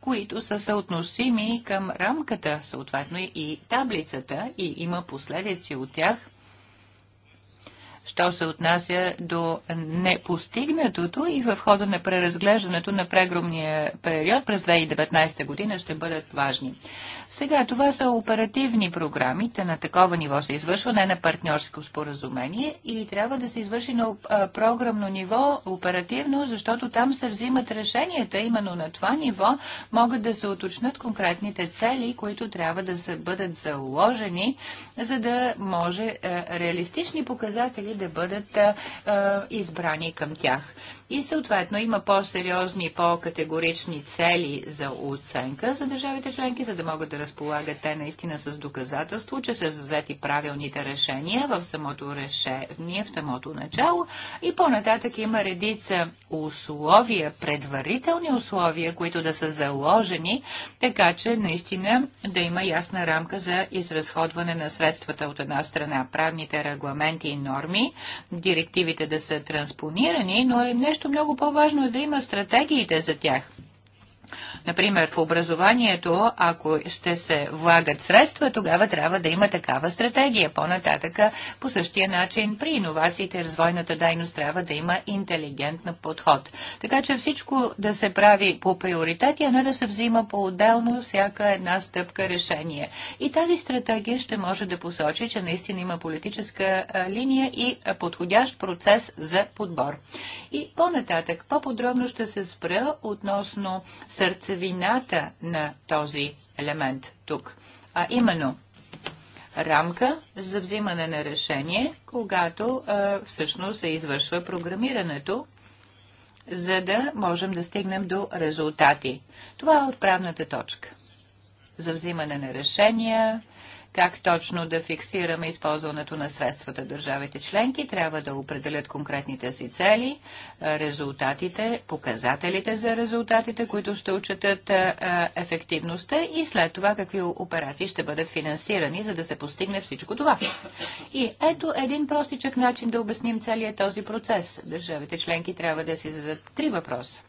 които са съотносими към рамката, съответно и таблицата, и има последици от тях що се отнася до непостигнатото и в хода на преразглеждането на прегромния период през 2019 година ще бъдат важни. Сега това са оперативни програми, те на такова ниво се извършва, не на партньорско споразумение и трябва да се извърши на програмно ниво оперативно, защото там се взимат решенията. Именно на това ниво могат да се уточнат конкретните цели, които трябва да се бъдат заложени, за да може реалистични показатели да бъдат избрани към тях и съответно има по-сериозни, и по-категорични цели за оценка за държавите членки, за да могат да разполагат те наистина с доказателство, че са взети правилните решения в самото решение, в самото начало и по-нататък има редица условия, предварителни условия, които да са заложени, така че наистина да има ясна рамка за изразходване на средствата от една страна, правните регламенти и норми, директивите да са транспонирани, но е не нещо много по-важно е да има стратегиите за тях. Например, в образованието, ако ще се влагат средства, тогава трябва да има такава стратегия. По-нататъка, по същия начин, при иновациите и развойната дайност трябва да има интелигентна подход. Така че всичко да се прави по приоритети, а не да се взима по-отделно всяка една стъпка решение. И тази стратегия ще може да посочи, че наистина има политическа линия и подходящ процес за подбор. И по-нататък, по-подробно ще се спра относно сърце сърцевината на този елемент тук, а именно рамка за взимане на решение, когато а, всъщност се извършва програмирането, за да можем да стигнем до резултати. Това е отправната точка за взимане на решения, как точно да фиксираме използването на средствата. Държавите членки трябва да определят конкретните си цели, резултатите, показателите за резултатите, които ще учетат ефективността и след това какви операции ще бъдат финансирани, за да се постигне всичко това. И ето един простичък начин да обясним целият този процес. Държавите членки трябва да си зададат три въпроса.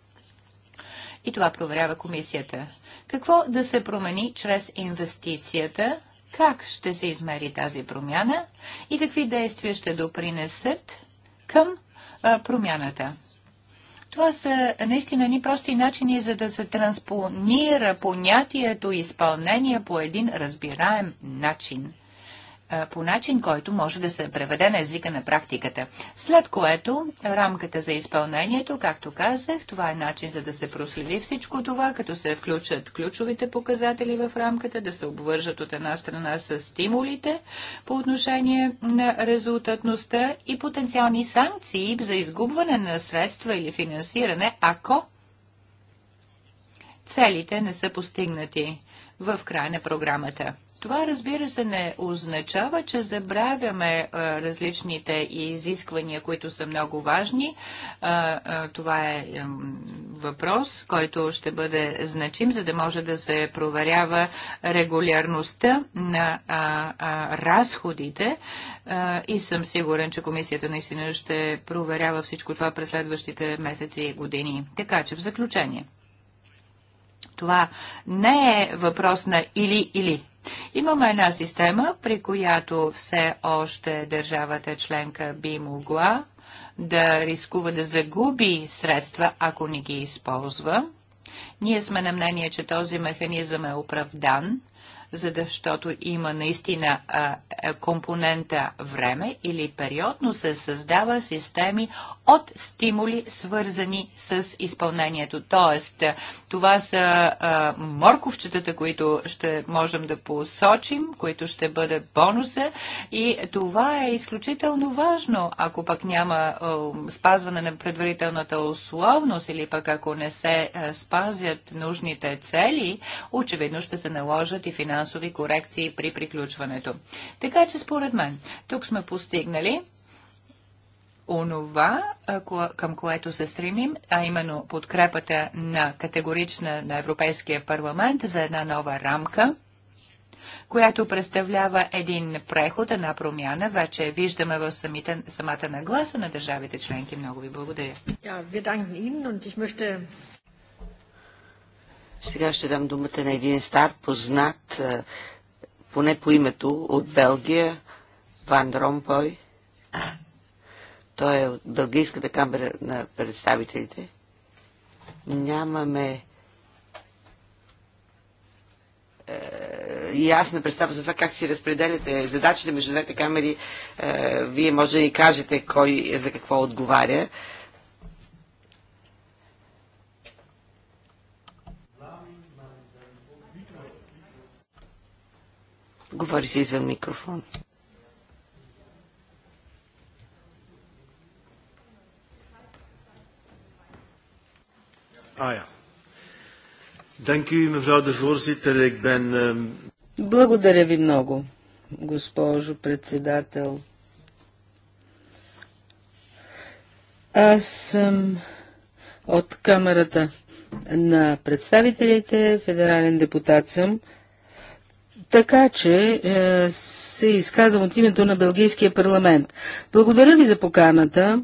И това проверява комисията. Какво да се промени чрез инвестицията как ще се измери тази промяна и какви действия ще допринесат към промяната. Това са наистина ни прости начини, за да се транспонира понятието изпълнение по един разбираем начин – по начин, който може да се преведе на езика на практиката. След което рамката за изпълнението, както казах, това е начин за да се проследи всичко това, като се включат ключовите показатели в рамката, да се обвържат от една страна с стимулите по отношение на резултатността и потенциални санкции за изгубване на средства или финансиране, ако целите не са постигнати в края на програмата. Това, разбира се, не означава, че забравяме различните изисквания, които са много важни. това е въпрос, който ще бъде значим, за да може да се проверява регулярността на разходите. И съм сигурен, че комисията наистина ще проверява всичко това през следващите месеци и години. Така че в заключение. Това не е въпрос на или-или Имаме една система, при която все още държавата членка би могла да рискува да загуби средства, ако не ги използва. Ние сме на мнение, че този механизъм е оправдан защото има наистина а, е, компонента време или период, но се създава системи от стимули, свързани с изпълнението. Тоест, е, това са а, морковчетата, които ще можем да посочим, които ще бъде бонуса и това е изключително важно. Ако пък няма а, е, спазване на предварителната условност или пък ако не се а, спазят нужните цели, очевидно ще се наложат и финансовите финансови корекции при приключването. Така че според мен, тук сме постигнали онова, към което се стремим, а именно подкрепата на категорична на Европейския парламент за една нова рамка, която представлява един преход, една промяна. Вече виждаме в самите, самата нагласа на държавите членки. Много ви благодаря. Сега ще дам думата на един стар, познат, е, поне по името, от Белгия, Ван Ромпой. Той е от Белгийската камера на представителите. Нямаме и е, аз не представя за това как си разпределяте задачите между двете камери. Е, вие може да ни кажете кой за какво отговаря. Говори се извън микрофон. А, я. Dank u, да de voorzitter. бен... Ehm, Благодаря ви много, госпожо председател. Аз съм от Камерата на представителите, федерален депутат съм. Така че е, се изказвам от името на Белгийския парламент. Благодаря ви за поканата.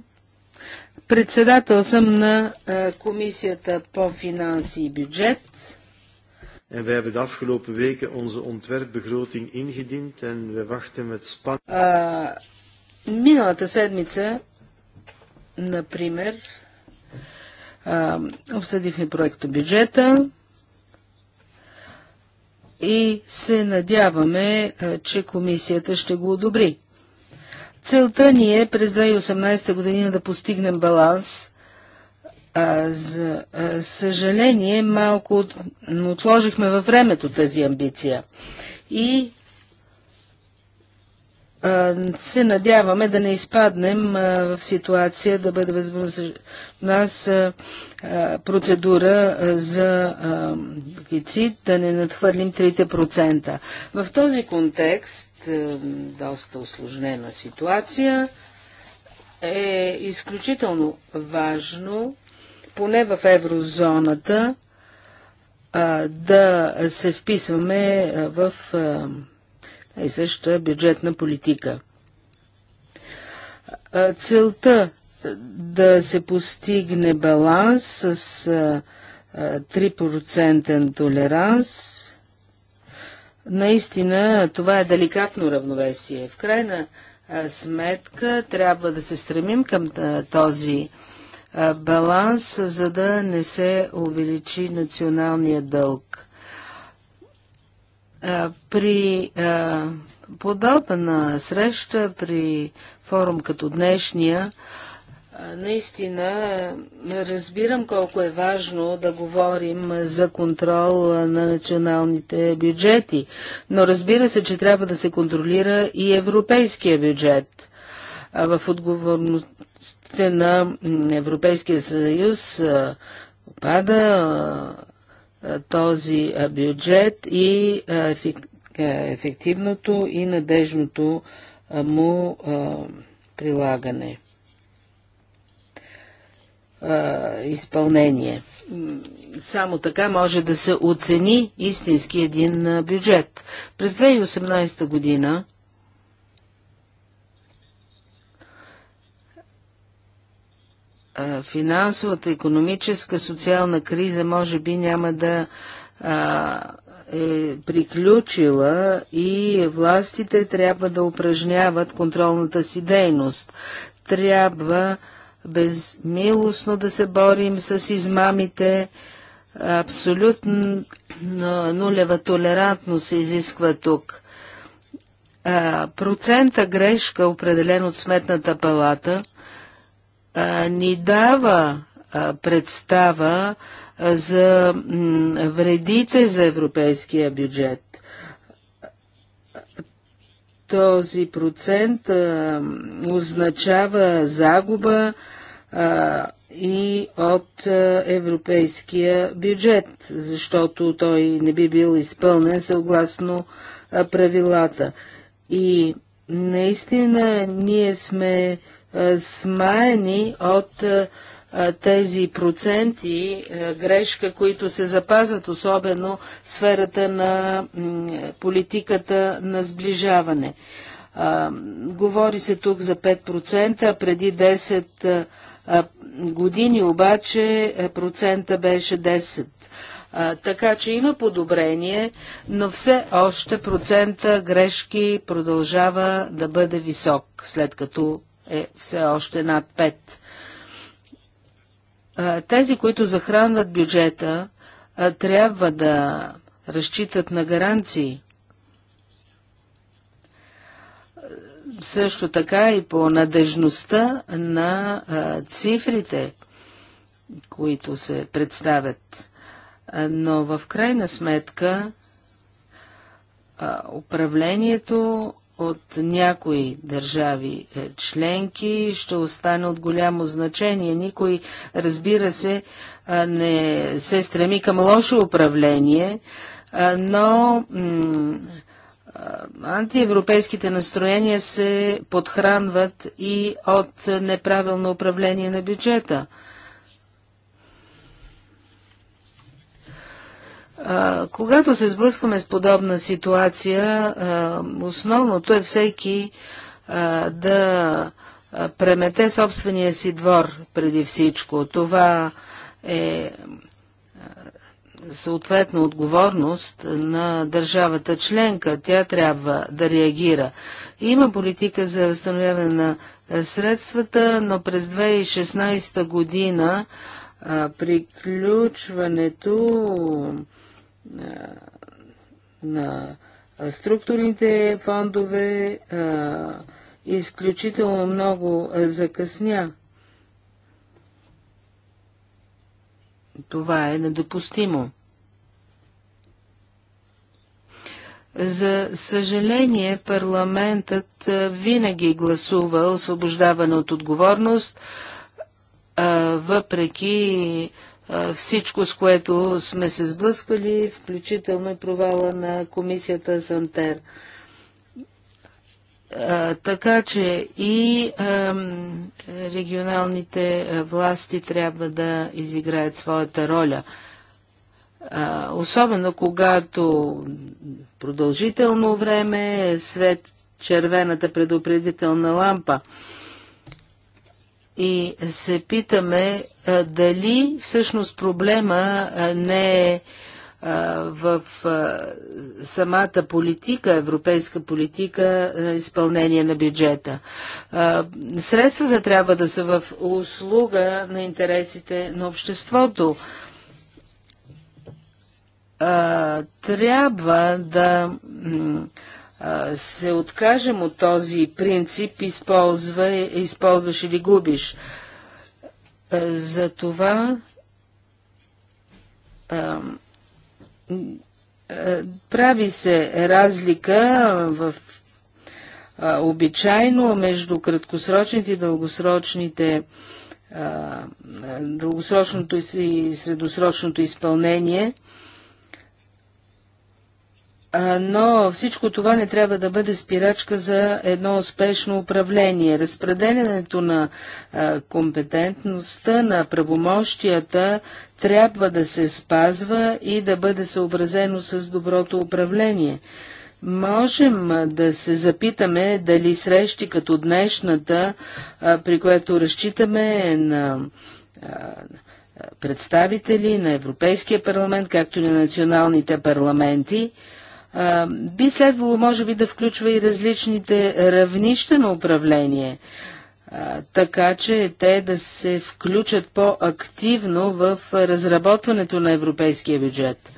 Председател съм на е, Комисията по финанси и бюджет. En wij hebben de afgelopen weken onze ontwerpbegroting ingediend en we wachten met spanning. Uh, миналата седмица, например, uh, обсъдихме проекто бюджета и се надяваме, че комисията ще го одобри. Целта ни е през 2018 година да постигнем баланс. А, за а, съжаление, малко отложихме във времето тази амбиция. И се надяваме да не изпаднем в ситуация да бъде възможна нас процедура за дефицит, да не надхвърлим 3%. В този контекст, доста осложнена ситуация, е изключително важно, поне в еврозоната, да се вписваме в а и същата е бюджетна политика. Целта да се постигне баланс с 3% толеранс, наистина това е деликатно равновесие. В крайна сметка трябва да се стремим към този баланс, за да не се увеличи националния дълг. При подобна среща, при форум като днешния, наистина разбирам колко е важно да говорим за контрол на националните бюджети, но разбира се, че трябва да се контролира и европейския бюджет. В отговорностите на Европейския съюз пада е, този е, бюджет и е, ефективното и надежното му прилагане. Изпълнение. Само така може да се оцени истински един бюджет. През 2018 година финансовата, економическа, социална криза може би няма да е приключила и властите трябва да упражняват контролната си дейност. Трябва безмилостно да се борим с измамите. Абсолютно нулева толерантност се изисква тук. А, процента грешка, определен от Сметната палата, ни дава представа за вредите за европейския бюджет. Този процент означава загуба и от европейския бюджет, защото той не би бил изпълнен съгласно правилата. И наистина ние сме е, смаяни от е, е, тези проценти грешка, които се запазват, особено в сферата на политиката на сближаване. Говори се тук за 5%, а преди 10 години обаче процента беше 10%. Така че има подобрение, но все още процента грешки продължава да бъде висок, след като е все още над 5. Тези, които захранват бюджета, трябва да разчитат на гаранции. Също така и по надежността на цифрите, които се представят. Но в крайна сметка управлението от някои държави е, членки ще остане от голямо значение. Никой, разбира се, е, не се стреми към лошо управление, е, но антиевропейските настроения се подхранват и от неправилно управление на бюджета. А, когато се сблъскаме с подобна ситуация, а, основното е всеки а, да премете собствения си двор преди всичко. Това е съответна отговорност на държавата членка. Тя трябва да реагира. Има политика за възстановяване на средствата, но през 2016 година приключването на структурните фондове изключително много закъсня. Това е недопустимо. За съжаление, парламентът винаги гласува освобождаване от отговорност, въпреки всичко, с което сме се сблъсквали, включително и провала на комисията Сантер. Така че и регионалните власти трябва да изиграят своята роля особено когато продължително време е свет червената предупредителна лампа и се питаме дали всъщност проблема не е в самата политика, европейска политика на изпълнение на бюджета. Средствата трябва да са в услуга на интересите на обществото. Трябва да се откажем от този принцип, използва, използваш или губиш. Затова прави се разлика в обичайно между краткосрочните и дългосрочните дългосрочното и средосрочното изпълнение – но всичко това не трябва да бъде спирачка за едно успешно управление. Разпределянето на компетентността, на правомощията трябва да се спазва и да бъде съобразено с доброто управление. Можем да се запитаме дали срещи като днешната, при което разчитаме на представители на Европейския парламент, както и на националните парламенти, би следвало, може би, да включва и различните равнища на управление, така че те да се включат по-активно в разработването на европейския бюджет.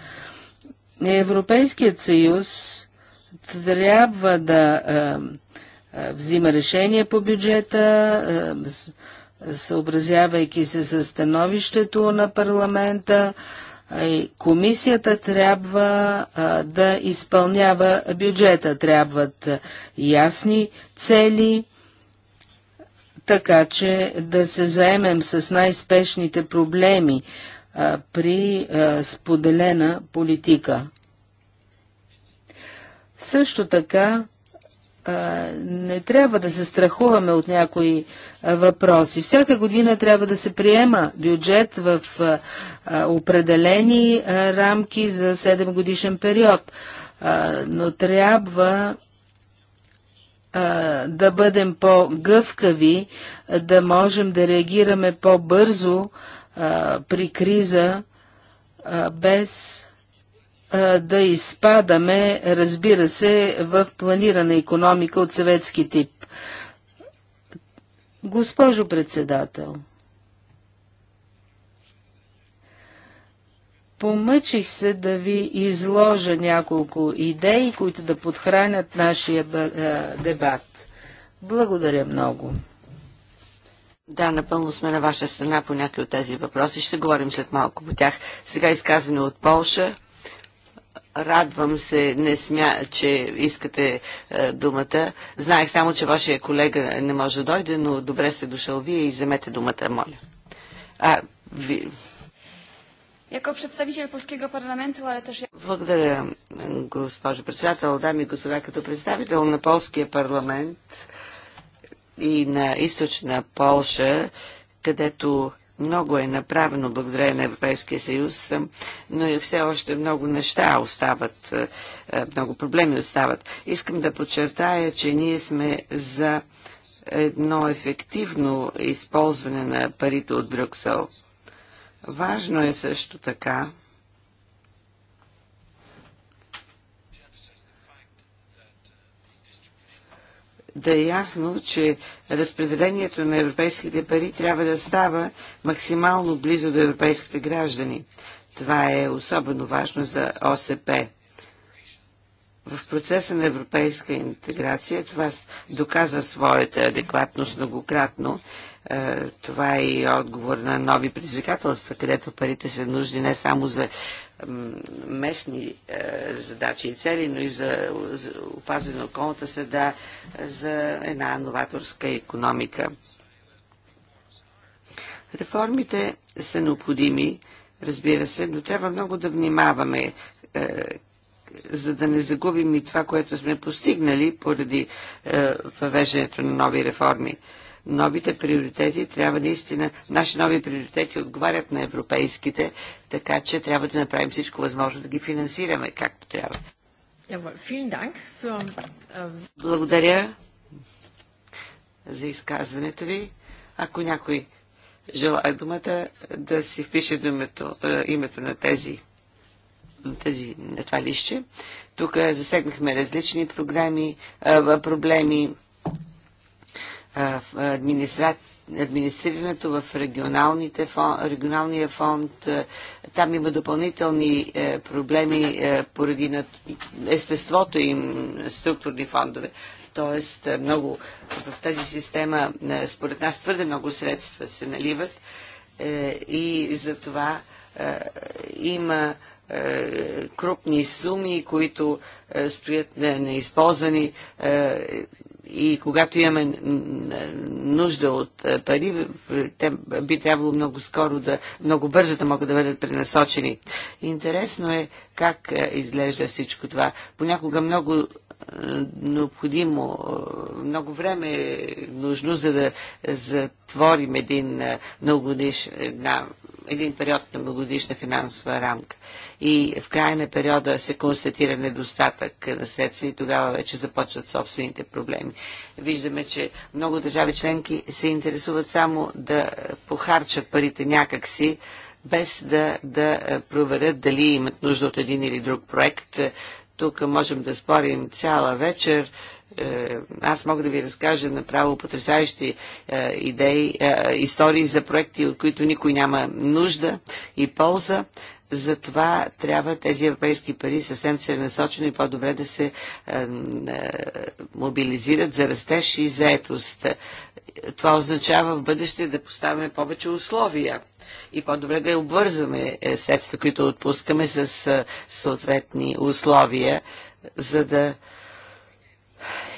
Европейският съюз трябва да взима решение по бюджета, съобразявайки се с становището на парламента, Комисията трябва да изпълнява бюджета, трябват ясни цели, така че да се заемем с най-спешните проблеми при споделена политика. Също така не трябва да се страхуваме от някои въпроси. Всяка година трябва да се приема бюджет в определени рамки за 7 годишен период, но трябва да бъдем по-гъвкави, да можем да реагираме по-бързо при криза, без да изпадаме, разбира се, в планирана економика от съветски тип. Госпожо председател, помъчих се да ви изложа няколко идеи, които да подхранят нашия е, дебат. Благодаря много. Да, напълно сме на ваша страна по някои от тези въпроси. Ще говорим след малко по тях. Сега изказване от Полша. Радвам се, не смя, че искате е, думата. Знаех само, че вашия колега не може да дойде, но добре сте дошъл вие и вземете думата, моля. А, ви... Яко представител Polskiego парламенту, Благодаря, госпожо председател, дами и господа, като представител на Полския парламент и на източна Полша, където много е направено благодарение на Европейския съюз, но и все още много неща остават, много проблеми остават. Искам да подчертая, че ние сме за едно ефективно използване на парите от Брюксел. Важно е също така да е ясно, че разпределението на европейските пари трябва да става максимално близо до европейските граждани. Това е особено важно за ОСП. В процеса на европейска интеграция това доказа своята адекватност многократно. Е, това е и отговор на нови предизвикателства, където парите са нужни не само за местни е, задачи и цели, но и за опазване на околната среда, за една новаторска економика. Реформите са необходими, разбира се, но трябва много да внимаваме, е, за да не загубим и това, което сме постигнали поради е, въвеждането на нови реформи новите приоритети трябва наистина, наши нови приоритети отговарят на европейските, така че трябва да направим всичко възможно да ги финансираме както трябва. Ähm, Благодаря за изказването ви. Ако някой желая думата, да си впише думето, е, името на тези, на тези на това лище. Тук засегнахме различни програми, е, проблеми, администра... администрирането в регионалните фон... регионалния фонд. Там има допълнителни е, проблеми е, поради на... естеството им структурни фондове. Тоест, е, много в тази система, според нас, твърде много средства се наливат и за това има крупни суми, които стоят неизползвани и когато имаме нужда от пари, те би трябвало много скоро да, много бързо да могат да бъдат пренасочени. Интересно е как изглежда всичко това. Понякога много необходимо, много време е нужно, за да затворим един, една, един период на многодишна финансова рамка и в края на периода се констатира недостатък на средства и тогава вече започват собствените проблеми. Виждаме, че много държави членки се интересуват само да похарчат парите някакси, без да, да проверят дали имат нужда от един или друг проект. Тук можем да спорим цяла вечер. Е, аз мога да ви разкажа направо потрясаващи е, идеи, е, истории за проекти, от които никой няма нужда и полза. Затова трябва тези европейски пари съвсем целенасочено и по-добре да се е, е, мобилизират за растеж и заетост. Това означава в бъдеще да поставяме повече условия и по-добре да обвързваме е, средства, които отпускаме с съответни условия, за да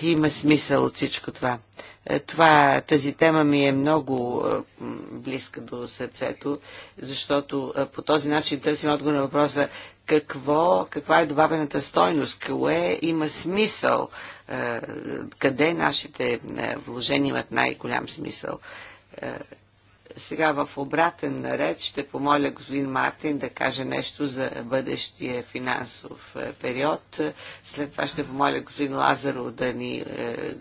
има смисъл от всичко това. Е, това, тази тема ми е много е, близка до сърцето, защото е, по този начин търсим отговор на въпроса какво, каква е добавената стойност, кое има смисъл, къде нашите вложения имат най-голям смисъл сега в обратен наред ще помоля господин Мартин да каже нещо за бъдещия финансов е, период. След това ще помоля господин Лазаро да ни е,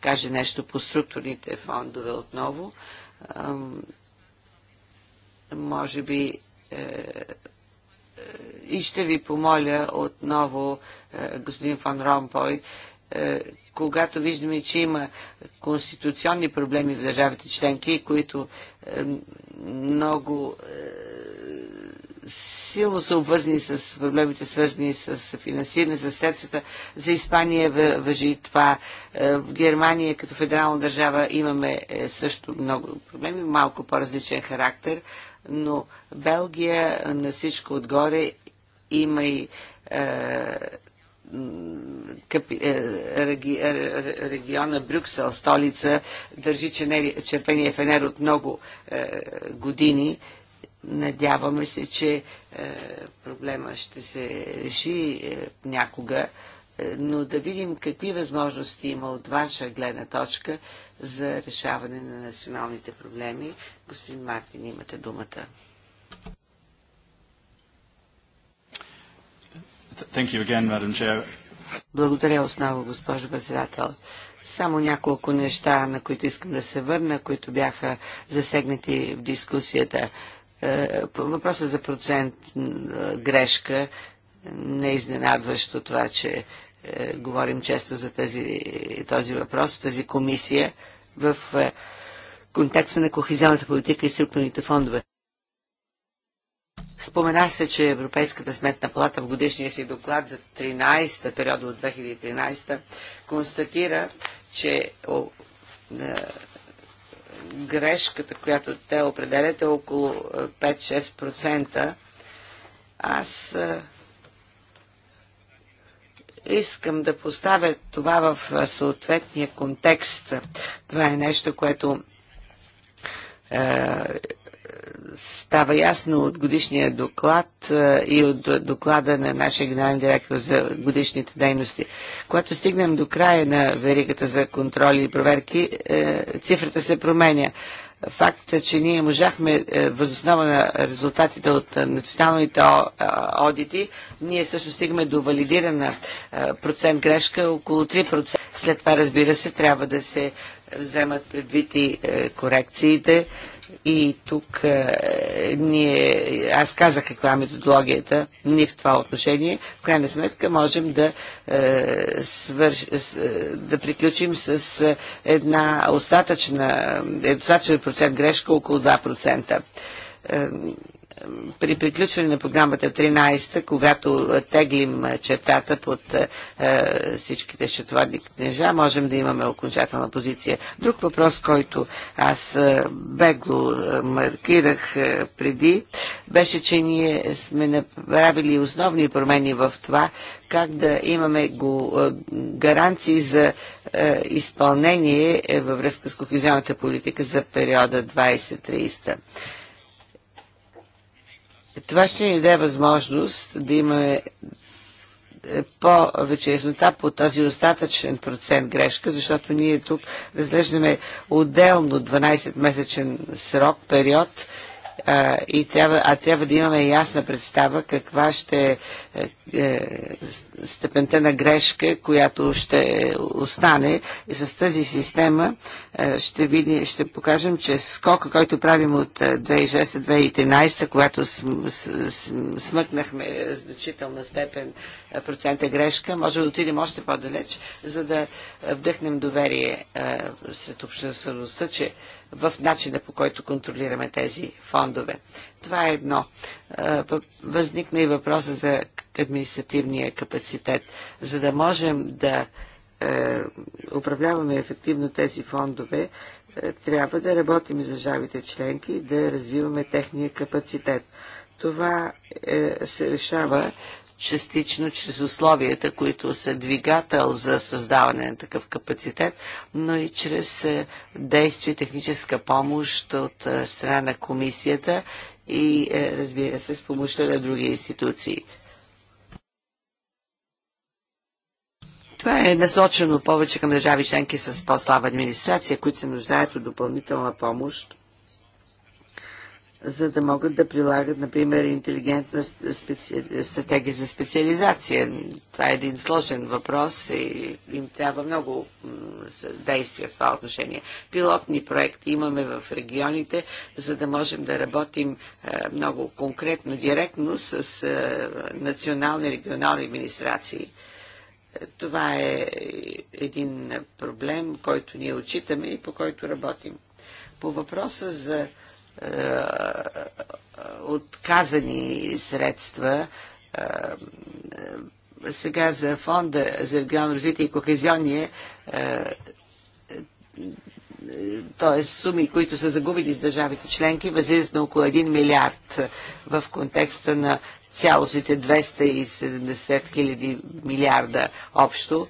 каже нещо по структурните фондове отново. може би е, и ще ви помоля отново, господин Фан Ромпой, е, когато виждаме, че има конституционни проблеми в държавите членки, които е, много е, силно са обвързани с проблемите, свързани с финансиране, с средствата. За Испания въжи това. В Германия като федерална държава имаме също много проблеми, малко по-различен характер, но Белгия на всичко отгоре има и е, реги, е, региона Брюксел, столица, държи черпения фенер от много е, години. Надяваме се, че проблема ще се реши някога, но да видим какви възможности има от ваша гледна точка за решаване на националните проблеми. Господин Мартин, имате думата. Again, Благодаря отново, госпожо председател. Само няколко неща, на които искам да се върна, които бяха засегнати в дискусията. Е, Въпросът за процент е, грешка не е изненадващо това, че е, говорим често за тази, този въпрос, тази комисия в контекста на кохизионната политика и структурните фондове. Спомена се, че Европейската сметна плата в годишния си доклад за 13-та периода от 2013 констатира, че е, грешката, която те определят е около 5-6%. Е, Аз е, искам да поставя това в съответния контекст. Това е нещо, което е, става ясно от годишния доклад е, и от доклада на нашия генерален директор за годишните дейности. Когато стигнем до края на веригата за контроли и проверки, е, цифрата се променя. Факта, е, че ние можахме възоснова на резултатите от националните одити, ние също стигаме до валидирана процент грешка около 3%. След това, разбира се, трябва да се вземат предвид и корекциите и тук е, ние, аз казах каква е методологията, ни в това отношение, в крайна сметка можем да, е, свърш, е, е да приключим с е, една остатъчна, е, достатъчен процент грешка около 2%. Е, при приключване на програмата 13, та когато е, теглим е, чертата под е, всичките счетоводни книжа, можем да имаме окончателна позиция. Друг въпрос, който аз бегло маркирах преди, беше, че ние сме направили основни промени в това, как да имаме гаранции за изпълнение във връзка с кохезионната политика за периода 2030. Това ще ни даде възможност да имаме е, повече яснота по този остатъчен процент грешка, защото ние тук разглеждаме отделно 12-месечен срок, период, и трябва, а трябва да имаме ясна представа каква ще е, е, степента на грешка, която ще остане. И с тази система е, ще, види, ще покажем, че скока, който правим от 2006-2013, е, когато смъкнахме значителна степен е, процента грешка, може да отидем още по-далеч, за да вдъхнем доверие е, сред обществеността, че в начина по който контролираме тези фондове. Това е едно. Е, възникна и въпроса за административния капацитет. За да можем да е, управляваме ефективно тези фондове, е, трябва да работим с държавите членки и да развиваме техния капацитет. Това се решава частично чрез условията, които са двигател за създаване на такъв капацитет, но и чрез е, действие техническа помощ от е, страна на комисията и е, разбира се с помощта на други институции. Това е насочено повече към държави членки с по-слаба администрация, които се нуждаят от допълнителна помощ за да могат да прилагат, например, интелигентна специ... стратегия за специализация. Това е един сложен въпрос и им трябва много действия в това отношение. Пилотни проекти имаме в регионите, за да можем да работим е, много конкретно, директно с е, национални и регионални администрации. Е, това е един проблем, който ние отчитаме и по който работим. По въпроса за е, отказани средства. Е, е, сега за фонда за регионално развитие и кохезионие т.е. суми, които са загубили с държавите членки, възлизат на около 1 милиард в контекста на цялостите 270 хиляди милиарда общо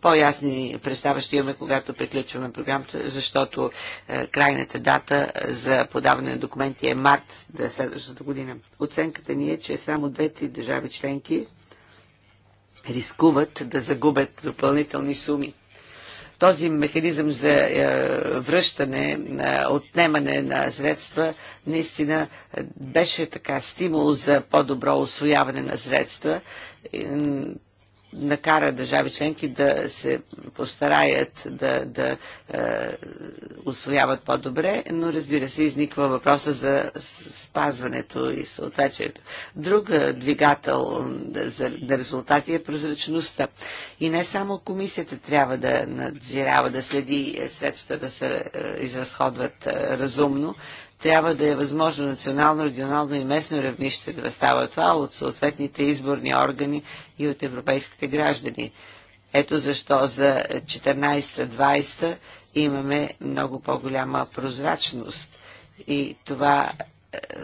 по-ясни представа ще имаме, когато приключваме програмата, защото е, крайната дата за подаване на документи е март да следващата година. Оценката ни е, че само две-три държави членки рискуват да загубят допълнителни суми този механизъм за е, връщане, е, отнемане на средства, наистина беше така стимул за по-добро освояване на средства накара държави членки да се постараят да, да е, освояват по-добре, но разбира се, изниква въпроса за спазването и съответствието. Друг е, двигател за да резултати е прозрачността. И не само комисията трябва да надзирава, да следи е, средствата да се е, изразходват разумно, трябва да е възможно национално, регионално и местно равнище да става това от съответните изборни органи и от европейските граждани. Ето защо за 14-20 имаме много по-голяма прозрачност и това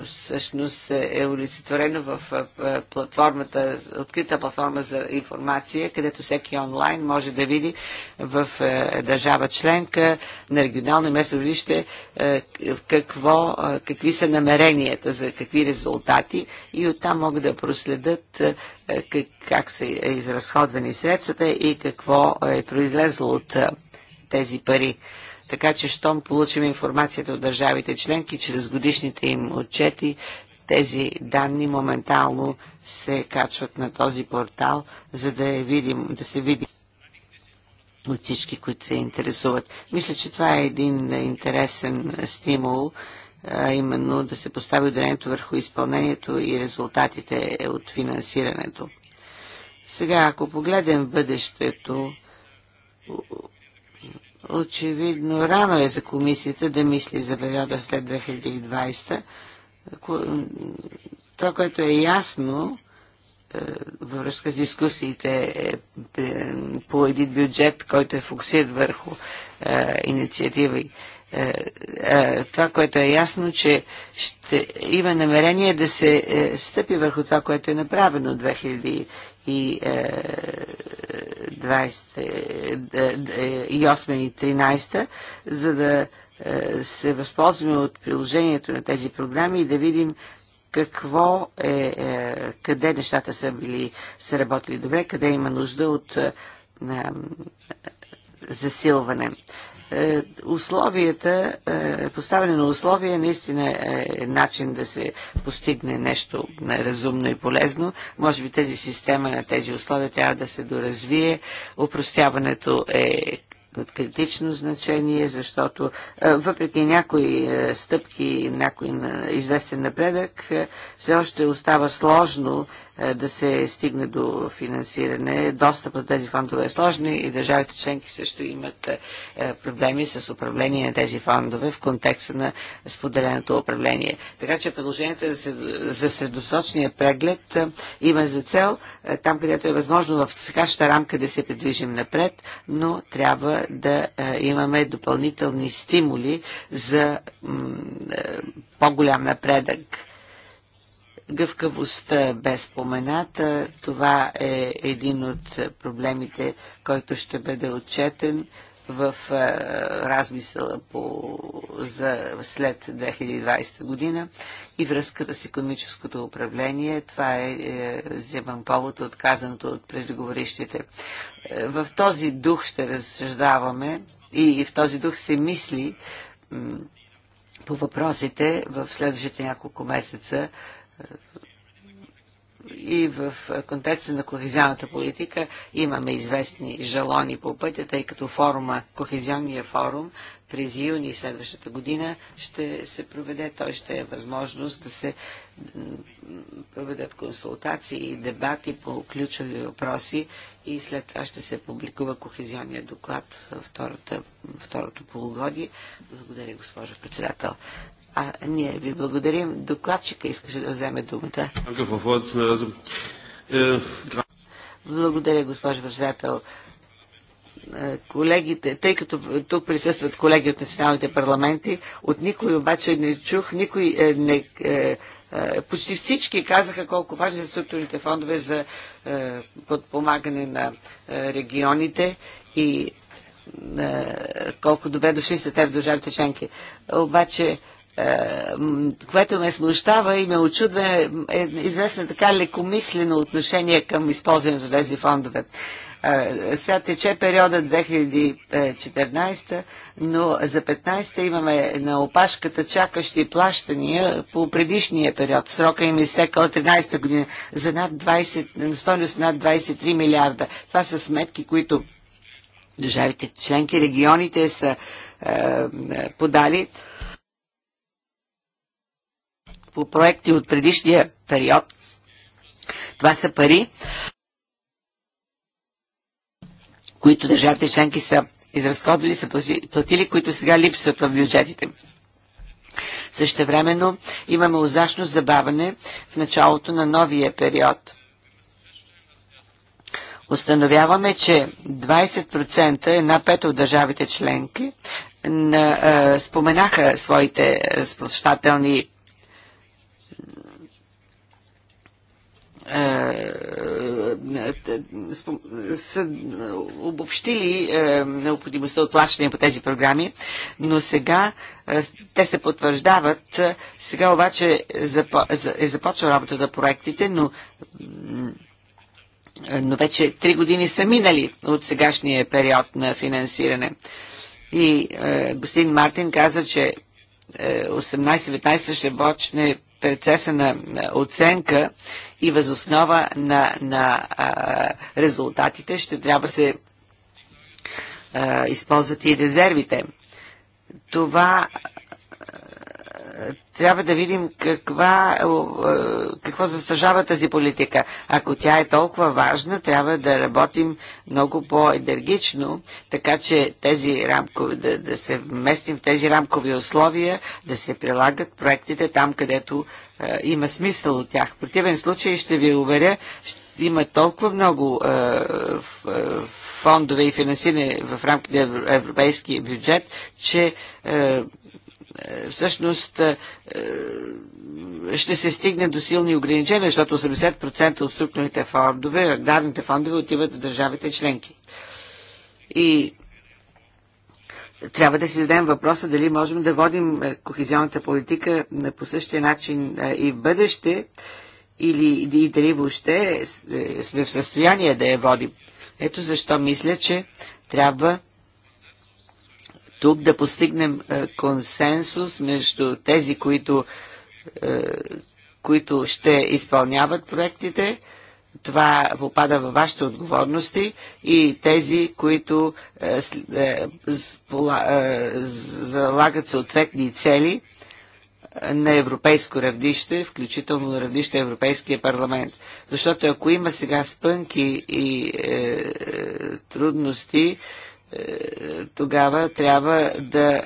всъщност е олицетворено в платформата, открита платформа за информация, където всеки онлайн може да види в държава членка на регионално и местно равнище какво, какви са намеренията за какви резултати и оттам могат да проследят как, как са изразходвани средствата и какво е произлезло от тези пари така че, щом получим информацията от държавите членки, чрез годишните им отчети, тези данни моментално се качват на този портал, за да, е видим, да се види от всички, които се интересуват. Мисля, че това е един интересен стимул, а именно да се постави ударението върху изпълнението и резултатите от финансирането. Сега, ако погледнем бъдещето, Очевидно, рано е за комисията да мисли за периода след 2020. Това, което е ясно е, във връзка с дискусиите е, е по един бюджет, който е фокусиран върху е, инициативи е, това, което е ясно, че ще има намерение да се стъпи върху това, което е направено от и 8 е, е, е, и 13, за да се възползваме от приложението на тези програми и да видим какво е, къде нещата са били, са работили добре, къде има нужда от засилване. Е, условията, е, поставяне на условия наистина е начин да се постигне нещо разумно и полезно. Може би тази система на тези условия трябва да се доразвие. Опростяването е от критично значение, защото е, въпреки някои стъпки, някой известен напредък, все още остава сложно е, да се стигне до финансиране. Достъп до тези фондове е сложни и държавите членки също имат е, проблеми с управление на тези фондове в контекста на споделеното управление. Така че предложението за средосрочния преглед е, има за цел там, където е възможно в сегашната рамка да се придвижим напред, но трябва да имаме допълнителни стимули за по-голям напредък Гъвкавостта бе спомената. Това е един от проблемите, който ще бъде отчетен в размисъла по, за след 2020 година и връзката с економическото управление. Това е, е вземам повод от казаното от преждеговорищите. Е, в този дух ще разсъждаваме и в този дух се мисли по въпросите в следващите няколко месеца и в контекста на кохезионната политика имаме известни жалони по пътя, тъй като форума, кохезионния форум през юни следващата година ще се проведе. Той ще е възможност да се проведат консултации и дебати по ключови въпроси и след това ще се публикува кохезионния доклад във второто полугодие. Благодаря, госпожо председател. А, ние ви благодарим. Докладчика искаше да вземе думата. Äh, Благодаря, госпожо председател. Е, колегите, тъй като тук присъстват колеги от националните парламенти, от никой обаче не чух, никой е, не, е, почти всички казаха колко важни са структурните фондове за подпомагане на регионите и колко добре дошли са те в държавите членки. Обаче е, което ме смущава и ме очудва е, е известно така лекомислено отношение към използването на тези фондове. Е, сега тече периода 2014, но за 15-та имаме на опашката чакащи плащания по предишния период. Срока им изтекал 13-та година за над 20, стойност над 23 милиарда. Това са сметки, които държавите членки, регионите са е, подали по проекти от предишния период. Това са пари, които държавите членки са изразходвали, са платили, които сега липсват в бюджетите. Същевременно имаме озашно забаване в началото на новия период. Установяваме, че 20% една пета от държавите членки на, споменаха своите разплащателни Е, е, са обобщили е, необходимостта от плащане по тези програми, но сега те се потвърждават. Сега обаче е започнала работата на проектите, но но вече три години са минали от сегашния период на финансиране. И господин Мартин каза, че 18-19 ще почне процеса на оценка и възоснова на, на а, резултатите ще трябва да се а, използват и резервите. Това трябва да видим каква, е, е, какво застъжава тази политика. Ако тя е толкова важна, трябва да работим много по-енергично, така че тези рамкови, да, да се вместим в тези рамкови условия, да се прилагат проектите там, където е, има смисъл от тях. В противен случай, ще ви уверя, ще има толкова много е, е фондове и финансиране в рамките на европейския бюджет, че е, е, всъщност е, е, ще се стигне до силни ограничения, защото 80% от структурните фондове, дарните фондове отиват в държавите членки. И трябва да си зададем въпроса дали можем да водим кохезионната политика по същия начин и в бъдеще, или и дали въобще сме в състояние да я водим. Ето защо мисля, че трябва тук да постигнем е, консенсус между тези, които, е, които ще изпълняват проектите, това попада във вашите отговорности и тези, които е, залагат съответни цели на европейско равнище, включително на равнище Европейския парламент. Защото ако има сега спънки и е, трудности, е, тогава трябва да е,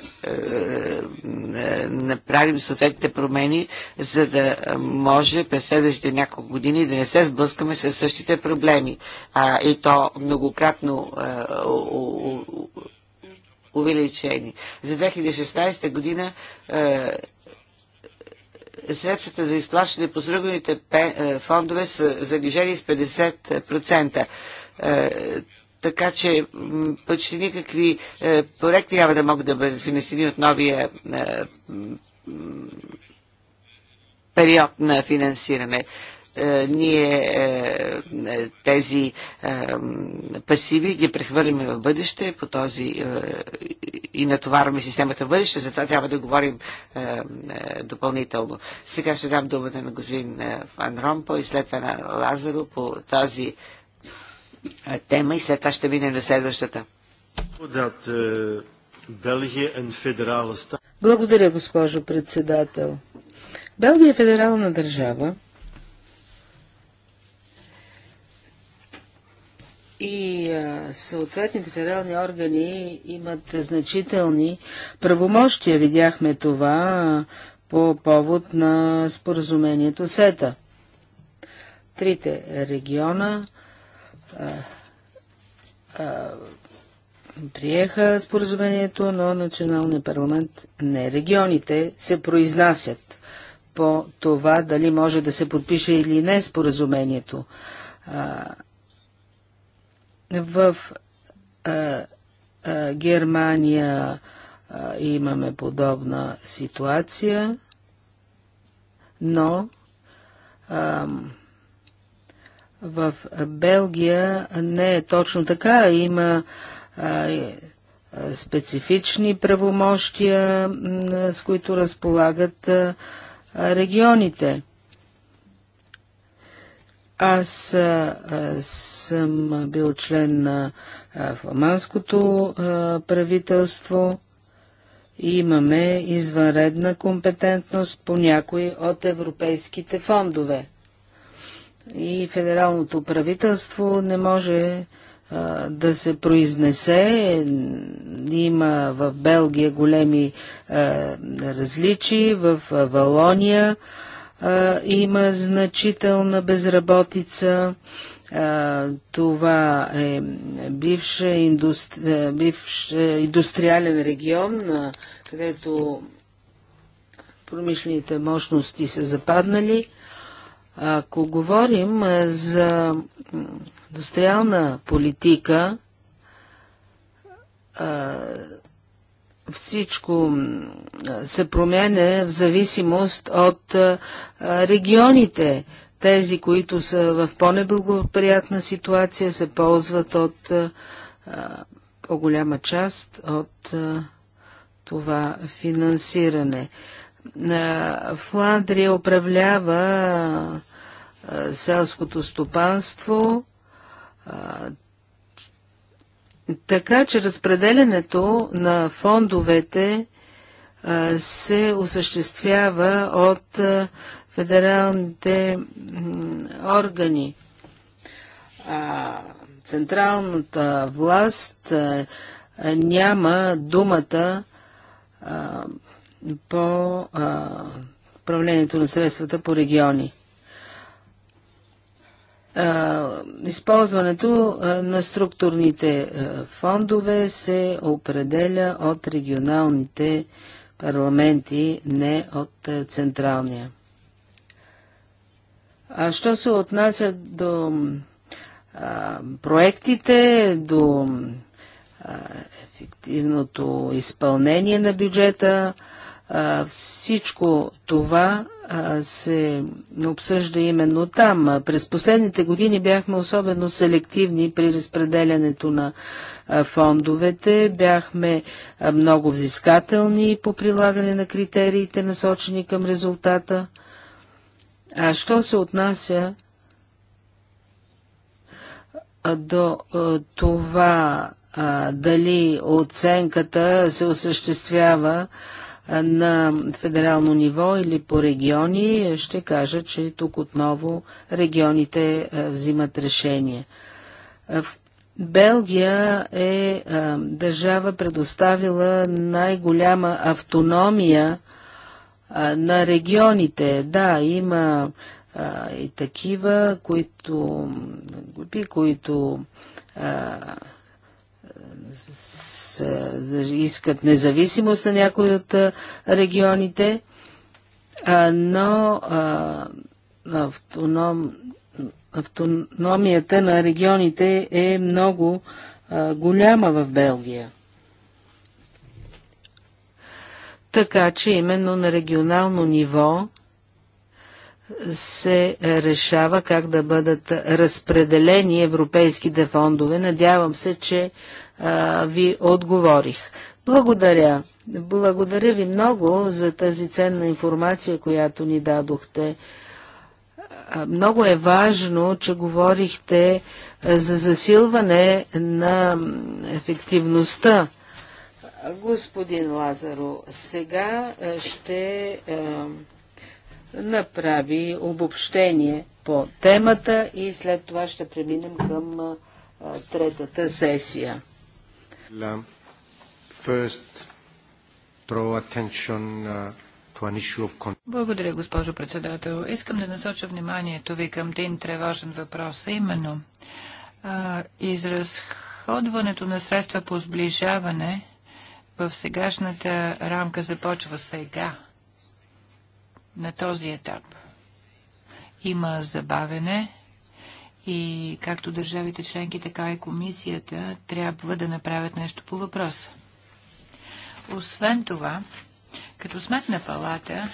е, направим съответните промени, за да може през следващите няколко години да не се сблъскаме с същите проблеми. А, и то многократно е, увеличени. За 2016 година средствата за изплащане по сръгваните фондове са занижени с 50% така че почти никакви е, проекти няма да могат да бъдат финансирани от новия е, период на финансиране е, ние тези пасиви ги прехвърляме в бъдеще по този и натоварваме системата в бъдеще, затова трябва да говорим допълнително. Сега ще дам думата на господин Ван Ромпо и след това на Лазаро по тази е, тема и след това ще минем на следващата. Е, е Благодаря, госпожо председател. Белгия е федерална държава и съответните федерални органи имат значителни правомощия. Видяхме това по повод на споразумението СЕТА. Трите региона приеха споразумението, но националния парламент не. Регионите се произнасят по това дали може да се подпише или не споразумението. А, в а, а, Германия а, имаме подобна ситуация, но а, в Белгия не е точно така. Има а, специфични правомощия, с които разполагат а, регионите. Аз а, съм бил член на фламандското правителство и имаме извънредна компетентност по някои от европейските фондове и федералното правителство не може а, да се произнесе. Има в Белгия големи а, различи, в Валония а, има значителна безработица. Това е бивша индустри... бивш индустриален регион, където промишлените мощности са западнали. Ако говорим за индустриална политика, всичко се променя в зависимост от регионите. Тези, които са в по-неблагоприятна ситуация, се ползват от по-голяма част от това финансиране. Фландрия управлява селското стопанство, така че разпределенето на фондовете се осъществява от федералните органи. Централната власт няма думата по а, управлението на средствата по региони. А, използването на структурните фондове се определя от регионалните парламенти, не от централния. А що се отнася до а, проектите, до а, ефективното изпълнение на бюджета, а, всичко това се обсъжда именно там. През последните години бяхме особено селективни при разпределянето на фондовете, бяхме много взискателни по прилагане на критериите, насочени към резултата. А що се отнася до това дали оценката се осъществява на федерално ниво или по региони, ще кажа, че тук отново регионите е, взимат решение. Е, в Белгия е, е държава предоставила най-голяма автономия на регионите. Да, има и такива, които, групи, които е, искат независимост на някои от е, регионите, но автоном, автономията на регионите е много голяма в Белгия. Така че именно на регионално ниво се решава как да бъдат разпределени европейските фондове. Надявам се, че а, ви отговорих. Благодаря. Благодаря ви много за тази ценна информация, която ни дадохте. Много е важно, че говорихте за засилване на ефективността. Господин Лазаро, сега ще е, направи обобщение по темата и след това ще преминем към е, третата сесия particular, first draw attention uh, благодаря, госпожо председател. Искам да насоча вниманието ви към един тревожен въпрос, а именно изразходването на средства по сближаване в сегашната рамка започва сега, на този етап. Има забавене и както държавите членки, така и комисията трябва да направят нещо по въпроса. Освен това, като сметна палата,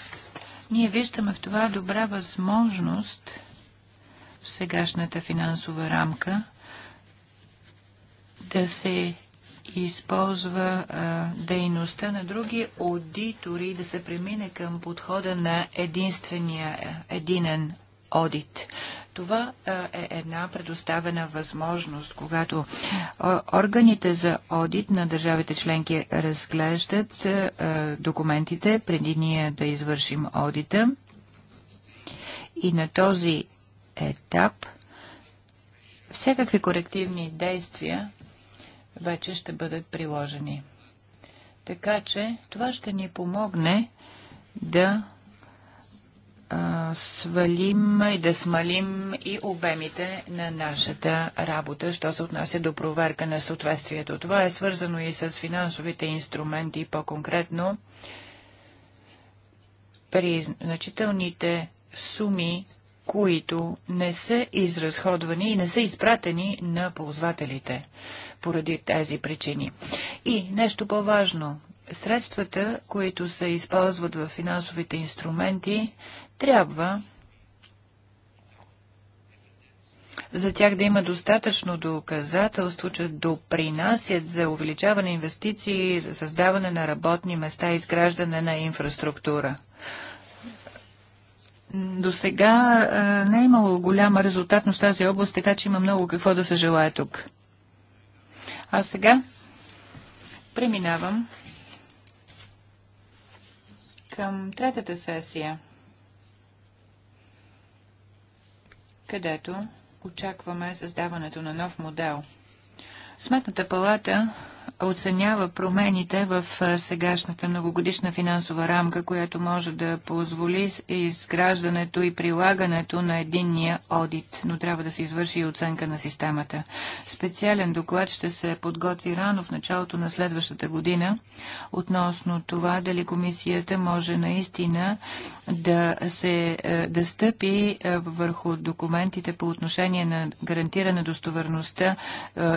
ние виждаме в това добра възможност в сегашната финансова рамка да се използва а, дейността на други аудитори да се премине към подхода на единствения единен одит. Това е една предоставена възможност, когато органите за одит на държавите членки разглеждат документите преди ние да извършим одита. И на този етап всякакви корективни действия вече ще бъдат приложени. Така че това ще ни помогне да а, свалим и да смалим и обемите на нашата работа, що се отнася до проверка на съответствието. Това е свързано и с финансовите инструменти, по-конкретно при значителните суми, които не са изразходвани и не са изпратени на ползвателите поради тези причини. И нещо по-важно. Средствата, които се използват в финансовите инструменти, трябва за тях да има достатъчно доказателство, че допринасят за увеличаване инвестиции, за създаване на работни места и изграждане на инфраструктура. До сега не е имало голяма резултатност в тази област, така че има много какво да се желая тук. А сега преминавам към третата сесия – където очакваме създаването на нов модел. Сметната палата оценява промените в сегашната многогодишна финансова рамка, която може да позволи изграждането и прилагането на единния одит, но трябва да се извърши и оценка на системата. Специален доклад ще се подготви рано в началото на следващата година относно това дали комисията може наистина да, се, да стъпи върху документите по отношение на гарантиране достоверността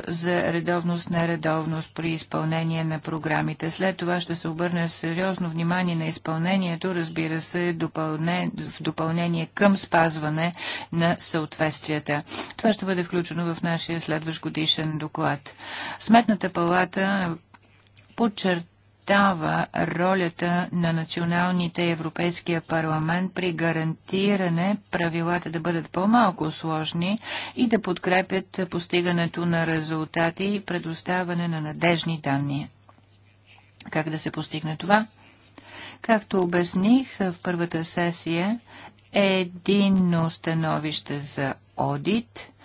за редовност, нередовност, при изпълнение на програмите. След това ще се обърне сериозно внимание на изпълнението, разбира се, допълне, в допълнение към спазване на съответствията. Това ще бъде включено в нашия следващ годишен доклад. Сметната палата подчерта подчертава ролята на националните Европейския парламент при гарантиране правилата да бъдат по-малко сложни и да подкрепят постигането на резултати и предоставяне на надежни данни. Как да се постигне това? Както обясних в първата сесия, единно становище за одит –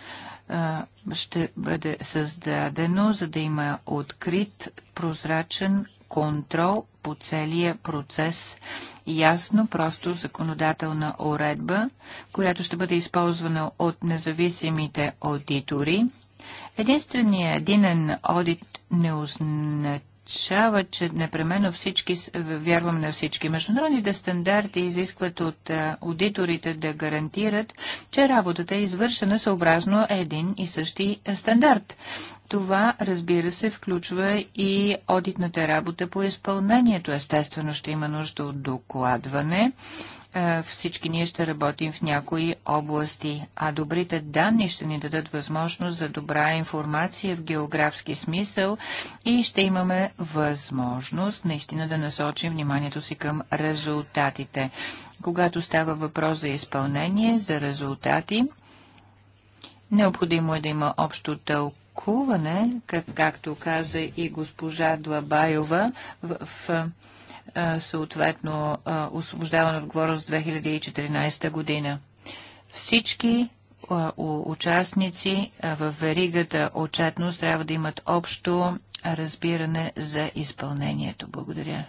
ще бъде създадено, за да има открит, прозрачен контрол по целия процес. Ясно, просто законодателна уредба, която ще бъде използвана от независимите аудитори. Единственият единен одит не означава, означава, че непременно всички, вярвам на всички. Международните стандарти изискват от аудиторите да гарантират, че работата е извършена съобразно един и същи стандарт. Това, разбира се, включва и одитната работа по изпълнението. Естествено, ще има нужда от докладване е, всички ние ще работим в някои области, а добрите данни ще ни дадат възможност за добра информация в географски смисъл и ще имаме възможност наистина да насочим вниманието си към резултатите. Когато става въпрос за изпълнение, за резултати, необходимо е да има общо тълкуване, как, както каза и госпожа Длабаева в, в съответно освобождаване отговорност 2014 година. Всички участници в веригата отчетност трябва да имат общо разбиране за изпълнението. Благодаря.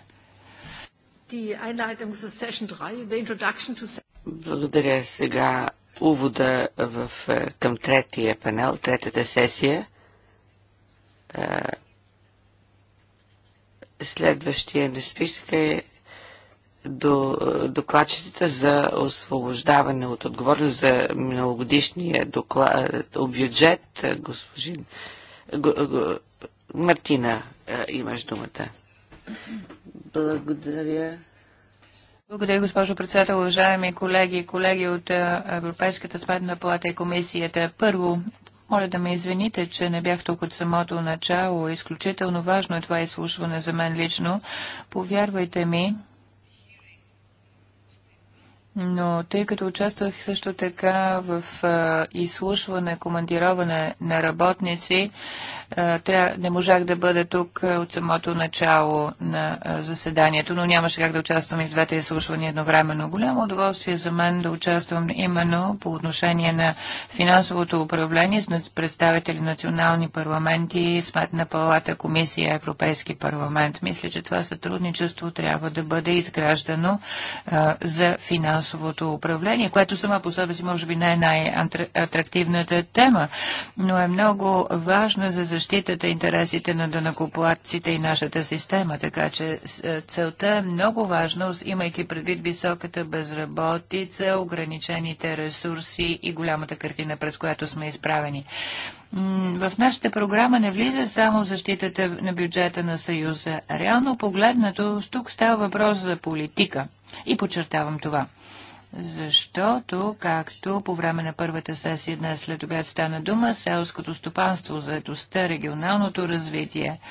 Благодаря. Сега увода в, е, към третия панел, третата сесия. Е, Следващия на списък е до е, докладчетата за освобождаване от отговорност за миналогодишния доклад, е, бюджет. Е, госпожин го, го, Мартина, имаш думата. Благодаря. Благодаря, госпожо председател, уважаеми колеги и колеги от Европейската сметна палата и комисията. Първо, моля да ме извините, че не бях тук от самото начало. Изключително важно е това изслушване за мен лично. Повярвайте ми, но тъй като участвах също така в изслушване, командироване на работници, тя не можах да бъда тук от самото начало на заседанието, но нямаше как да участвам и в двете изслушвания едновременно. Голямо удоволствие за мен да участвам именно по отношение на финансовото управление с представители национални парламенти, Сметна палата, Комисия, Европейски парламент. Мисля, че това сътрудничество трябва да бъде изграждано за финансовото управление, което сама по себе си може би не е най-атрактивната тема, но е много важна за защитата интересите на данакоплатците и нашата система, така че е, целта е много важна, имайки предвид високата безработица, ограничените ресурси и голямата картина, пред която сме изправени. В нашата програма не влиза само защитата на бюджета на Съюза. Реално погледнато, тук става въпрос за политика. И подчертавам това защото, както по време на първата сесия днес след обяд стана дума, селското стопанство, заедостта, регионалното развитие –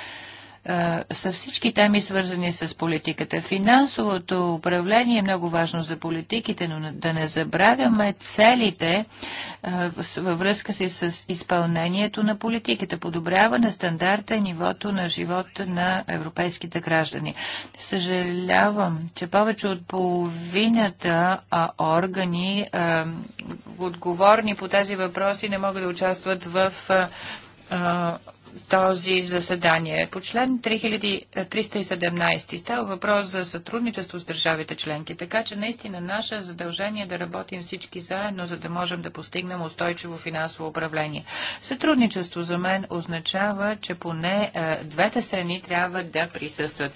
са всички теми свързани с политиката. Финансовото управление е много важно за политиките, но да не забравяме целите във връзка си с изпълнението на политиката, подобряване стандарта и нивото на живот на европейските граждани. Съжалявам, че повече от половината органи, отговорни по тези въпроси, не могат да участват в този заседание. По член 3317 става въпрос за сътрудничество с държавите членки, така че наистина наше задължение е да работим всички заедно, за да можем да постигнем устойчиво финансово управление. Сътрудничество за мен означава, че поне е, двете страни трябва да присъстват.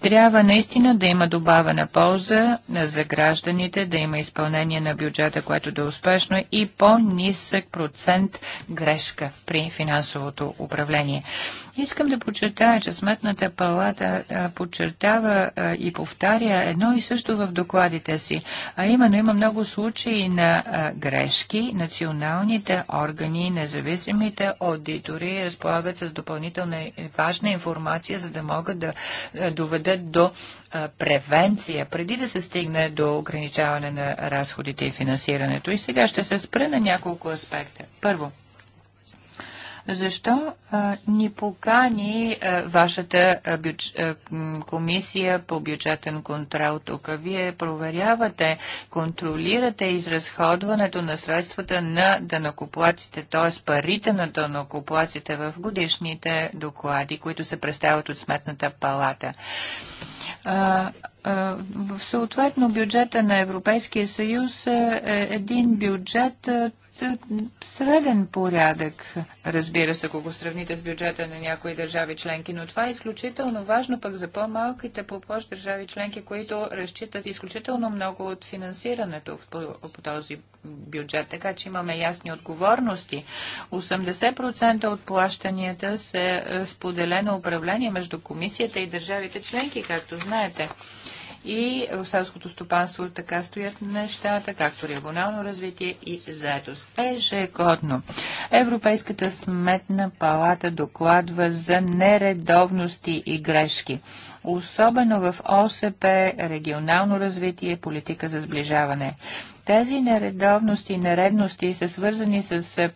Трябва наистина да има добавена полза е, за гражданите, да има изпълнение на бюджета, което да е успешно и по-нисък процент грешка при финансовото управление предложение. Искам да подчертая, че Сметната палата подчертава и повтаря едно и също в докладите си, а именно има много случаи на грешки. Националните органи, независимите аудитори разполагат с допълнителна важна информация, за да могат да доведат до превенция, преди да се стигне до ограничаване на разходите и финансирането. И сега ще се спра на няколко аспекта. Първо, защо а, ни покани а, вашата а, бюдж, а, комисия по бюджетен контрол тук? Вие проверявате, контролирате изразходването на средствата на данокоплаците, т.е. парите на данокоплаците в годишните доклади, които се представят от Сметната палата. А, а, съответно бюджета на Европейския съюз е, е един бюджет, среден порядък, разбира се, ако го сравните с бюджета на някои държави членки, но това е изключително важно пък за по-малките по площ държави членки, които разчитат изключително много от финансирането по, по този бюджет, така че имаме ясни отговорности. 80% от плащанията се е, споделено управление между комисията и държавите членки, както знаете и в селското стопанство така стоят нещата, както регионално развитие и заедост. Ежегодно Европейската сметна палата докладва за нередовности и грешки особено в ОСП, регионално развитие, политика за сближаване. Тези нередовности и нередности са свързани с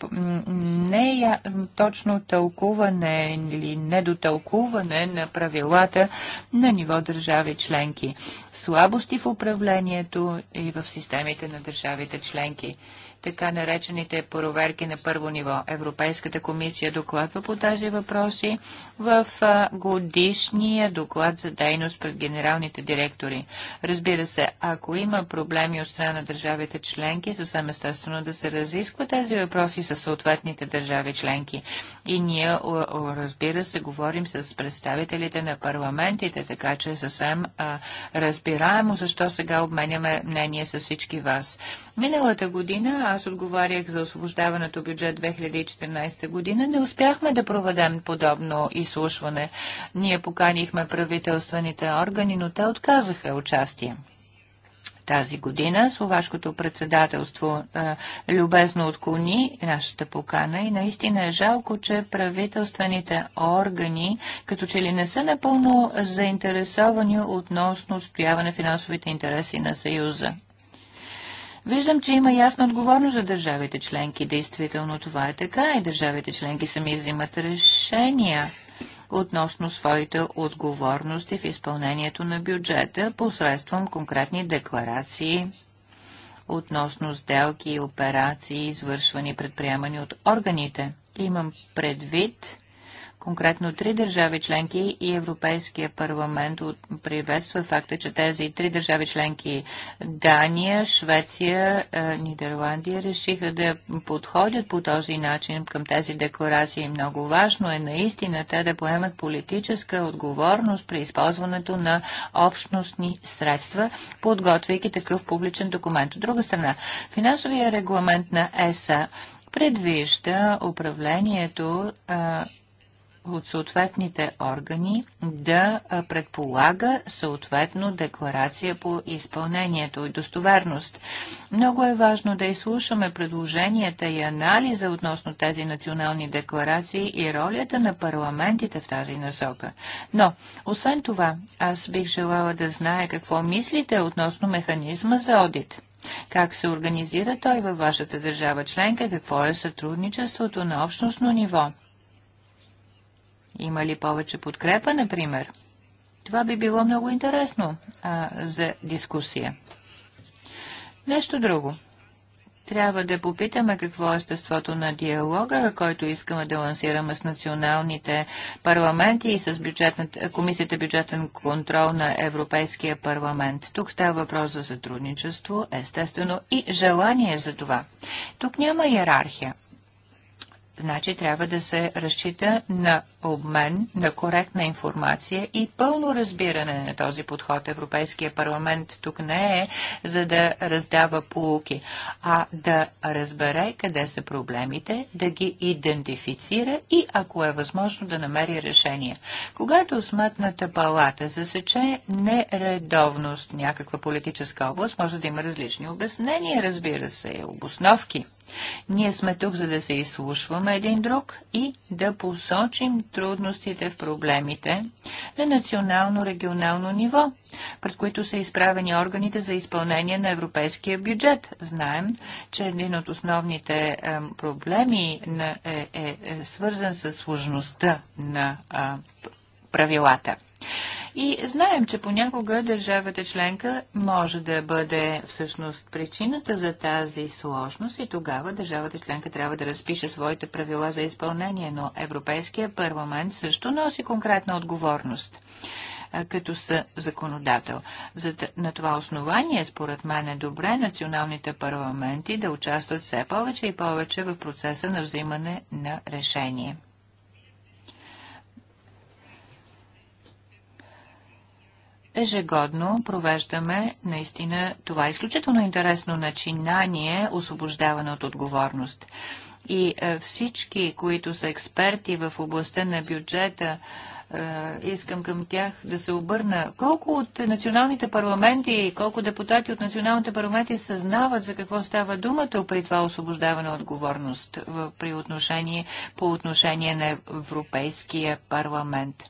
не точно тълкуване или недотълкуване на правилата на ниво държави членки. Слабости в управлението и в системите на държавите членки така наречените проверки на първо ниво. Европейската комисия докладва по тази въпроси в годишния доклад за дейност пред генералните директори. Разбира се, ако има проблеми от страна на държавите членки, съвсем естествено да се разисква тези въпроси с съответните държави членки. И ние, разбира се, говорим с представителите на парламентите, така че е съвсем а, разбираемо защо сега обменяме мнение с всички вас. Миналата година аз отговарях за освобождаването бюджет 2014 година. Не успяхме да проведем подобно изслушване. Ние поканихме правителствените органи, но те отказаха участие тази година. Словашкото председателство е, любезно отклони нашата покана и наистина е жалко, че правителствените органи като че ли не са напълно заинтересовани относно отстояване финансовите интереси на Съюза. Виждам, че има ясна отговорност за държавите членки. Действително това е така и държавите членки сами взимат решения относно своите отговорности в изпълнението на бюджета посредством конкретни декларации относно сделки и операции, извършвани предприемани от органите. Имам предвид Конкретно три държави членки и Европейския парламент приветства факта, че тези три държави членки Дания, Швеция, е, Нидерландия решиха да подходят по този начин към тези декларации. Много важно е наистина те да поемат политическа отговорност при използването на общностни средства, подготвяйки такъв публичен документ. От друга страна, финансовия регламент на ЕСА предвижда управлението а, е, от съответните органи да предполага съответно декларация по изпълнението и достоверност. Много е важно да изслушаме предложенията и анализа относно тези национални декларации и ролята на парламентите в тази насока. Но, освен това, аз бих желала да знае какво мислите относно механизма за одит. Как се организира той във вашата държава членка? Какво е сътрудничеството на общностно ниво? Има ли повече подкрепа, например? Това би било много интересно а, за дискусия. Нещо друго. Трябва да попитаме какво е естеството на диалога, който искаме да лансираме с националните парламенти и с Комисията бюджетен контрол на Европейския парламент. Тук става въпрос за сътрудничество, естествено, и желание за това. Тук няма иерархия. Значи трябва да се разчита на обмен, на коректна информация и пълно разбиране на този подход. Европейския парламент тук не е за да раздава полуки, а да разбере къде са проблемите, да ги идентифицира и, ако е възможно, да намери решение. Когато сметната палата засече нередовност някаква политическа област, може да има различни обяснения, разбира се, обосновки. Ние сме тук, за да се изслушваме един друг и да посочим трудностите в проблемите на национално-регионално ниво, пред които са изправени органите за изпълнение на европейския бюджет. Знаем, че един от основните проблеми е, е, е, свързан с сложността на правилата. И знаем, че понякога държавата членка може да бъде всъщност причината за тази сложност и тогава държавата членка трябва да разпише своите правила за изпълнение, но Европейския парламент също носи конкретна отговорност като са законодател. За, на това основание, според мен, е добре националните парламенти да участват все повече и повече в процеса на взимане на решение. ежегодно провеждаме наистина това изключително интересно начинание, освобождаване от отговорност. И е, всички, които са експерти в областта на бюджета, е, искам към тях да се обърна. Колко от националните парламенти, колко депутати от националните парламенти съзнават за какво става думата при това освобождаване отговорност в, при отношение, по отношение на Европейския парламент?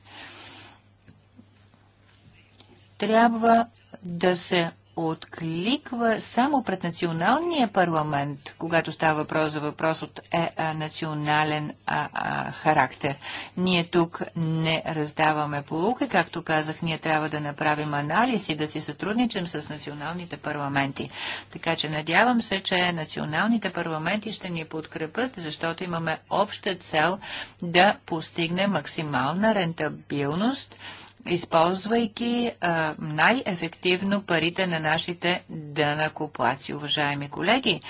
трябва да се откликва само пред националния парламент, когато става въпрос за въпрос от е, а, национален а, а, характер. Ние тук не раздаваме полуки, както казах, ние трябва да направим анализ и да си сътрудничим с националните парламенти. Така че надявам се, че националните парламенти ще ни подкрепят, защото имаме обща цел да постигне максимална рентабилност използвайки най-ефективно парите на нашите дънакоплаци. Уважаеми колеги,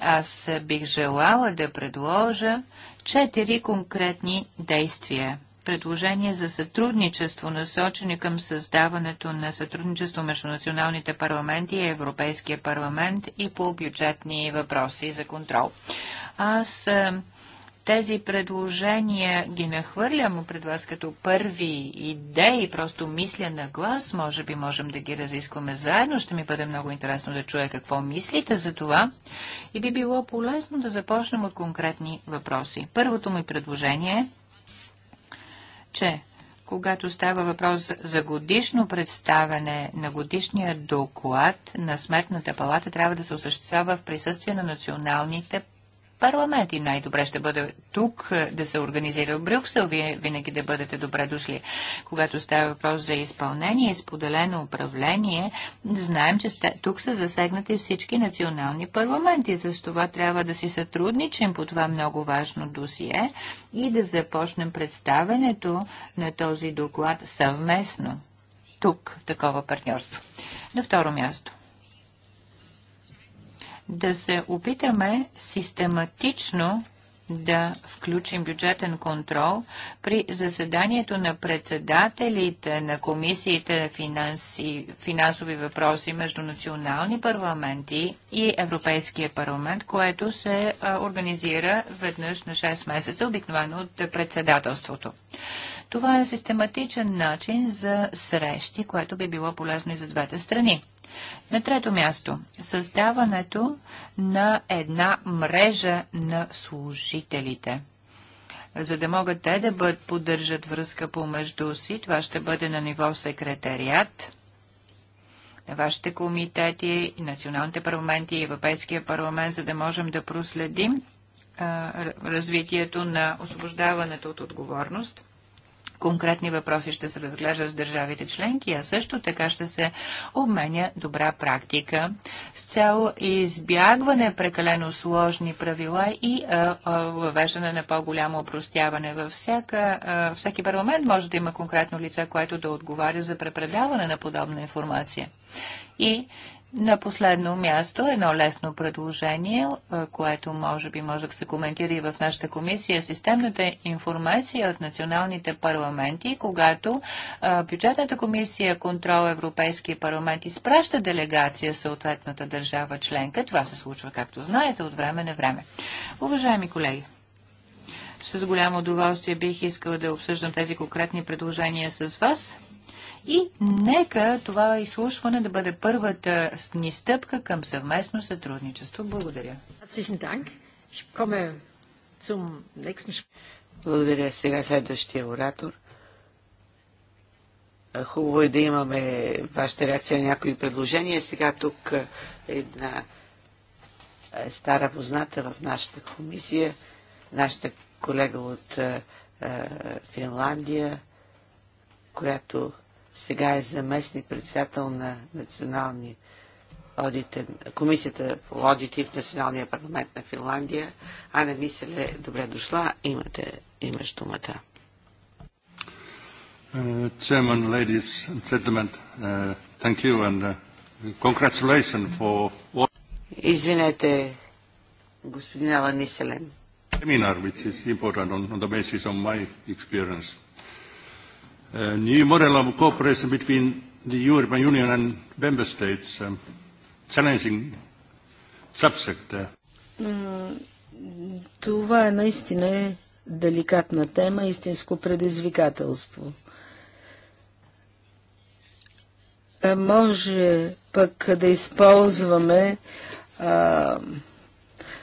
аз бих желала да предложа четири конкретни действия Предложение за сътрудничество, насочени към създаването на сътрудничество между националните парламенти и Европейския парламент и по бюджетни въпроси за контрол. Аз тези предложения ги нахвърлям пред вас като първи идеи, просто мисля на глас, може би можем да ги разискваме заедно. Ще ми бъде много интересно да чуя какво мислите за това и би било полезно да започнем от конкретни въпроси. Първото ми предложение е, че когато става въпрос за годишно представяне на годишния доклад на Сметната палата, трябва да се осъществява в присъствие на националните парламент и най-добре ще бъде тук е, да се организира в Брюксел. Вие винаги да бъдете добре дошли. Когато става въпрос за изпълнение и споделено управление, знаем, че тук са засегнати всички национални парламенти. За това трябва да си сътрудничим по това много важно досие и да започнем представенето на този доклад съвместно тук, в такова партньорство. На второ място да се опитаме систематично да включим бюджетен контрол при заседанието на председателите на комисиите финанси, финансови въпроси между национални парламенти и Европейския парламент, което се организира веднъж на 6 месеца, обикновено от председателството. Това е систематичен начин за срещи, което би било полезно и за двете страни. На трето място, създаването на една мрежа на служителите за да могат те да бъдат поддържат връзка помежду си. Това ще бъде на ниво секретариат на вашите комитети, националните парламенти и Европейския парламент, за да можем да проследим а, развитието на освобождаването от отговорност конкретни въпроси ще се разглеждат с държавите членки, а също така ще се обменя добра практика с цел избягване прекалено сложни правила и въвеждане на по-голямо опростяване. Във всяка, а, всеки парламент може да има конкретно лице, което да отговаря за препредаване на подобна информация. И на последно място едно лесно предложение, е, което може би може да се коментира и в нашата комисия. Е системната информация от националните парламенти, когато е, бюджетната комисия контрол Европейския парламент изпраща делегация съответната държава членка. Това се случва, както знаете, от време на време. Уважаеми колеги, с голямо удоволствие бих искала да обсъждам тези конкретни предложения с вас. И нека това изслушване да бъде първата ни стъпка към съвместно сътрудничество. Благодаря. Благодаря. Сега следващия оратор. Хубаво е да имаме вашата реакция на някои предложения. Сега тук е една е стара позната в нашата комисия, нашата колега от Финландия, която сега е заместник председател на националния одитен, комисията по одити в Националния парламент на Финландия. Ана Ниселе, добре дошла. Имате, имаш думата. Uh, chairman, ladies and gentlemen, uh, thank you and uh, congratulations for Извинете, господин Ала Ниселен. Seminar, which is important on, on the basis of my experience. Eh, new model of cooperation between the European Union and member states, um, challenging subject. Eh. Това е наистина е деликатна тема, истинско предизвикателство. Е, може пък да използваме а,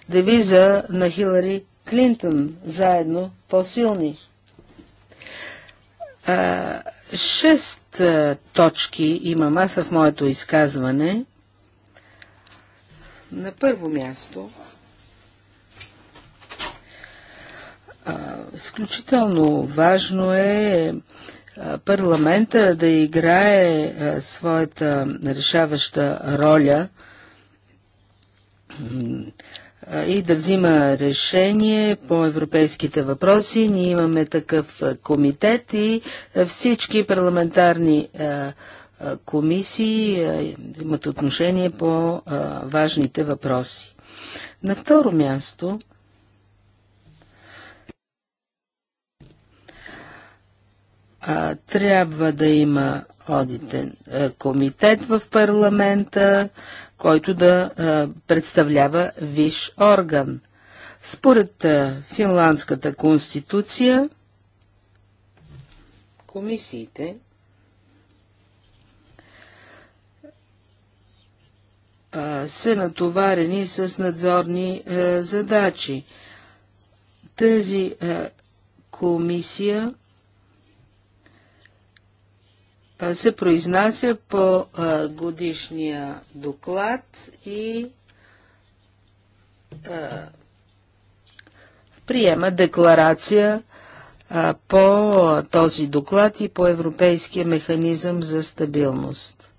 девиза на Хилари Клинтон заедно по-силни. Шест точки имам аз в моето изказване. На първо място, изключително важно е парламента да играе своята решаваща роля и да взима решение по европейските въпроси. Ние имаме такъв комитет и всички парламентарни комисии имат отношение по важните въпроси. На второ място трябва да има одитен е, комитет в парламента, който да е, представлява виш орган. Според е, финландската конституция, комисиите са натоварени с надзорни задачи. Тази комисия се произнася по годишния доклад и приема декларация по този доклад и по Европейския механизъм за стабилност.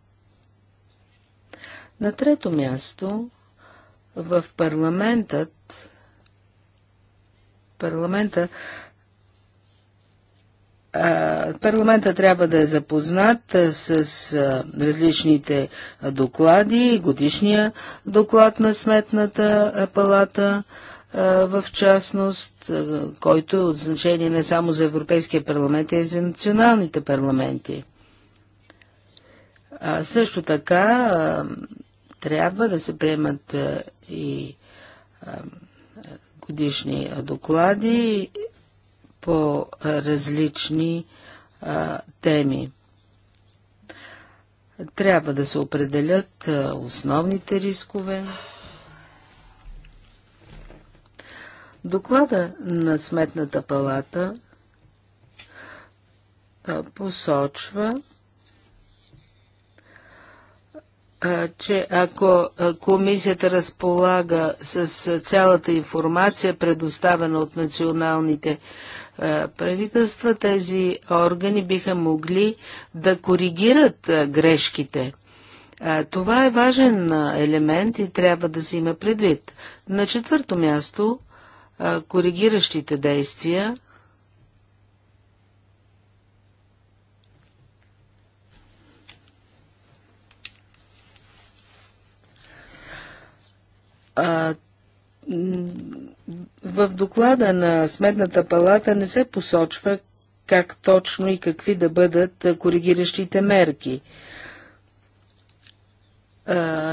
На трето място в парламентът парламента Парламента трябва да е запознат с различните доклади, годишния доклад на Сметната палата, в частност, който е от значение не само за Европейския парламент, а и за националните парламенти. А също така трябва да се приемат и годишни доклади по различни а, теми. Трябва да се определят а, основните рискове. Доклада на Сметната палата а, посочва, че ако комисията разполага с цялата информация, предоставена от националните е, правителства, тези органи биха могли да коригират е, грешките. Е, това е важен елемент и трябва да се има предвид. На четвърто място, коригиращите действия. А, в доклада на Сметната палата не се посочва как точно и какви да бъдат коригиращите мерки.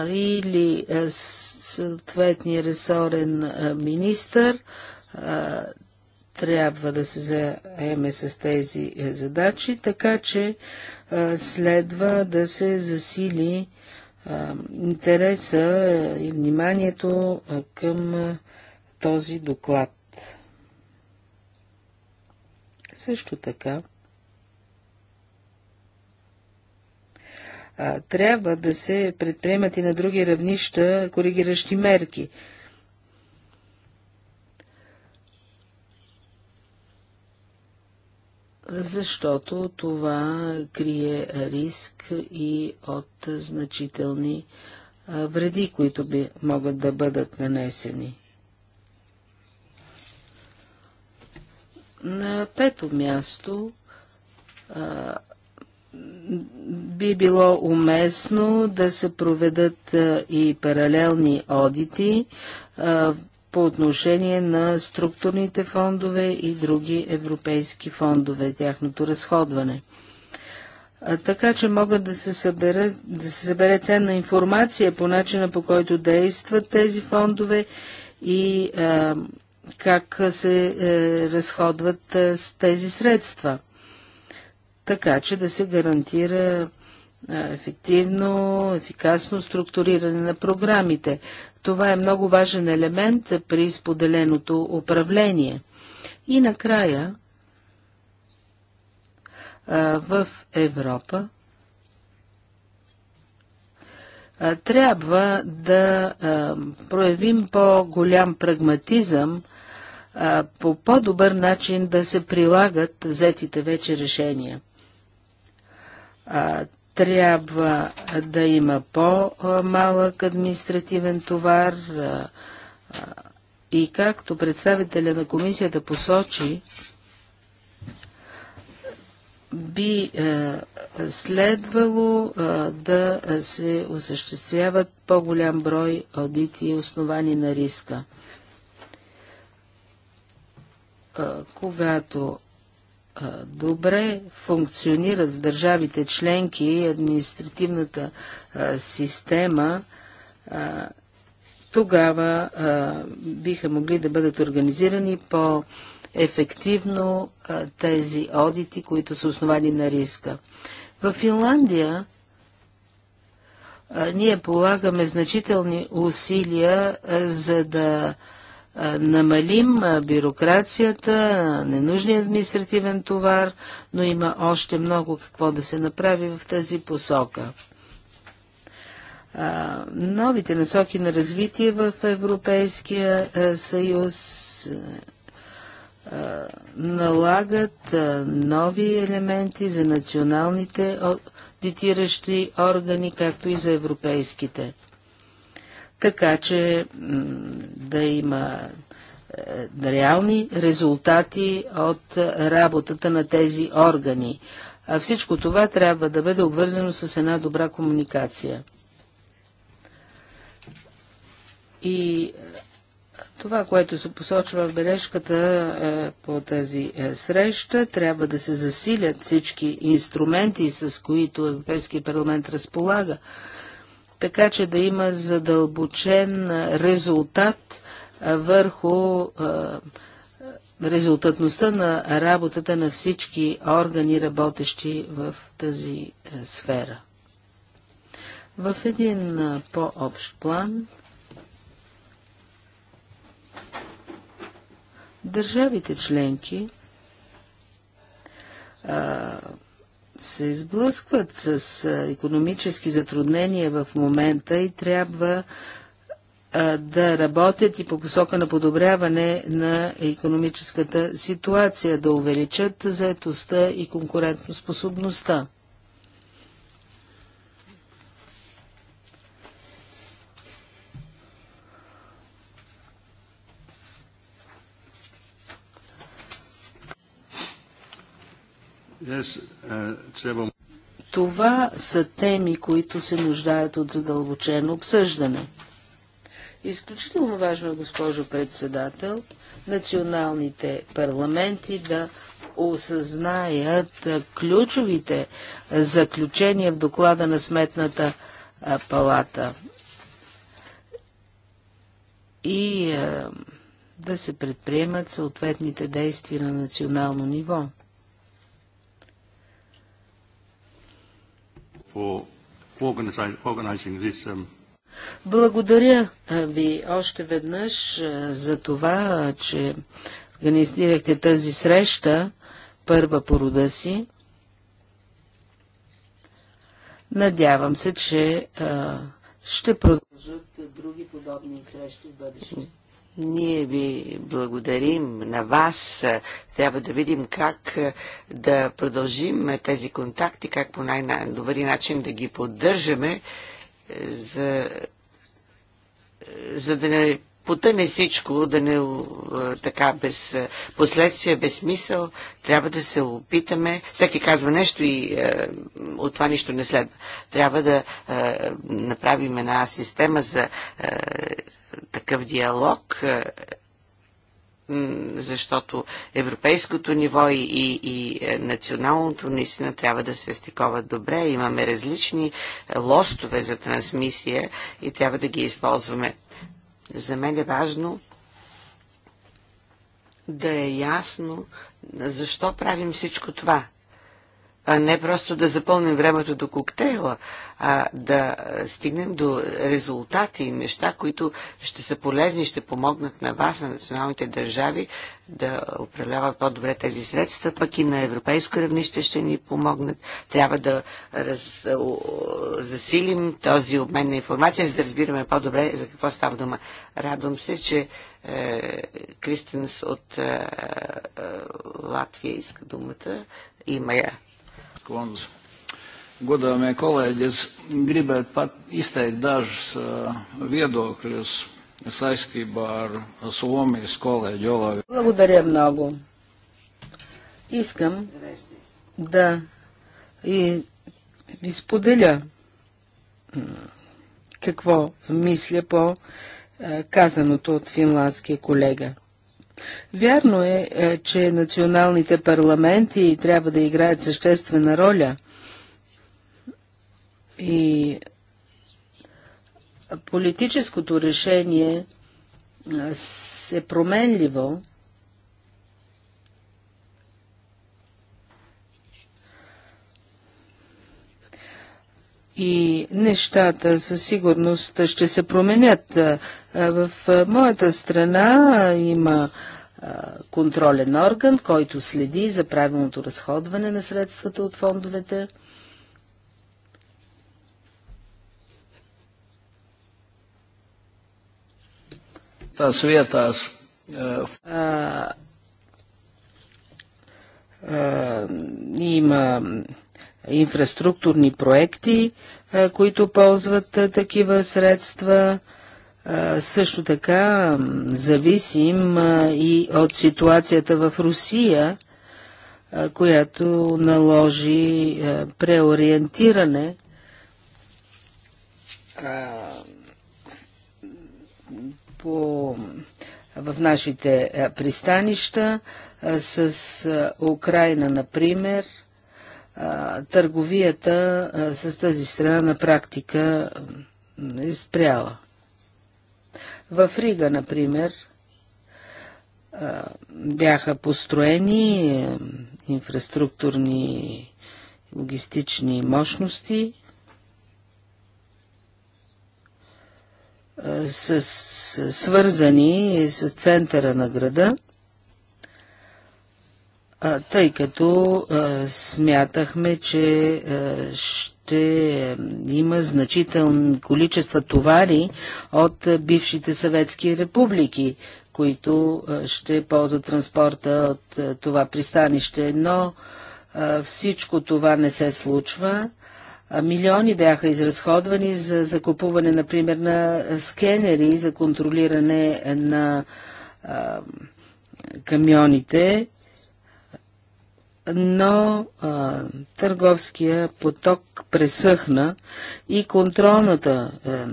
Или съответния ресорен министър трябва да се заеме с тези е, задачи, така че следва да се засили интереса и вниманието към този доклад. Също така, трябва да се предприемат и на други равнища коригиращи мерки. Защото това крие риск и от значителни вреди, които би, могат да бъдат нанесени. На пето място а, би било уместно да се проведат а, и паралелни одити а, по отношение на структурните фондове и други европейски фондове, тяхното разходване. А, така че могат да се, събере, да се събере ценна информация по начина по който действат тези фондове и а, как се е, разходват е, с тези средства, така че да се гарантира ефективно, ефикасно структуриране на програмите. Това е много важен елемент при споделеното управление. И накрая, в Европа трябва да проявим по-голям прагматизъм а, по по-добър начин да се прилагат взетите вече решения. А, трябва да има по-малък административен товар а, и както представителя на комисията посочи, би е, следвало е, да се осъществяват по-голям брой аудити, основани на риска когато добре функционират в държавите членки административната система, тогава биха могли да бъдат организирани по ефективно тези одити, които са основани на риска. В Финландия ние полагаме значителни усилия, за да намалим бюрокрацията, ненужния административен товар, но има още много какво да се направи в тази посока. Новите насоки на развитие в Европейския съюз налагат нови елементи за националните дитиращи органи, както и за европейските така че да има е, реални резултати от работата на тези органи. А всичко това трябва да бъде обвързано с една добра комуникация. И е, това, което се посочва в бележката е, по тази среща, трябва да се засилят всички инструменти, с които Европейския парламент разполага така че да има задълбочен резултат върху резултатността на работата на всички органи, работещи в тази сфера. В един по-общ план държавите членки се сблъскват с економически затруднения в момента и трябва да работят и по посока на подобряване на економическата ситуация, да увеличат заетостта и конкурентоспособността. Е, Това са теми, които се нуждаят от задълбочено обсъждане. Изключително важно, е, госпожо председател, националните парламенти да осъзнаят е, ключовите заключения в доклада на Сметната е, палата и да се предприемат съответните действия на национално ниво. for organizing this um, благодаря ви още веднъж за това, че организирахте тази среща, първа по рода си. Надявам се, че а, ще продължат други подобни срещи в бъдеще. Ние ви благодарим на вас. Трябва да видим как е, да продължим тези контакти, как по най добри начин да ги поддържаме, е, за, е, за да не потъне всичко, да не така без последствия, без смисъл. Трябва да се опитаме. Всеки казва нещо и е, от това нищо не следва. Трябва да е, направим една система за е, такъв диалог, е, защото европейското ниво и, и, и е, националното наистина трябва да се стиковат добре. Имаме различни е, лостове за трансмисия и трябва да ги използваме. За мен е важно да е ясно защо правим всичко това а не просто да запълним времето до коктейла, а да стигнем до резултати и неща, които ще са полезни, ще помогнат на вас, на националните държави, да управляват по-добре тези средства, пък и на европейско равнище ще ни помогнат. Трябва да раз, засилим този обмен на информация, за да разбираме по-добре за какво става дума. Радвам се, че е, Кристенс от е, е, Латвия иска думата. Има я kundze. Godāmie kolēģi, es gribētu pat izteikt dažus viedokļus saistībā ar Somijas kolēģi Olavi. Благодаря много. Искам да и изподеля какво mīslē по казаното от finlānskie kolēģi. Вярно е, е, че националните парламенти трябва да играят съществена роля и политическото решение е, се променливо, и нещата със сигурност ще се променят. Е, в моята страна има контролен орган, който следи за правилното разходване на средствата от фондовете. Та света аз. Е, има инфраструктурни проекти, които ползват такива средства. А, също така зависим и от ситуацията в Русия, която наложи преориентиране по, в нашите пристанища с Украина, например, търговията с тази страна на практика е спряла. В Рига, например, бяха построени е, инфраструктурни логистични мощности с, свързани с центъра на града тъй като смятахме, че ще има значителни количества товари от бившите съветски републики, които ще ползват транспорта от това пристанище. Но всичко това не се случва. Милиони бяха изразходвани за закупуване, например, на скенери за контролиране на камионите но а, търговския поток пресъхна и контролната а,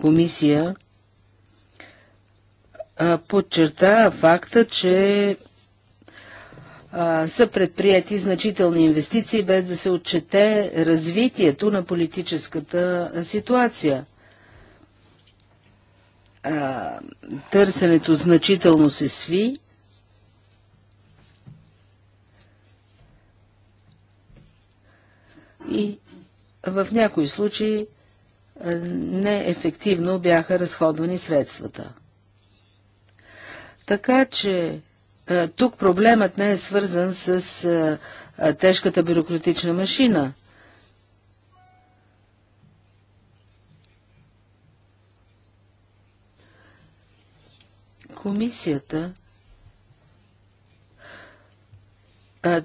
комисия а, подчерта факта, че а, са предприяти значителни инвестиции, без да се отчете развитието на политическата ситуация. А, търсенето значително се сви и в някои случаи е, неефективно бяха разходвани средствата. Така че е, тук проблемът не е свързан с е, тежката бюрократична машина. Комисията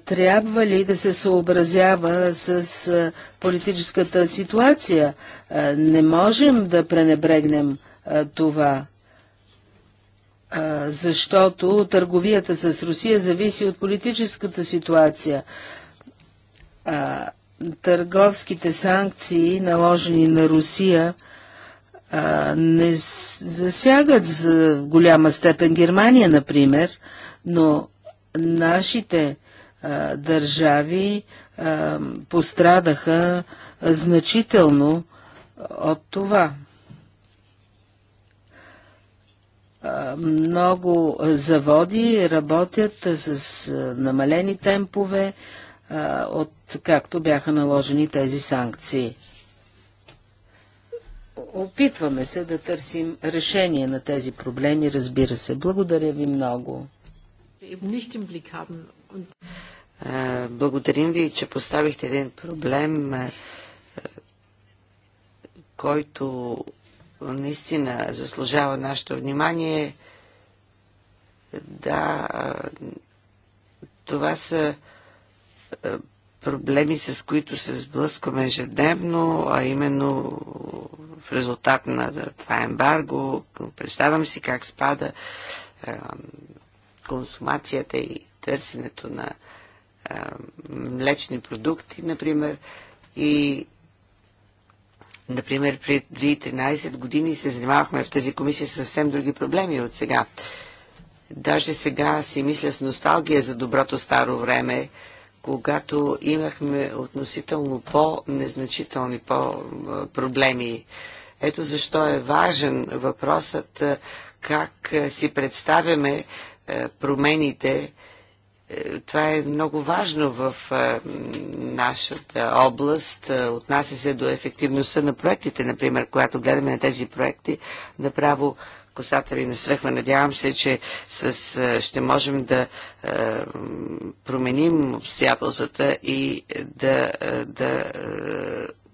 трябва ли да се съобразява с политическата ситуация? Не можем да пренебрегнем това, защото търговията с Русия зависи от политическата ситуация. Търговските санкции, наложени на Русия, не засягат за голяма степен Германия, например, но нашите държави пострадаха значително от това. много заводи работят с намалени темпове, от както бяха наложени тези санкции. Опитваме се да търсим решение на тези проблеми, разбира се. Благодаря ви много. Благодарим ви, че поставихте един проблем, който наистина заслужава нашето внимание. Да, това са проблеми, с които се сблъскваме ежедневно, а именно в резултат на това ембарго. Представям си как спада консумацията и търсенето на млечни продукти, например, и Например, преди 13 години се занимавахме в тази комисия с съвсем други проблеми от сега. Даже сега си мисля с носталгия за доброто старо време, когато имахме относително по-незначителни по-проблеми. Ето защо е важен въпросът как си представяме промените е, това е много важно в е, нашата област. Е, отнася се до ефективността на проектите, например, когато гледаме на тези проекти, направо косата ви настръхва. Надявам се, че с, ще можем да променим обстоятелствата и да, да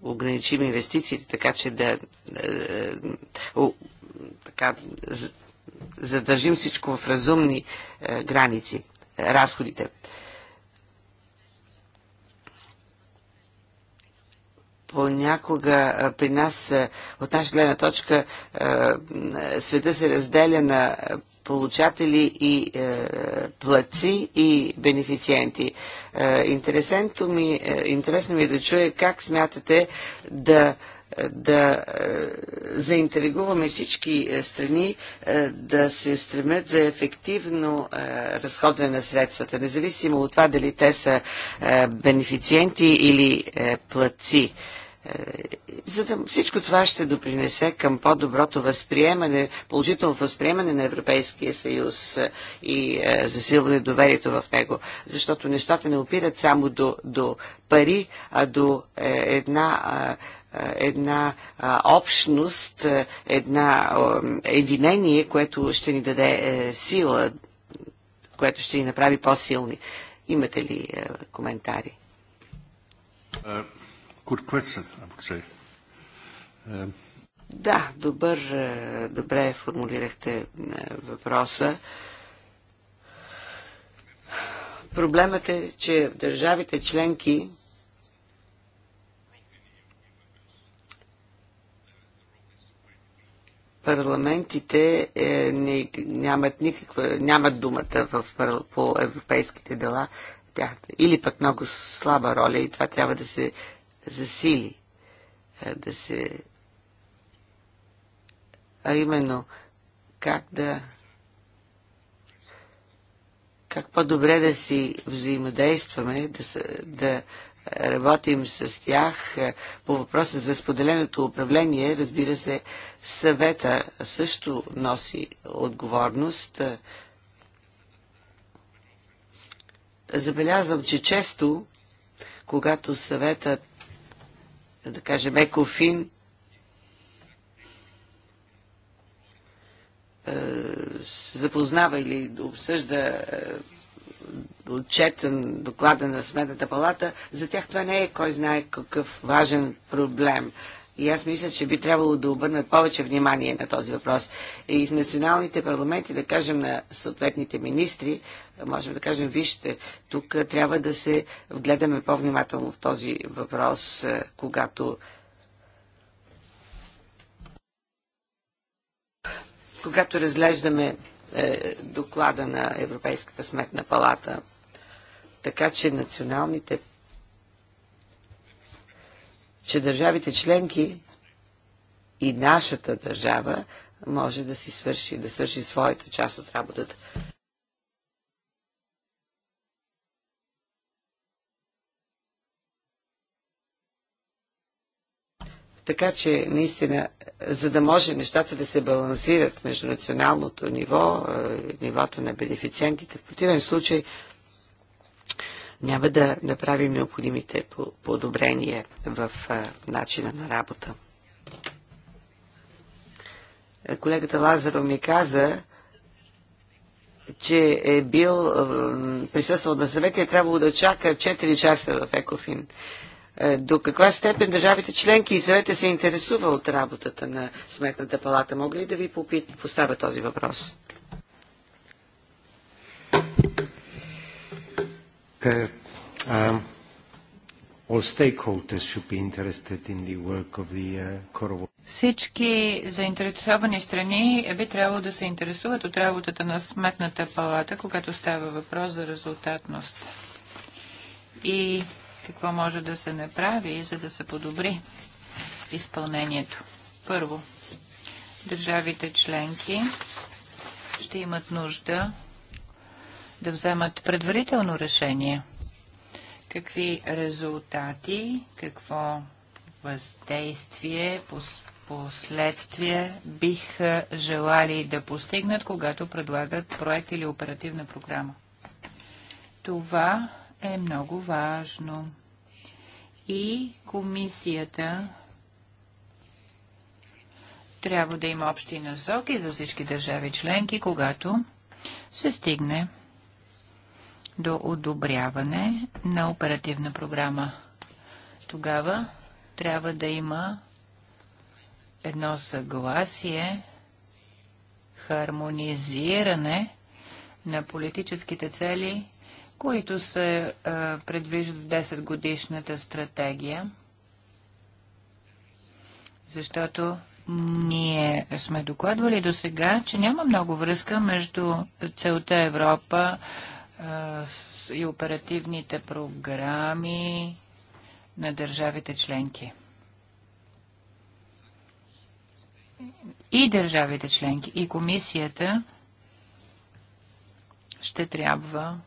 ограничим инвестициите, така че да така, задържим всичко в разумни граници разходите. понякога при нас, от наша гледна точка, света се разделя на получатели и плаци и бенефициенти. Интересно ми, интересно ми е да чуя как смятате да да е, заинтригуваме всички е, страни е, да се стремят за ефективно разходване на средствата, независимо от това дали те са бенефициенти или платци. За да всичко това ще допринесе към по-доброто възприемане, положително възприемане на Европейския съюз и е, засилване доверието в него. Защото нещата не опират само до, до пари, а до е, една е, една общност, е, една единение, което ще ни даде е, сила, което ще ни направи по-силни. Имате ли коментари? question, Да, добър, добре формулирахте въпроса. Проблемът е, че в държавите членки парламентите е, не, нямат, никаква, нямат думата в, по европейските дела Или пък много слаба роля и това трябва да се засили. Е, да се... А именно, как да... Как по-добре да си взаимодействаме, да, да работим с тях е, по въпроса за споделеното управление. Разбира се, съвета също носи отговорност. Е, забелязвам, че често, когато съвета, да кажем, Екофин, е, запознава или обсъжда отчетен доклада на Сметната палата, за тях това не е кой знае какъв важен проблем. И аз мисля, че би трябвало да обърнат повече внимание на този въпрос. И в националните парламенти, да кажем на съответните министри, можем да кажем, вижте, тук трябва да се вгледаме по-внимателно в този въпрос, е, когато когато разглеждаме е, доклада на Европейската сметна палата така че националните че държавите членки и нашата държава може да си свърши, да свърши своята част от работата. Така че, наистина, за да може нещата да се балансират между националното ниво, е, нивото на бенефициентите, в противен случай няма да направим необходимите подобрения в начина на работа. Колегата Лазаро ми каза, че е бил, присъствал на съвет и е трябвало да чака 4 часа в Екофин. До каква степен държавите членки и съвета се интересува от работата на Сметната палата? Мога ли да ви поставя този въпрос? Uh, um, all stakeholders should be interested in the work of the uh, Всички заинтересовани страни би трябвало да се интересуват от работата на Сметната палата, когато става въпрос за резултатност. И какво може да се направи, за да се подобри изпълнението. Първо, държавите членки ще имат нужда да вземат предварително решение. Какви резултати, какво въздействие, последствие биха желали да постигнат, когато предлагат проект или оперативна програма. Това е много важно. И комисията трябва да има общи насоки за всички държави членки, когато се стигне до одобряване на оперативна програма. Тогава трябва да има едно съгласие, хармонизиране на политическите цели, които се предвиждат в 10 годишната стратегия, защото ние сме докладвали до сега, че няма много връзка между целта Европа и оперативните програми на държавите членки. И държавите членки, и комисията ще трябва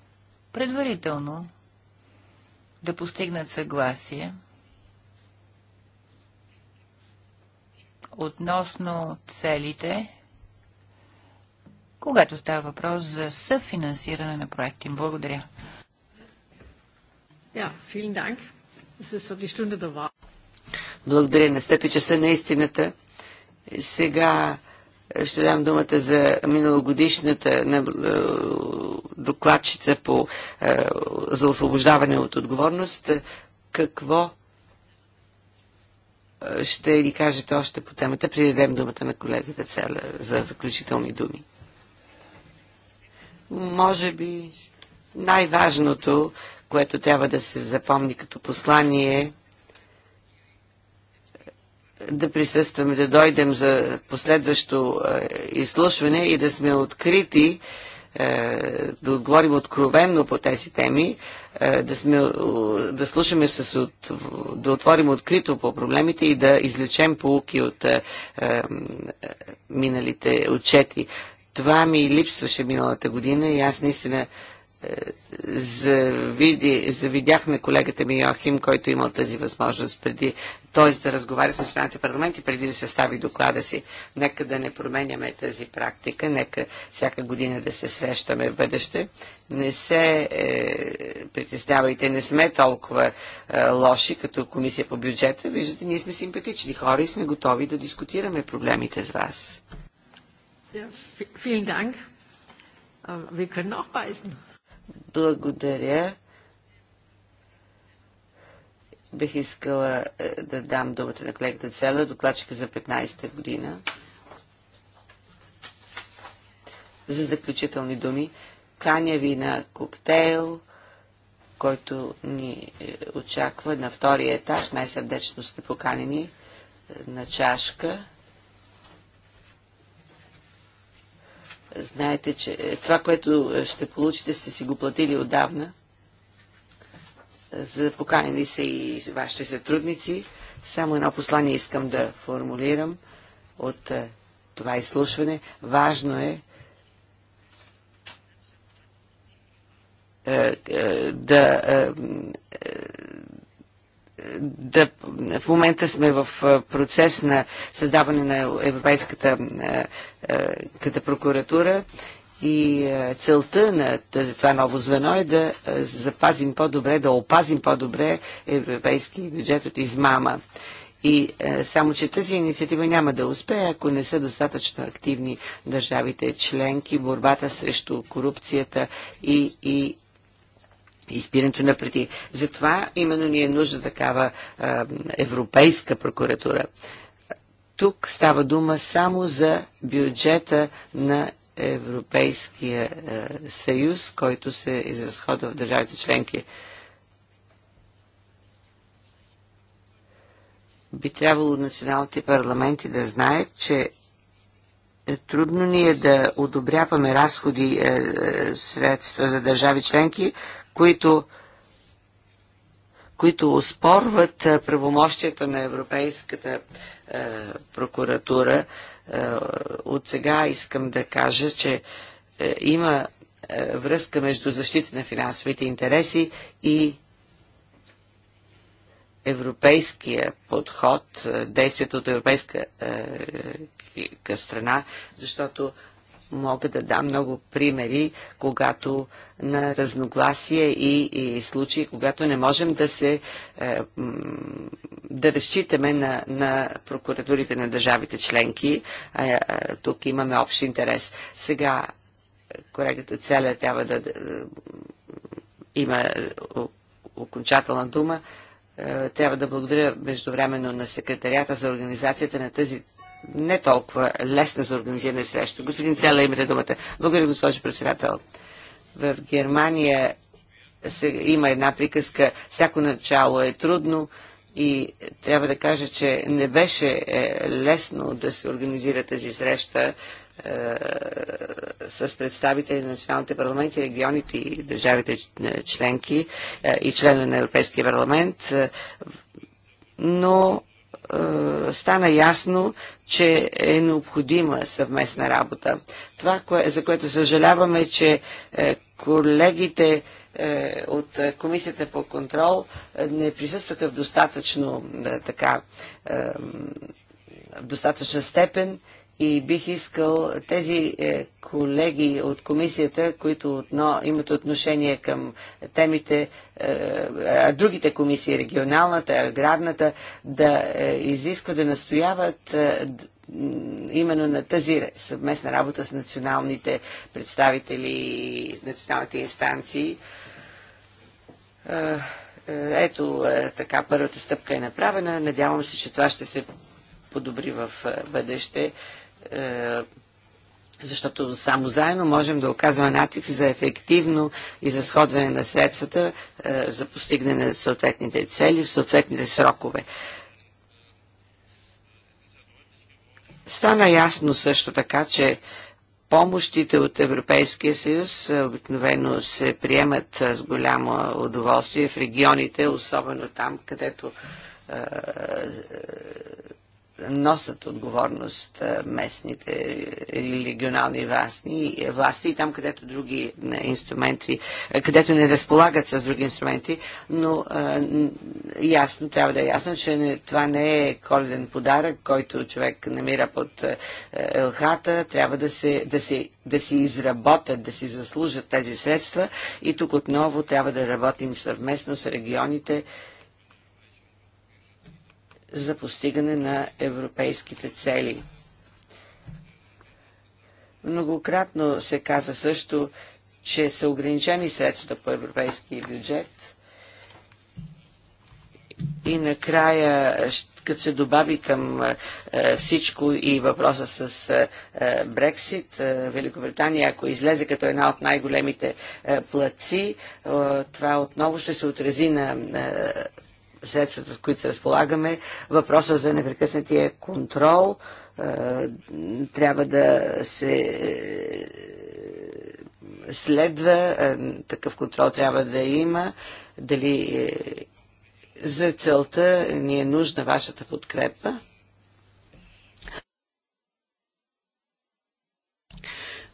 предварително да постигнат съгласие относно целите когато става въпрос за съфинансиране на проекти. Благодаря. Yeah, so Благодаря. Настъпи часа са наистината. Сега е, ще дам думата за миналогодишната е, докладчица по, е, за освобождаване от отговорност. Какво ще ни кажете още по темата? Придадем думата на колегата Целя за заключителни думи. Може би най-важното, което трябва да се запомни като послание да присъстваме, да дойдем за последващо е, изслушване и да сме открити, е, да отговорим откровенно по тези теми, е, да, сме, да слушаме с от, да отворим открито по проблемите и да излечем полуки от миналите отчети. Това ми липсваше миналата година и аз наистина е, завиди, завидяхме колегата ми Йохим, който имал тази възможност преди, т.е. да разговаря с националните парламенти преди да състави доклада си. Нека да не променяме тази практика, нека всяка година да се срещаме в бъдеще. Не се е, притеснявайте, не сме толкова е, лоши като комисия по бюджета. Виждате, ние сме симпатични хора и сме готови да дискутираме проблемите с вас. Ja, vielen Dank. Wir können auch beißen. Благодаря. Бих искала е, да дам думата на колегата Цела, докладчика за 15-та година. За заключителни думи. Каня ви на коктейл, който ни е, очаква на втория етаж. Най-сърдечно сте поканени е, на чашка. Знаете, че това, което ще получите, сте си го платили отдавна. За поканени са и вашите сътрудници. Само едно послание искам да формулирам от е, това изслушване. Важно е, е, е да да, в момента сме в процес на създаване на Европейската като прокуратура и целта на това ново звено е да запазим по-добре, да опазим по-добре европейски бюджет от измама. И е, само, че тази инициатива няма да успее, ако не са достатъчно активни държавите членки, борбата срещу корупцията и, и изпирането на преди. Затова именно ни е нужда такава а, европейска прокуратура. Тук става дума само за бюджета на Европейския а, съюз, който се изразходва в държавите членки. Би трябвало националните парламенти да знаят, че е трудно ни е да одобряваме разходи е, е, средства за държави членки, които които успорват е, правомощията на Европейската е, прокуратура. Е, от сега искам да кажа, че има връзка между защита на финансовите интереси и европейския подход, действието от европейска страна, защото Мога да дам много примери, когато на разногласие и, и случаи, когато не можем да се е, да разчитаме на, на прокуратурите на държавите членки. Е, тук имаме общ интерес. Сега колегата Целя трябва да, да е, има окончателна дума. Трябва да благодаря междувременно на секретарията за организацията на тази не толкова лесна за организиране среща. Господин Цела, имате думата. Благодаря, госпожо председател. В Германия се, има една приказка. Всяко начало е трудно и трябва да кажа, че не беше е, лесно да се организира тази среща е, с представители на националните парламенти, регионите и държавите е, членки е, и членове на Европейския парламент. Е, но стана ясно, че е необходима съвместна работа. Това, за което съжаляваме, е, че е, колегите е, от Комисията по контрол не присъстваха в достатъчно така в достатъчна степен и бих искал тези е, колеги от комисията, които отно, имат отношение към темите, е, а другите комисии, регионалната, аграрната, да е, изискват, да настояват именно на тази съвместна работа с националните представители и националните инстанции. Ето така първата стъпка е направена. Надявам се, че това ще се подобри в бъдеще. Е, защото само заедно можем да оказваме натиск за ефективно изразходване на средствата е, за постигане на съответните цели в съответните срокове. Стана ясно също така, че помощите от Европейския съюз е, обикновено се приемат с голямо удоволствие в регионите, особено там, където носят отговорност е, местните регионални власти, е, власти и там, където други е, инструменти, където не разполагат с други инструменти, но ясно, трябва да е ясно, че не, това не е коледен подарък, който човек намира под елхата, трябва да се, да се да си изработят, да си заслужат тези средства и тук отново трябва да работим съвместно с регионите, за постигане на европейските цели. Многократно се каза също, че са ограничени средствата по европейския бюджет и накрая, като се добави към е, всичко и въпроса с е, е, Брексит, Великобритания, ако излезе като една от най-големите плаци, това отново ще се отрази на средствата, с които се разполагаме, въпроса за непрекъснатия контрол е, трябва да се е, следва, е, такъв контрол трябва да има, дали за целта ни е нужна вашата подкрепа.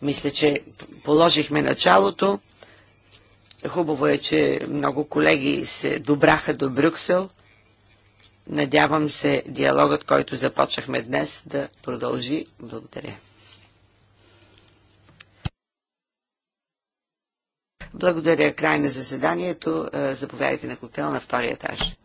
Мисля, че положихме началото. Хубаво е, че много колеги се добраха до Брюксел. Надявам се диалогът, който започнахме днес, да продължи. Благодаря. Благодаря. Край на заседанието. Е, заповядайте на хотел на втория етаж.